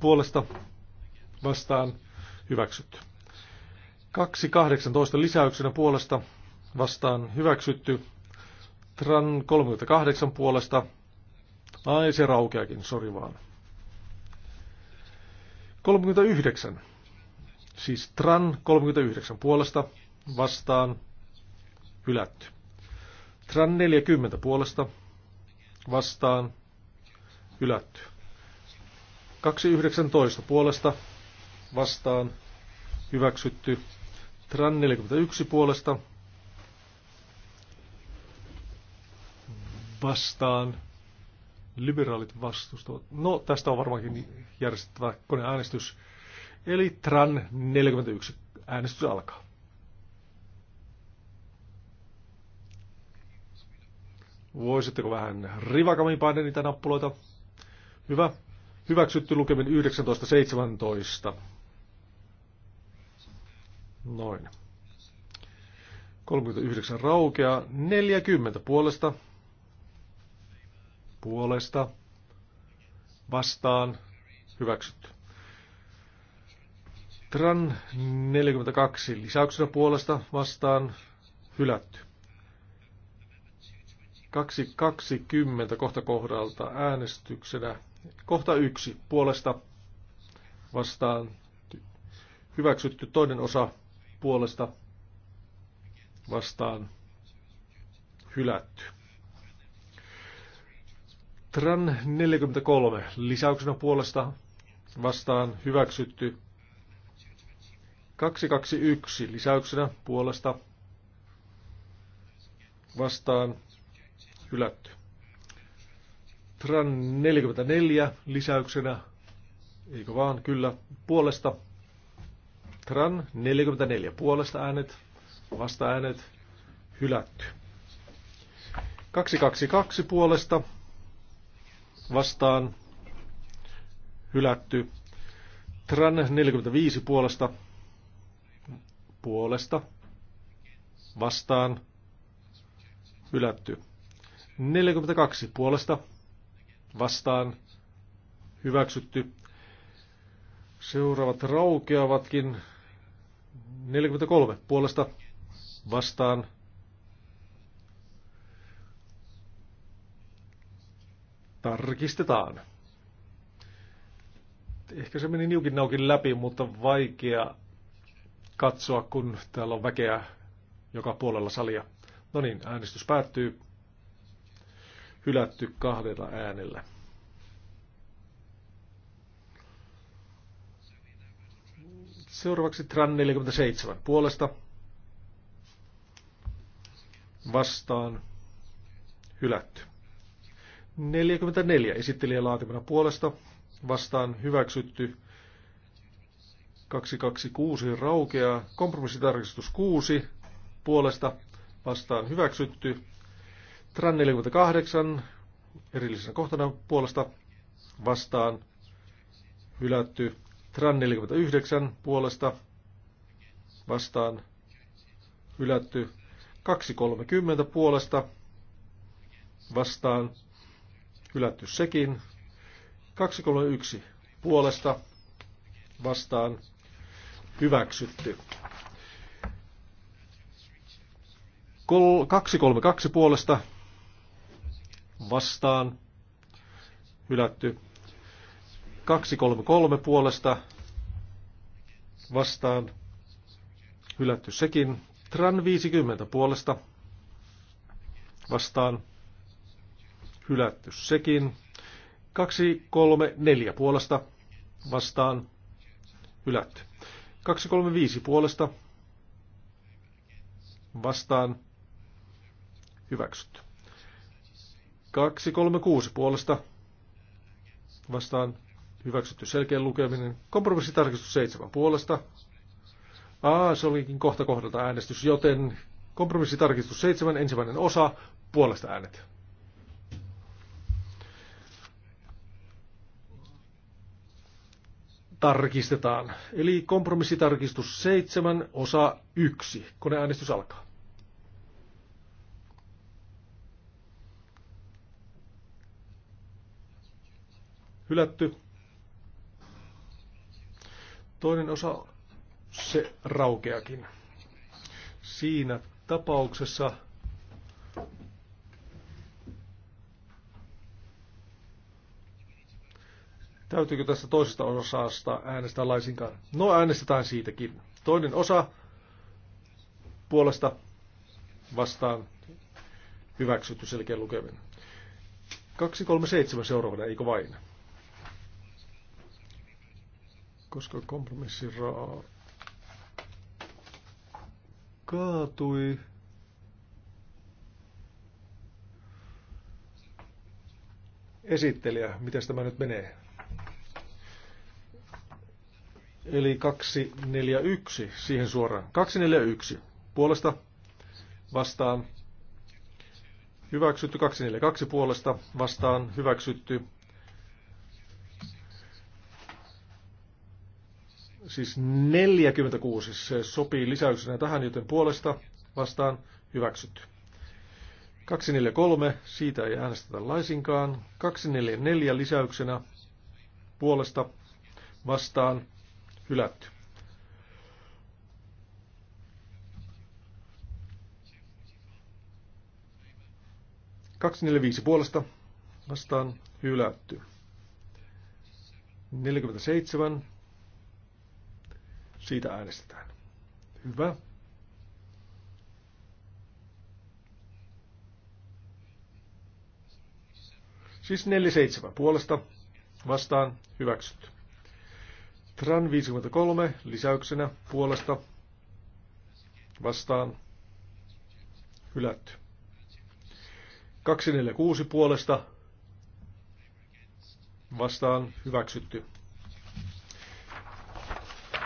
puolesta vastaan hyväksytty. 2.18 lisäyksenä puolesta vastaan hyväksytty. Tran 38 puolesta. Ai se raukeakin, sori vaan. 39. Siis Tran 39 puolesta vastaan hylätty. Tran 40 puolesta vastaan hylätty. 219 puolesta vastaan hyväksytty. Tran 41 puolesta vastaan liberaalit vastustavat. No, tästä on varmaankin järjestettävä koneäänestys. Eli Tran 41 äänestys alkaa. Voisitteko vähän rivakammin painaa niitä nappuloita? Hyvä. Hyväksytty lukemin 1917. Noin. 39 raukeaa 40 puolesta, puolesta, vastaan, hyväksytty. Tran 42 lisäyksenä puolesta, vastaan, hylätty. 2.20 kohta kohdalta äänestyksenä. Kohta yksi puolesta vastaan hyväksytty toinen osa puolesta vastaan hylätty. Tran 43 lisäyksenä puolesta vastaan hyväksytty 221 lisäyksenä puolesta vastaan hylätty. Tran 44 lisäyksenä, eikö vaan, kyllä, puolesta. Tran 44 puolesta äänet, vasta äänet, hylätty. 222 puolesta vastaan hylätty. Tran 45 puolesta puolesta vastaan hylätty. 42 puolesta vastaan hyväksytty. Seuraavat raukeavatkin 43 puolesta vastaan tarkistetaan. Ehkä se meni niukin naukin läpi, mutta vaikea katsoa, kun täällä on väkeä joka puolella salia. No niin, äänestys päättyy hylätty kahdella äänellä. Seuraavaksi Tran 47 puolesta vastaan hylätty. 44 esittelijä laatimena puolesta vastaan hyväksytty 226 raukeaa. Kompromissitarkistus 6 puolesta vastaan hyväksytty Tran 48 erillisenä kohtana puolesta vastaan hylätty. Tran 49 puolesta vastaan hylätty. 230 puolesta vastaan hylätty sekin. 231 puolesta vastaan hyväksytty. 232 puolesta vastaan hylätty. 233 puolesta vastaan hylätty sekin. Tran 50 puolesta vastaan hylätty sekin. 234 puolesta vastaan hylätty. 235 puolesta vastaan hyväksytty. 236 puolesta vastaan hyväksytty selkeä lukeminen. Kompromissitarkistus 7 puolesta. Aa, se olikin kohta kohdalta äänestys, joten kompromissitarkistus 7 ensimmäinen osa puolesta äänet. Tarkistetaan. Eli kompromissitarkistus 7 osa 1. Koneäänestys alkaa. hylätty. Toinen osa, se raukeakin. Siinä tapauksessa Täytyykö tästä toisesta osasta äänestää laisinkaan? No äänestetään siitäkin. Toinen osa puolesta vastaan hyväksytty selkeä lukeminen. 237 seuraavana, eikö vain? koska kompromissi raa kaatui. Esittelijä, miten tämä nyt menee? Eli 241, siihen suoraan. 241, puolesta vastaan. Hyväksytty 242 puolesta vastaan, hyväksytty siis 46, se sopii lisäyksenä tähän, joten puolesta vastaan hyväksytty. 243, siitä ei äänestetä laisinkaan. 244 lisäyksenä puolesta vastaan hylätty. Kaksi viisi puolesta vastaan hylätty. 47 siitä äänestetään. Hyvä. Siis 47 puolesta vastaan hyväksytty. Tran 53 lisäyksenä puolesta vastaan hylätty. 246 puolesta vastaan hyväksytty.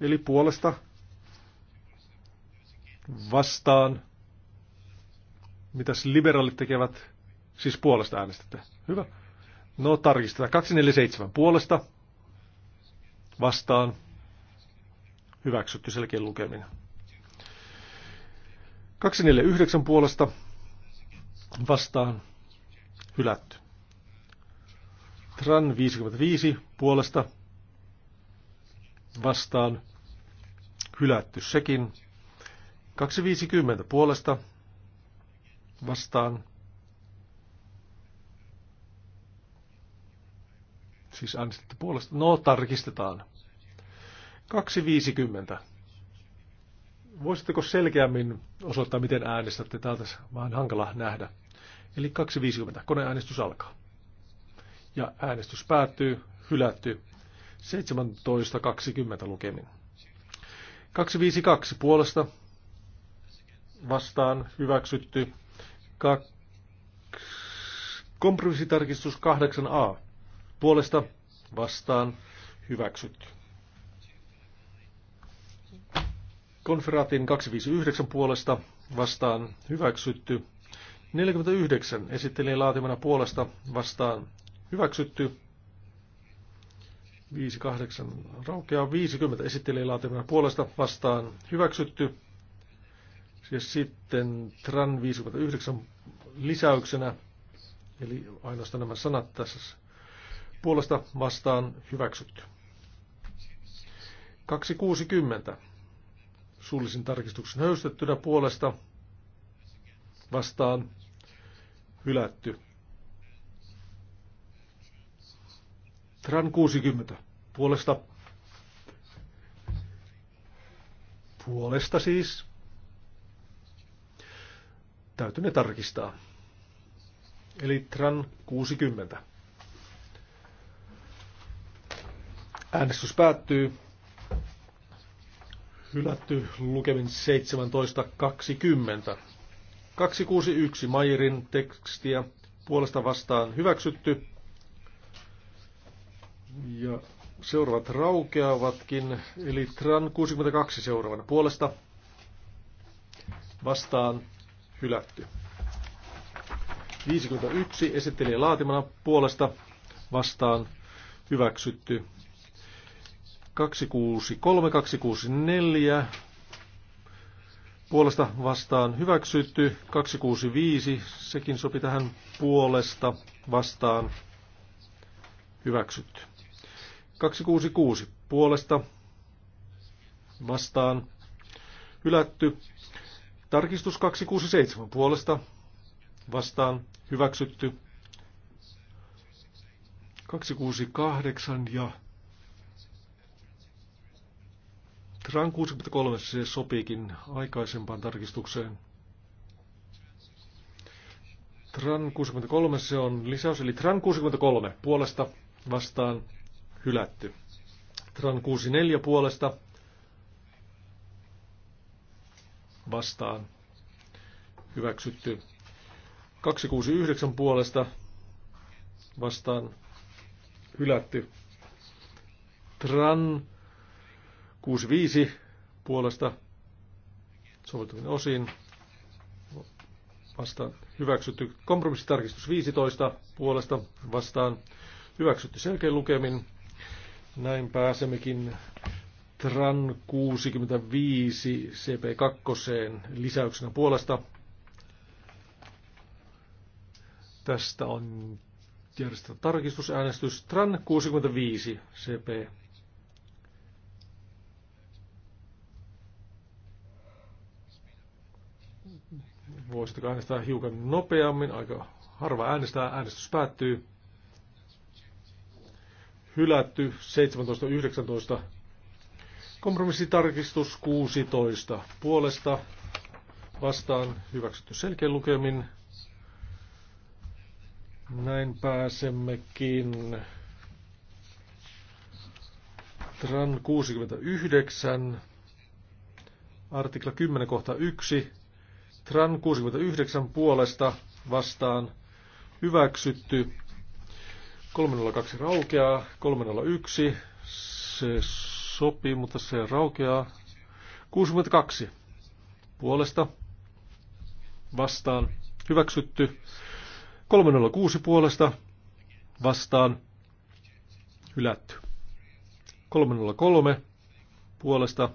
Eli puolesta vastaan. Mitäs liberaalit tekevät? Siis puolesta äänestätte. Hyvä. No tarkistetaan. 247 puolesta vastaan. Hyväksytty selkeä lukeminen. 249 puolesta vastaan hylätty. Tran 55 puolesta vastaan hylätty sekin. 250 puolesta vastaan. Siis äänestetty puolesta. No, tarkistetaan. 250. Voisitteko selkeämmin osoittaa, miten äänestätte? Täältä vähän hankala nähdä. Eli 250. Koneäänestys alkaa. Ja äänestys päättyy. Hylätty. 17.20 lukemin. 252 puolesta vastaan hyväksytty. kompromissitarkistus 8a puolesta vastaan hyväksytty. Konferaatin 259 puolesta vastaan hyväksytty. 49 esittelijän laatimana puolesta vastaan hyväksytty. 58 raukeaa 50 esittelijä puolesta vastaan hyväksytty. Ja sitten TRAN 59 lisäyksenä, eli ainoastaan nämä sanat tässä puolesta vastaan hyväksytty. 260 suullisen tarkistuksen höystettynä puolesta vastaan hylätty. Tran 60 puolesta. Puolesta siis. Täytyy ne tarkistaa. Eli Tran 60. Äänestys päättyy. Hylätty lukemin 17.20. 261 Mairin tekstiä puolesta vastaan hyväksytty. Ja seuraavat raukeavatkin, eli TRAN 62 seuraavana puolesta vastaan hylätty. 51 esittelijä laatimana puolesta vastaan hyväksytty. 263, 264 puolesta vastaan hyväksytty. 265, sekin sopi tähän puolesta vastaan hyväksytty. 266 puolesta vastaan hylätty. Tarkistus 267 puolesta vastaan hyväksytty. 268 ja Tran 63 se sopiikin aikaisempaan tarkistukseen. Tran 63 se on lisäys, eli Tran 63 puolesta vastaan hylätty. Tran 64 puolesta vastaan hyväksytty. 269 puolesta vastaan hylätty. Tran 65 puolesta soveltuminen osin vastaan hyväksytty. Kompromissitarkistus 15 puolesta vastaan hyväksytty selkein lukemin. Näin pääsemmekin TRAN 65 CP2 lisäyksenä puolesta. Tästä on järjestetty tarkistusäänestys TRAN 65 CP. Voisitteko äänestää hiukan nopeammin? Aika harva äänestää. Äänestys päättyy hylätty 17.19. Kompromissitarkistus 16. Puolesta vastaan hyväksytty selkeä lukemin. Näin pääsemmekin TRAN 69, artikla 10 kohta 1. TRAN 69 puolesta vastaan hyväksytty 302 raukeaa, 301 se sopii, mutta se raukeaa. 62 puolesta vastaan hyväksytty. 306 puolesta vastaan hylätty. 303 puolesta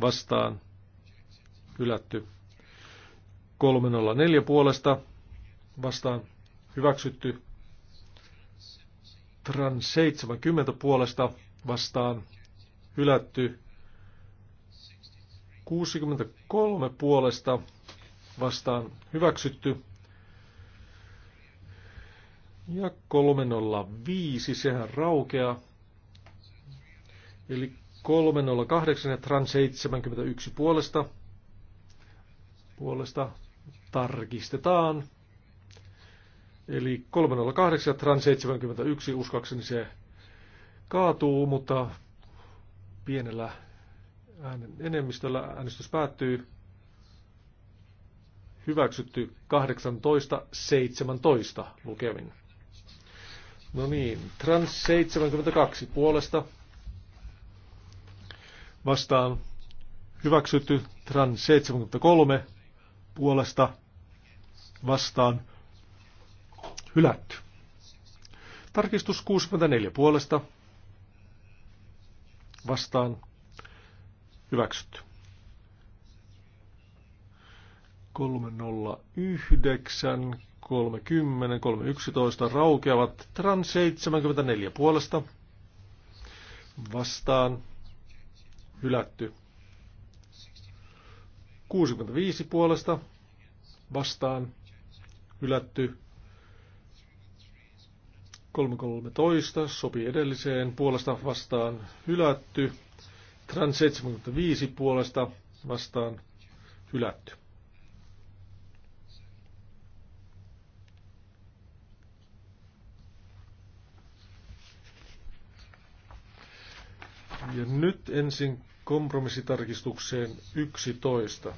vastaan hylätty. 304 puolesta vastaan hyväksytty. Tran 70 puolesta vastaan hylätty 63 puolesta vastaan hyväksytty ja 305, sehän raukea, Eli 308 ja Tran 71 puolesta. Puolesta tarkistetaan. Eli 308 ja Tran 71 uskakseni se kaatuu, mutta pienellä äänen enemmistöllä äänestys päättyy. Hyväksytty 18.17 17 lukemin. No niin, Trans 72 puolesta vastaan hyväksytty Trans 73 puolesta vastaan 18.17. Hylätty. Tarkistus 64 puolesta. Vastaan. Hyväksytty. 309, 30, 311 raukeavat Trans 74 puolesta. Vastaan. Hylätty. 65 puolesta. Vastaan. Hylätty. 313 sopii edelliseen, puolesta vastaan hylätty. Trans 75 puolesta vastaan hylätty. Ja nyt ensin kompromissitarkistukseen 11.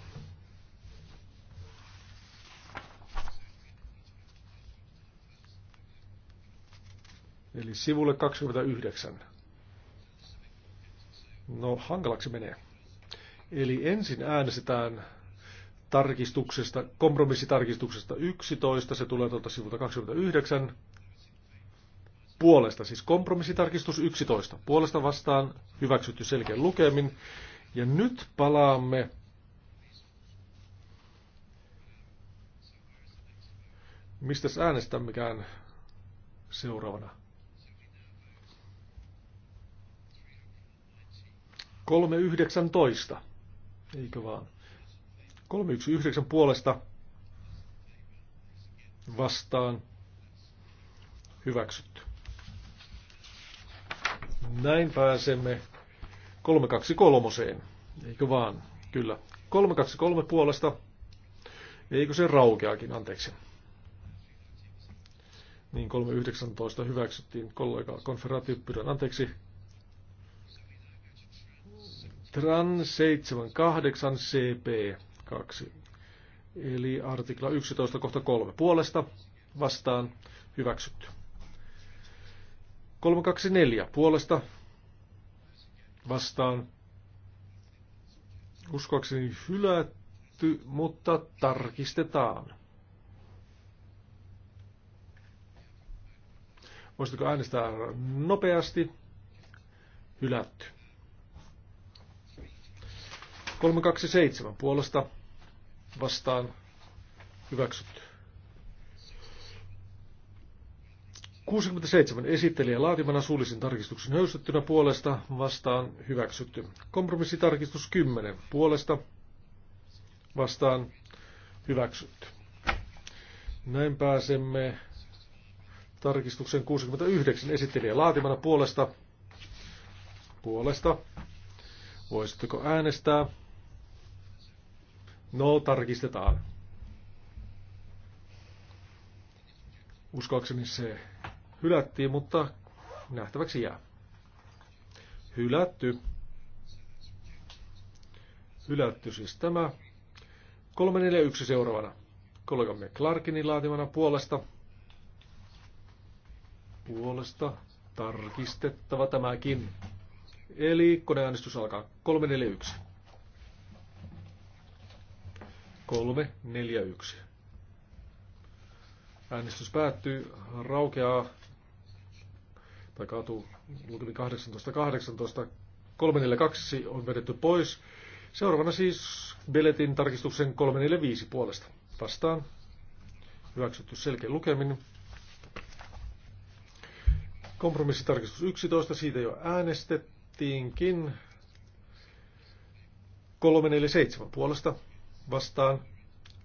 Eli sivulle 29. No, hankalaksi menee. Eli ensin äänestetään tarkistuksesta, kompromissitarkistuksesta 11, se tulee tuolta sivulta 29, puolesta, siis kompromissitarkistus 11, puolesta vastaan hyväksytty selkeän lukemin. Ja nyt palaamme Mistä äänestämmekään seuraavana? 319, eikö vaan? 319 puolesta vastaan hyväksytty. Näin pääsemme 323, eikö vaan? Kyllä. 323 puolesta, eikö se raukeakin, anteeksi. Niin 319 hyväksyttiin kollega konferaatiopyrän, anteeksi, TRAN 78 CP 2. Eli artikla 11 kohta 3 puolesta vastaan hyväksytty. 324 puolesta vastaan uskoakseni hylätty, mutta tarkistetaan. Voisitko äänestää nopeasti? Hylätty. 327 puolesta vastaan hyväksytty. 67 esittelijä laatimana suullisen tarkistuksen höystettynä puolesta vastaan hyväksytty. Kompromissitarkistus 10 puolesta vastaan hyväksytty. Näin pääsemme tarkistuksen 69 esittelijä laatimana puolesta. Puolesta. Voisitteko äänestää? No, tarkistetaan. Uskoakseni se hylättiin, mutta nähtäväksi jää. Hylätty. Hylätty siis tämä. 341 seuraavana. Kollegamme Clarkinin laatimana puolesta. Puolesta tarkistettava tämäkin. Eli koneäänestys alkaa 341. 3, 4, 1. Äänestys päättyy, raukeaa, tai kaatuu lukemi 18, 18, 3, 4, 2 on vedetty pois. Seuraavana siis Beletin tarkistuksen 3, 4, 5 puolesta. Vastaan. Hyväksytty selkeä lukemin. Kompromissitarkistus 11, siitä jo äänestettiinkin. 347 puolesta vastaan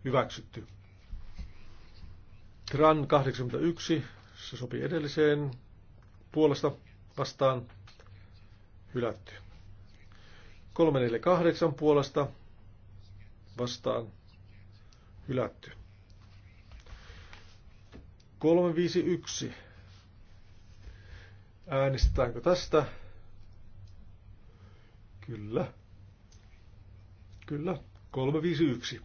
hyväksytty. Tran 81, se sopii edelliseen puolesta vastaan hylätty. 348 puolesta vastaan hylätty. 351. Äänestetäänkö tästä? Kyllä. Kyllä. 351.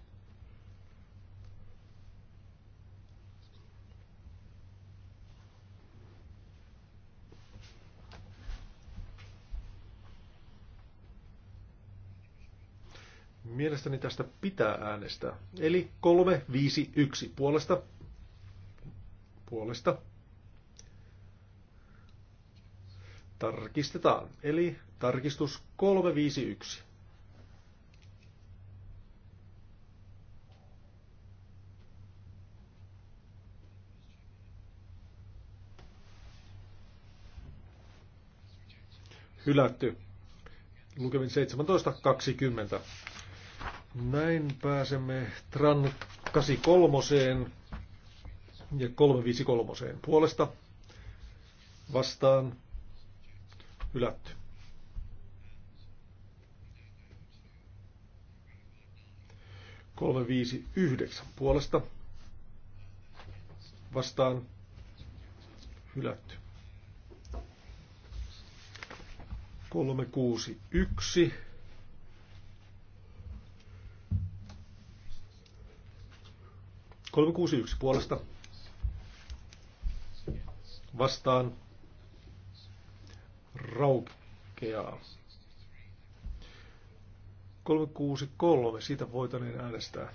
Mielestäni tästä pitää äänestää. Eli 351 puolesta. Puolesta. Tarkistetaan. Eli tarkistus 351. hylätty lukemin 17.20. Näin pääsemme Tran 83 ja 353 puolesta vastaan hylätty. Kolme, viisi, yhdeksän puolesta vastaan hylätty. 361. Kolme kuusi yksi puolesta. Vastaan raukeaa. kolme kuusi kolme, siitä voitaneen äänestää.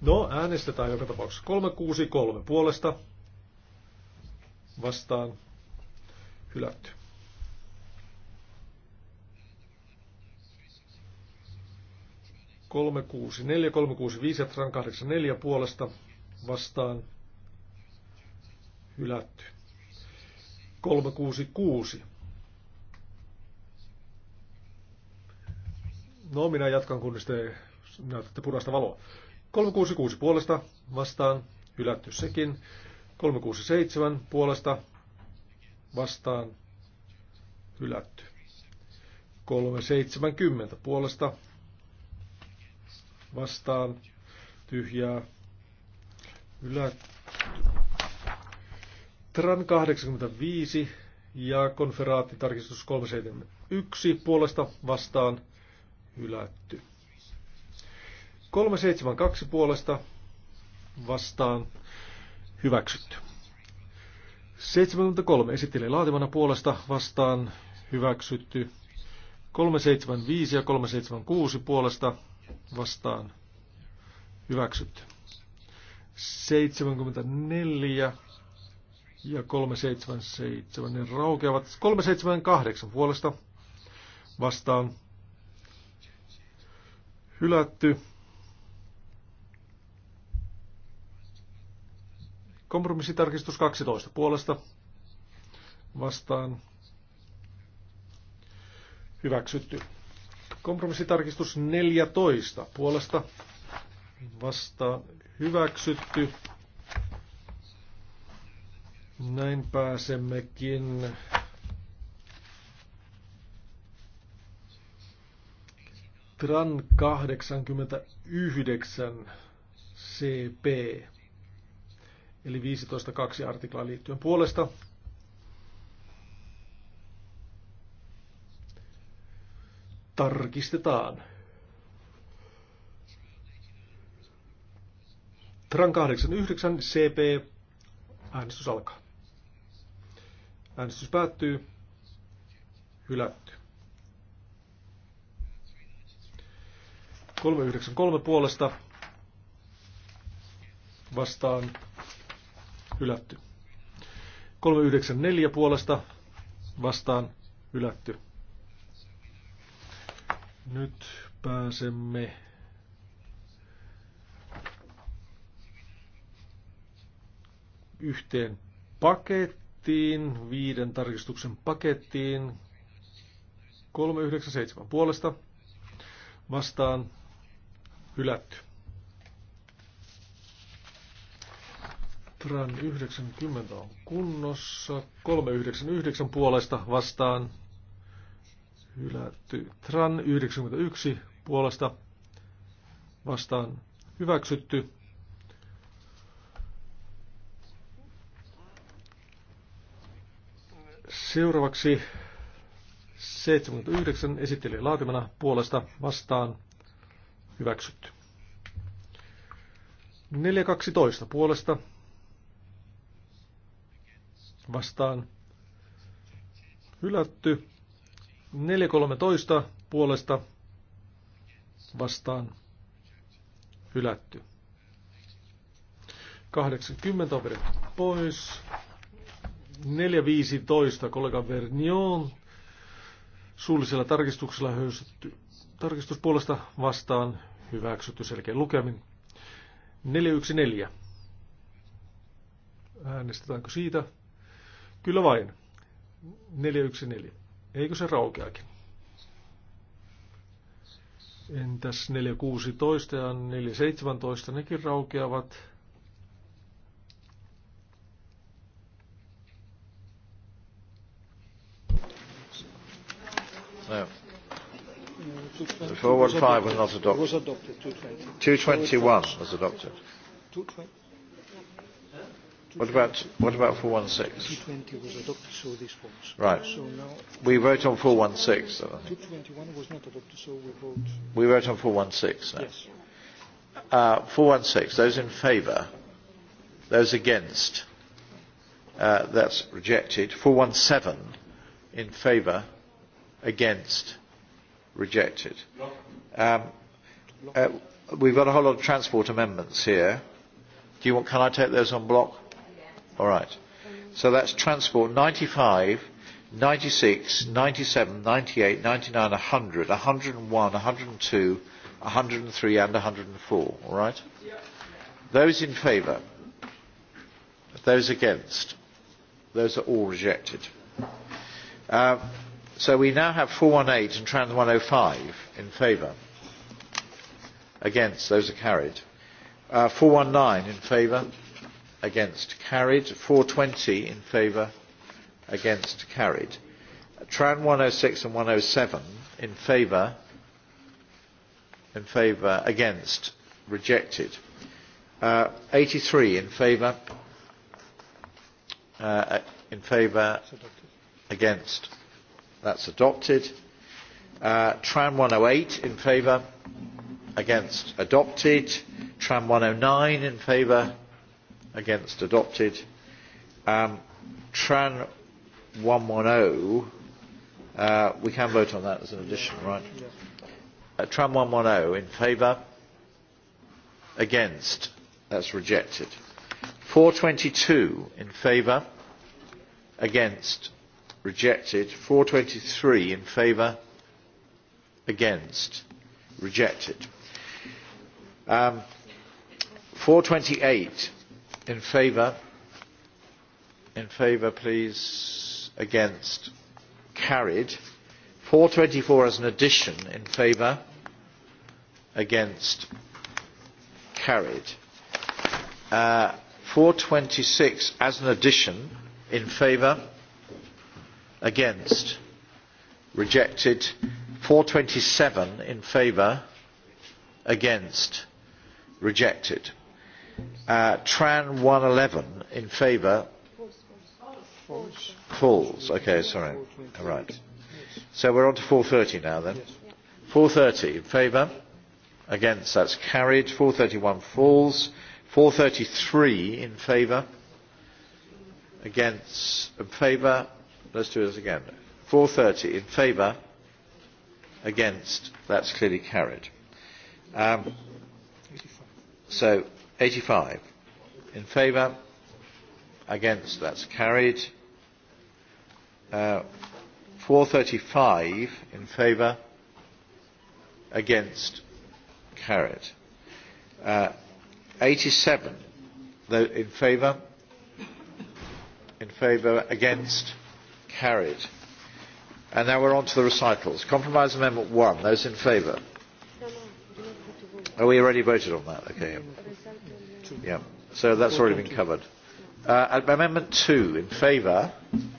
No, äänestetään joka tapauksessa. kolme puolesta vastaan hylätty. Kolme kuusi neljä, kolme kuusi viisi, kahdeksan neljä puolesta vastaan hylätty. Kolme kuusi kuusi. No, minä jatkan, kunnes te näytätte punaista valoa. 366 puolesta vastaan, hylätty sekin. 367 puolesta vastaan hylätty. 370 puolesta vastaan tyhjää hylätty. Tran 85 ja konferaattitarkistus 371 puolesta vastaan hylätty. 372 puolesta vastaan Hyväksytty. 73 esittelee laatimana puolesta vastaan hyväksytty. 375 ja 376 puolesta vastaan hyväksytty. 74 ja 377 ne raukeavat. 378 puolesta vastaan hylätty. Kompromissitarkistus 12 puolesta vastaan hyväksytty. Kompromissitarkistus 14 puolesta vastaan hyväksytty. Näin pääsemmekin TRAN 89 CP eli 15.2 artiklaa liittyen puolesta. Tarkistetaan. Tran 89 CP. Äänestys alkaa. Äänestys päättyy. Hylätty. 393 puolesta vastaan hylätty. 394 puolesta vastaan hylätty. Nyt pääsemme yhteen pakettiin, viiden tarkistuksen pakettiin. 397 puolesta vastaan hylätty. Tran 90 on kunnossa. 399 puolesta vastaan hylätty. Tran 91 puolesta vastaan hyväksytty. Seuraavaksi 79 esitteli laatimana puolesta vastaan hyväksytty. 412 puolesta vastaan hylätty. 4.13 puolesta vastaan hylätty. 80 on vedetty pois. 4.15 kollega Vernion suullisella tarkistuksella höystetty tarkistuspuolesta vastaan hyväksytty selkeä lukemin. 4.14. Äänestetäänkö siitä? Kyllä vain. 414. Eikö se raukeakin? Entäs 416 ja 417, nekin raukeavat. No. The five was not adopted. 221 was adopted. What about 416? 220 was adopted, so this falls. Right. So we vote on 416. 221 was not adopted, so we vote. We vote on 416 now. Yes. Uh, 416. Those in favour. Those against. Uh, that's rejected. 417 in favour. Against. Rejected. Um, uh, we've got a whole lot of transport amendments here. Do you want? Can I take those on block? All right. So that's transport 95, 96, 97, 98, 99, 100, 101, 102, 103 and 104. All right? Those in favour? Those against? Those are all rejected. Uh, so we now have 418 and Trans 105 in favour. Against? Those are carried. Uh, 419 in favour? against carried four twenty in favour against carried tran one 106 and one hundred oh seven in favour in favour against rejected uh, three in favour uh, in favour against that's adopted uh, tran oh eight in favour against adopted tran one hundred nine in favour against adopted. Um, Tran 110, uh, we can vote on that as an addition, right? Uh, Tran 110 in favour, against, that's rejected. 422 in favour, against, rejected. 423 in favour, against, rejected. Um, 428 in favour in favour please against carried 424 as an addition in favour against carried uh, 426 as an addition in favour against rejected 427 in favour against rejected Uh, Tran 111 in favour. falls. Okay, sorry. All right. So we're on to 430 now then. 430 in favour. Against, that's carried. 431 falls. 433 in favour. Against, in favour. Let's do this again. 430 in favour. Against, that's clearly carried. Um, so 85 in favour against that's carried uh, 435 in favour against carried uh, 87 though in favour in favour against carried and now we're on to the recitals compromise amendment 1 those in favour oh we already voted on that okay Yeah. So that's already been covered. Uh, amendment two in favour,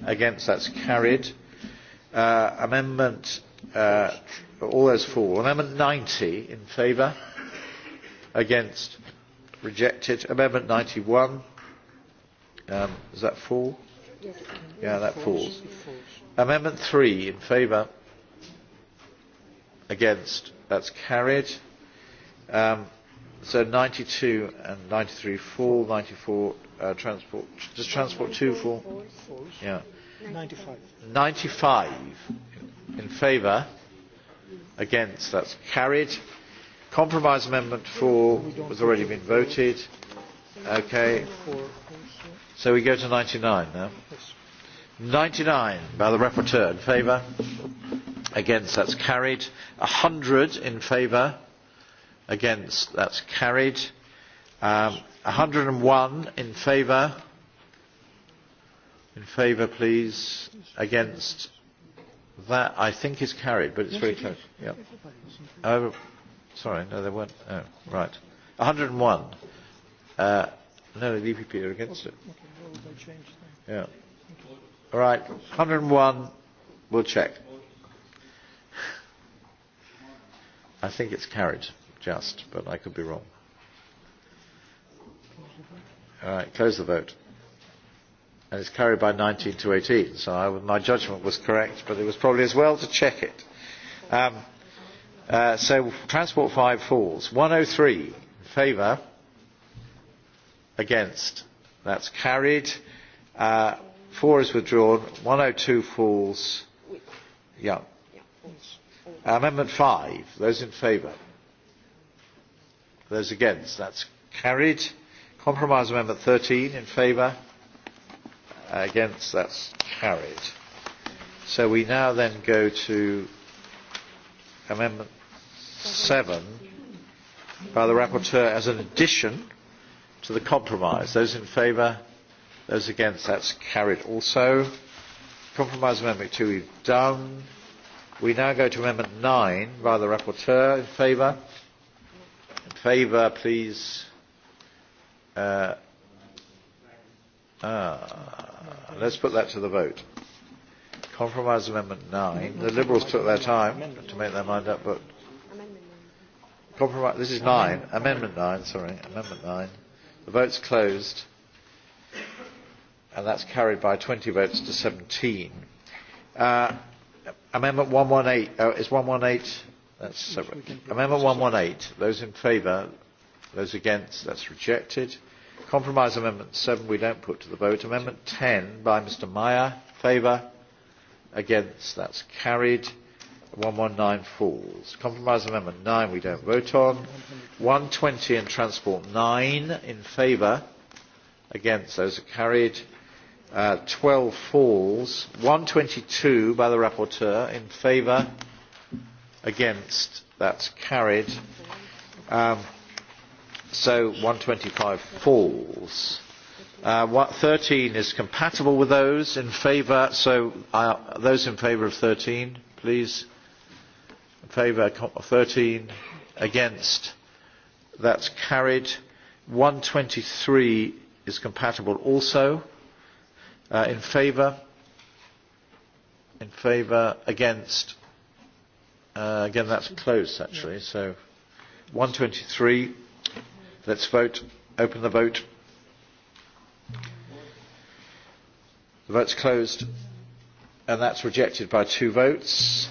against that's carried. Uh, amendment, uh, all those for. Amendment ninety in favour, against rejected. Amendment 91, um, is that fall? Yes. Yeah, that falls. Amendment three in favour, against that's carried. Um, So 92 and 93 ninety 94 uh, transport. Does transport 2 fall? Falls. Yeah. 95. 95 in favour. Against. That's carried. Compromise amendment 4 has already been voted. Okay. So we go to 99 now. 99 by the rapporteur in favour. Against. That's carried. 100 in favour against that's carried um, 101 in favour in favour please against that I think is carried but it's yes, very it close yeah. oh, sorry no there weren't oh, right 101 uh, no the EPP are against okay, it okay, yeah all right 101 we'll check I think it's carried just, but I could be wrong. All right, close the vote. And it's carried by 19 to 18, so I, my judgment was correct, but it was probably as well to check it. Um, uh, so Transport 5 falls. 103, in favour. Against. That's carried. Uh, 4 is withdrawn. 102 falls. Yeah. Uh, amendment 5, those in favour Those against? That's carried. Compromise Amendment 13 in favour. Against? That's carried. So we now then go to Amendment 7 by the rapporteur as an addition to the compromise. Those in favour? Those against? That's carried also. Compromise Amendment 2 we've done. We now go to Amendment 9 by the rapporteur in favour favour, please? Uh, ah, let's put that to the vote. Compromise Amendment 9. The Liberals took their time to make their mind up, but compromise. This is nine. Amendment nine. Sorry, Amendment nine. The vote's closed, and that's carried by 20 votes to 17. Uh, amendment 118 uh, is 118 That's separate. Amendment 118. Those in favour? Those against? That's rejected. Compromise Amendment 7 we don't put to the vote. Amendment 10 by Mr Meyer. Favour? Against? That's carried. 119 falls. Compromise Amendment 9 we don't vote on. 120 and Transport 9 in favour. Against? Those are carried. Uh, 12 falls. 122 by the rapporteur in favour. Mm-hmm against that's carried um, so 125 falls uh, what, 13 is compatible with those in favour so uh, those in favour of 13 please in favour of 13 against that's carried 123 is compatible also uh, in favour in favour against Uh, again, that's closed, actually. So 123. Let's vote. Open the vote. The vote's closed. And that's rejected by two votes.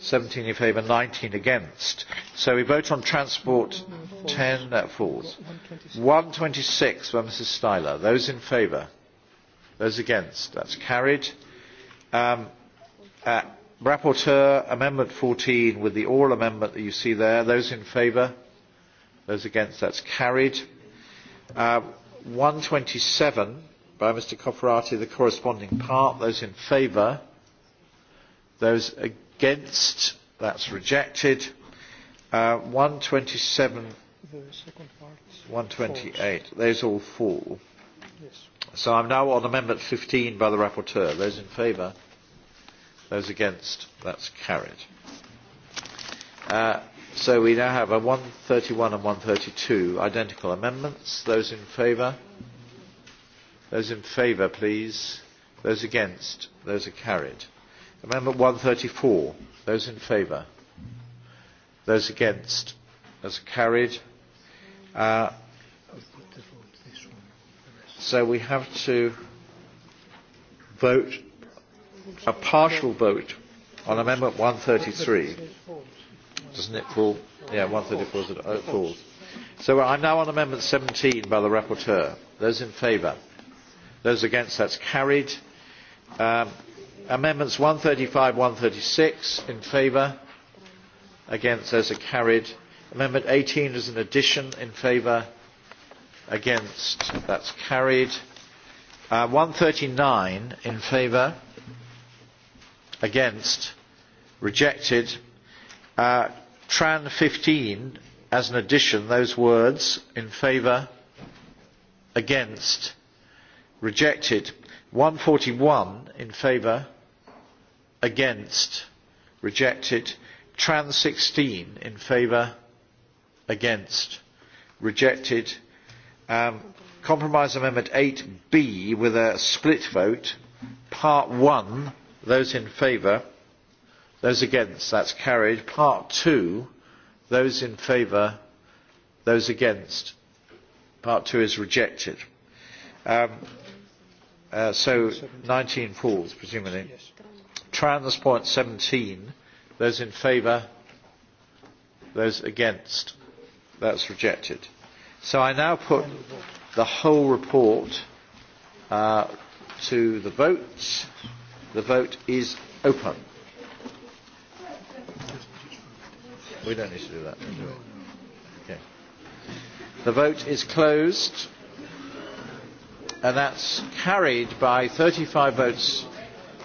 17 in favour, 19 against. So we vote on transport 10 that falls. 126 by Mrs Styler. Those in favour? Those against? That's carried. Um, uh, Rapporteur, Amendment 14 with the oral amendment that you see there. Those in favour? Those against? That's carried. Uh, 127 by Mr Cofferati, the corresponding part. Those in favour? Those against? That's rejected. Uh, 127, the second part 128. Falls. Those all fall. Yes. So I'm now on Amendment 15 by the rapporteur. Those in favour? Those against? That's carried. Uh, so we now have a 131 and 132 identical amendments. Those in favour? Those in favour, please. Those against? Those are carried. Amendment 134. Those in favour? Those against? Those are carried. Uh, so we have to vote a partial vote on Amendment 133. Doesn't it fall? Yeah, 134 is it, oh, it falls. So I'm now on Amendment 17 by the rapporteur. Those in favour? Those against? That's carried. Um, amendments 135, 136 in favour. Against? Those are carried. Amendment 18 is an addition in favour. Against? That's carried. Uh, 139 in favour against rejected uh, tran 15 as an addition those words in favour against rejected 141 in favour against rejected tran 16 in favour against rejected um, compromise amendment 8b with a split vote part 1 Those in favour? Those against? That's carried. Part 2. Those in favour? Those against? Part 2 is rejected. Um, uh, so 19 falls, presumably. Trans point 17. Those in favour? Those against? That's rejected. So I now put the whole report uh, to the votes. The vote is open. We don't need to do that, do we? Okay. The vote is closed. And that's carried by 35 votes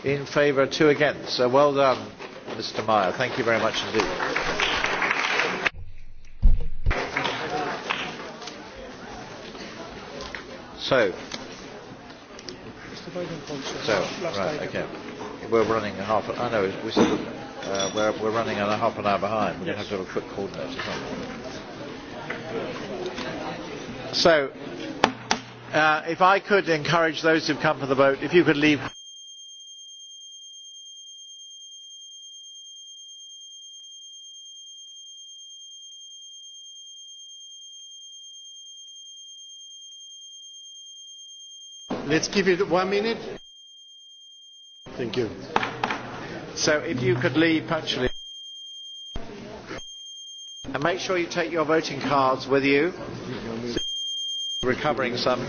in favour, two against. So well done, Mr Meyer. Thank you very much indeed. So, avoiding culture. So, last right, item. okay. We're running a half. I know we said uh, we're we're running a half an hour behind. We're yes. going to have to have a quick coordinator. So, uh, if I could encourage those who've come for the vote, if you could leave. Let's give it one minute. Thank you. So if you could leave actually and make sure you take your voting cards with you. So recovering some.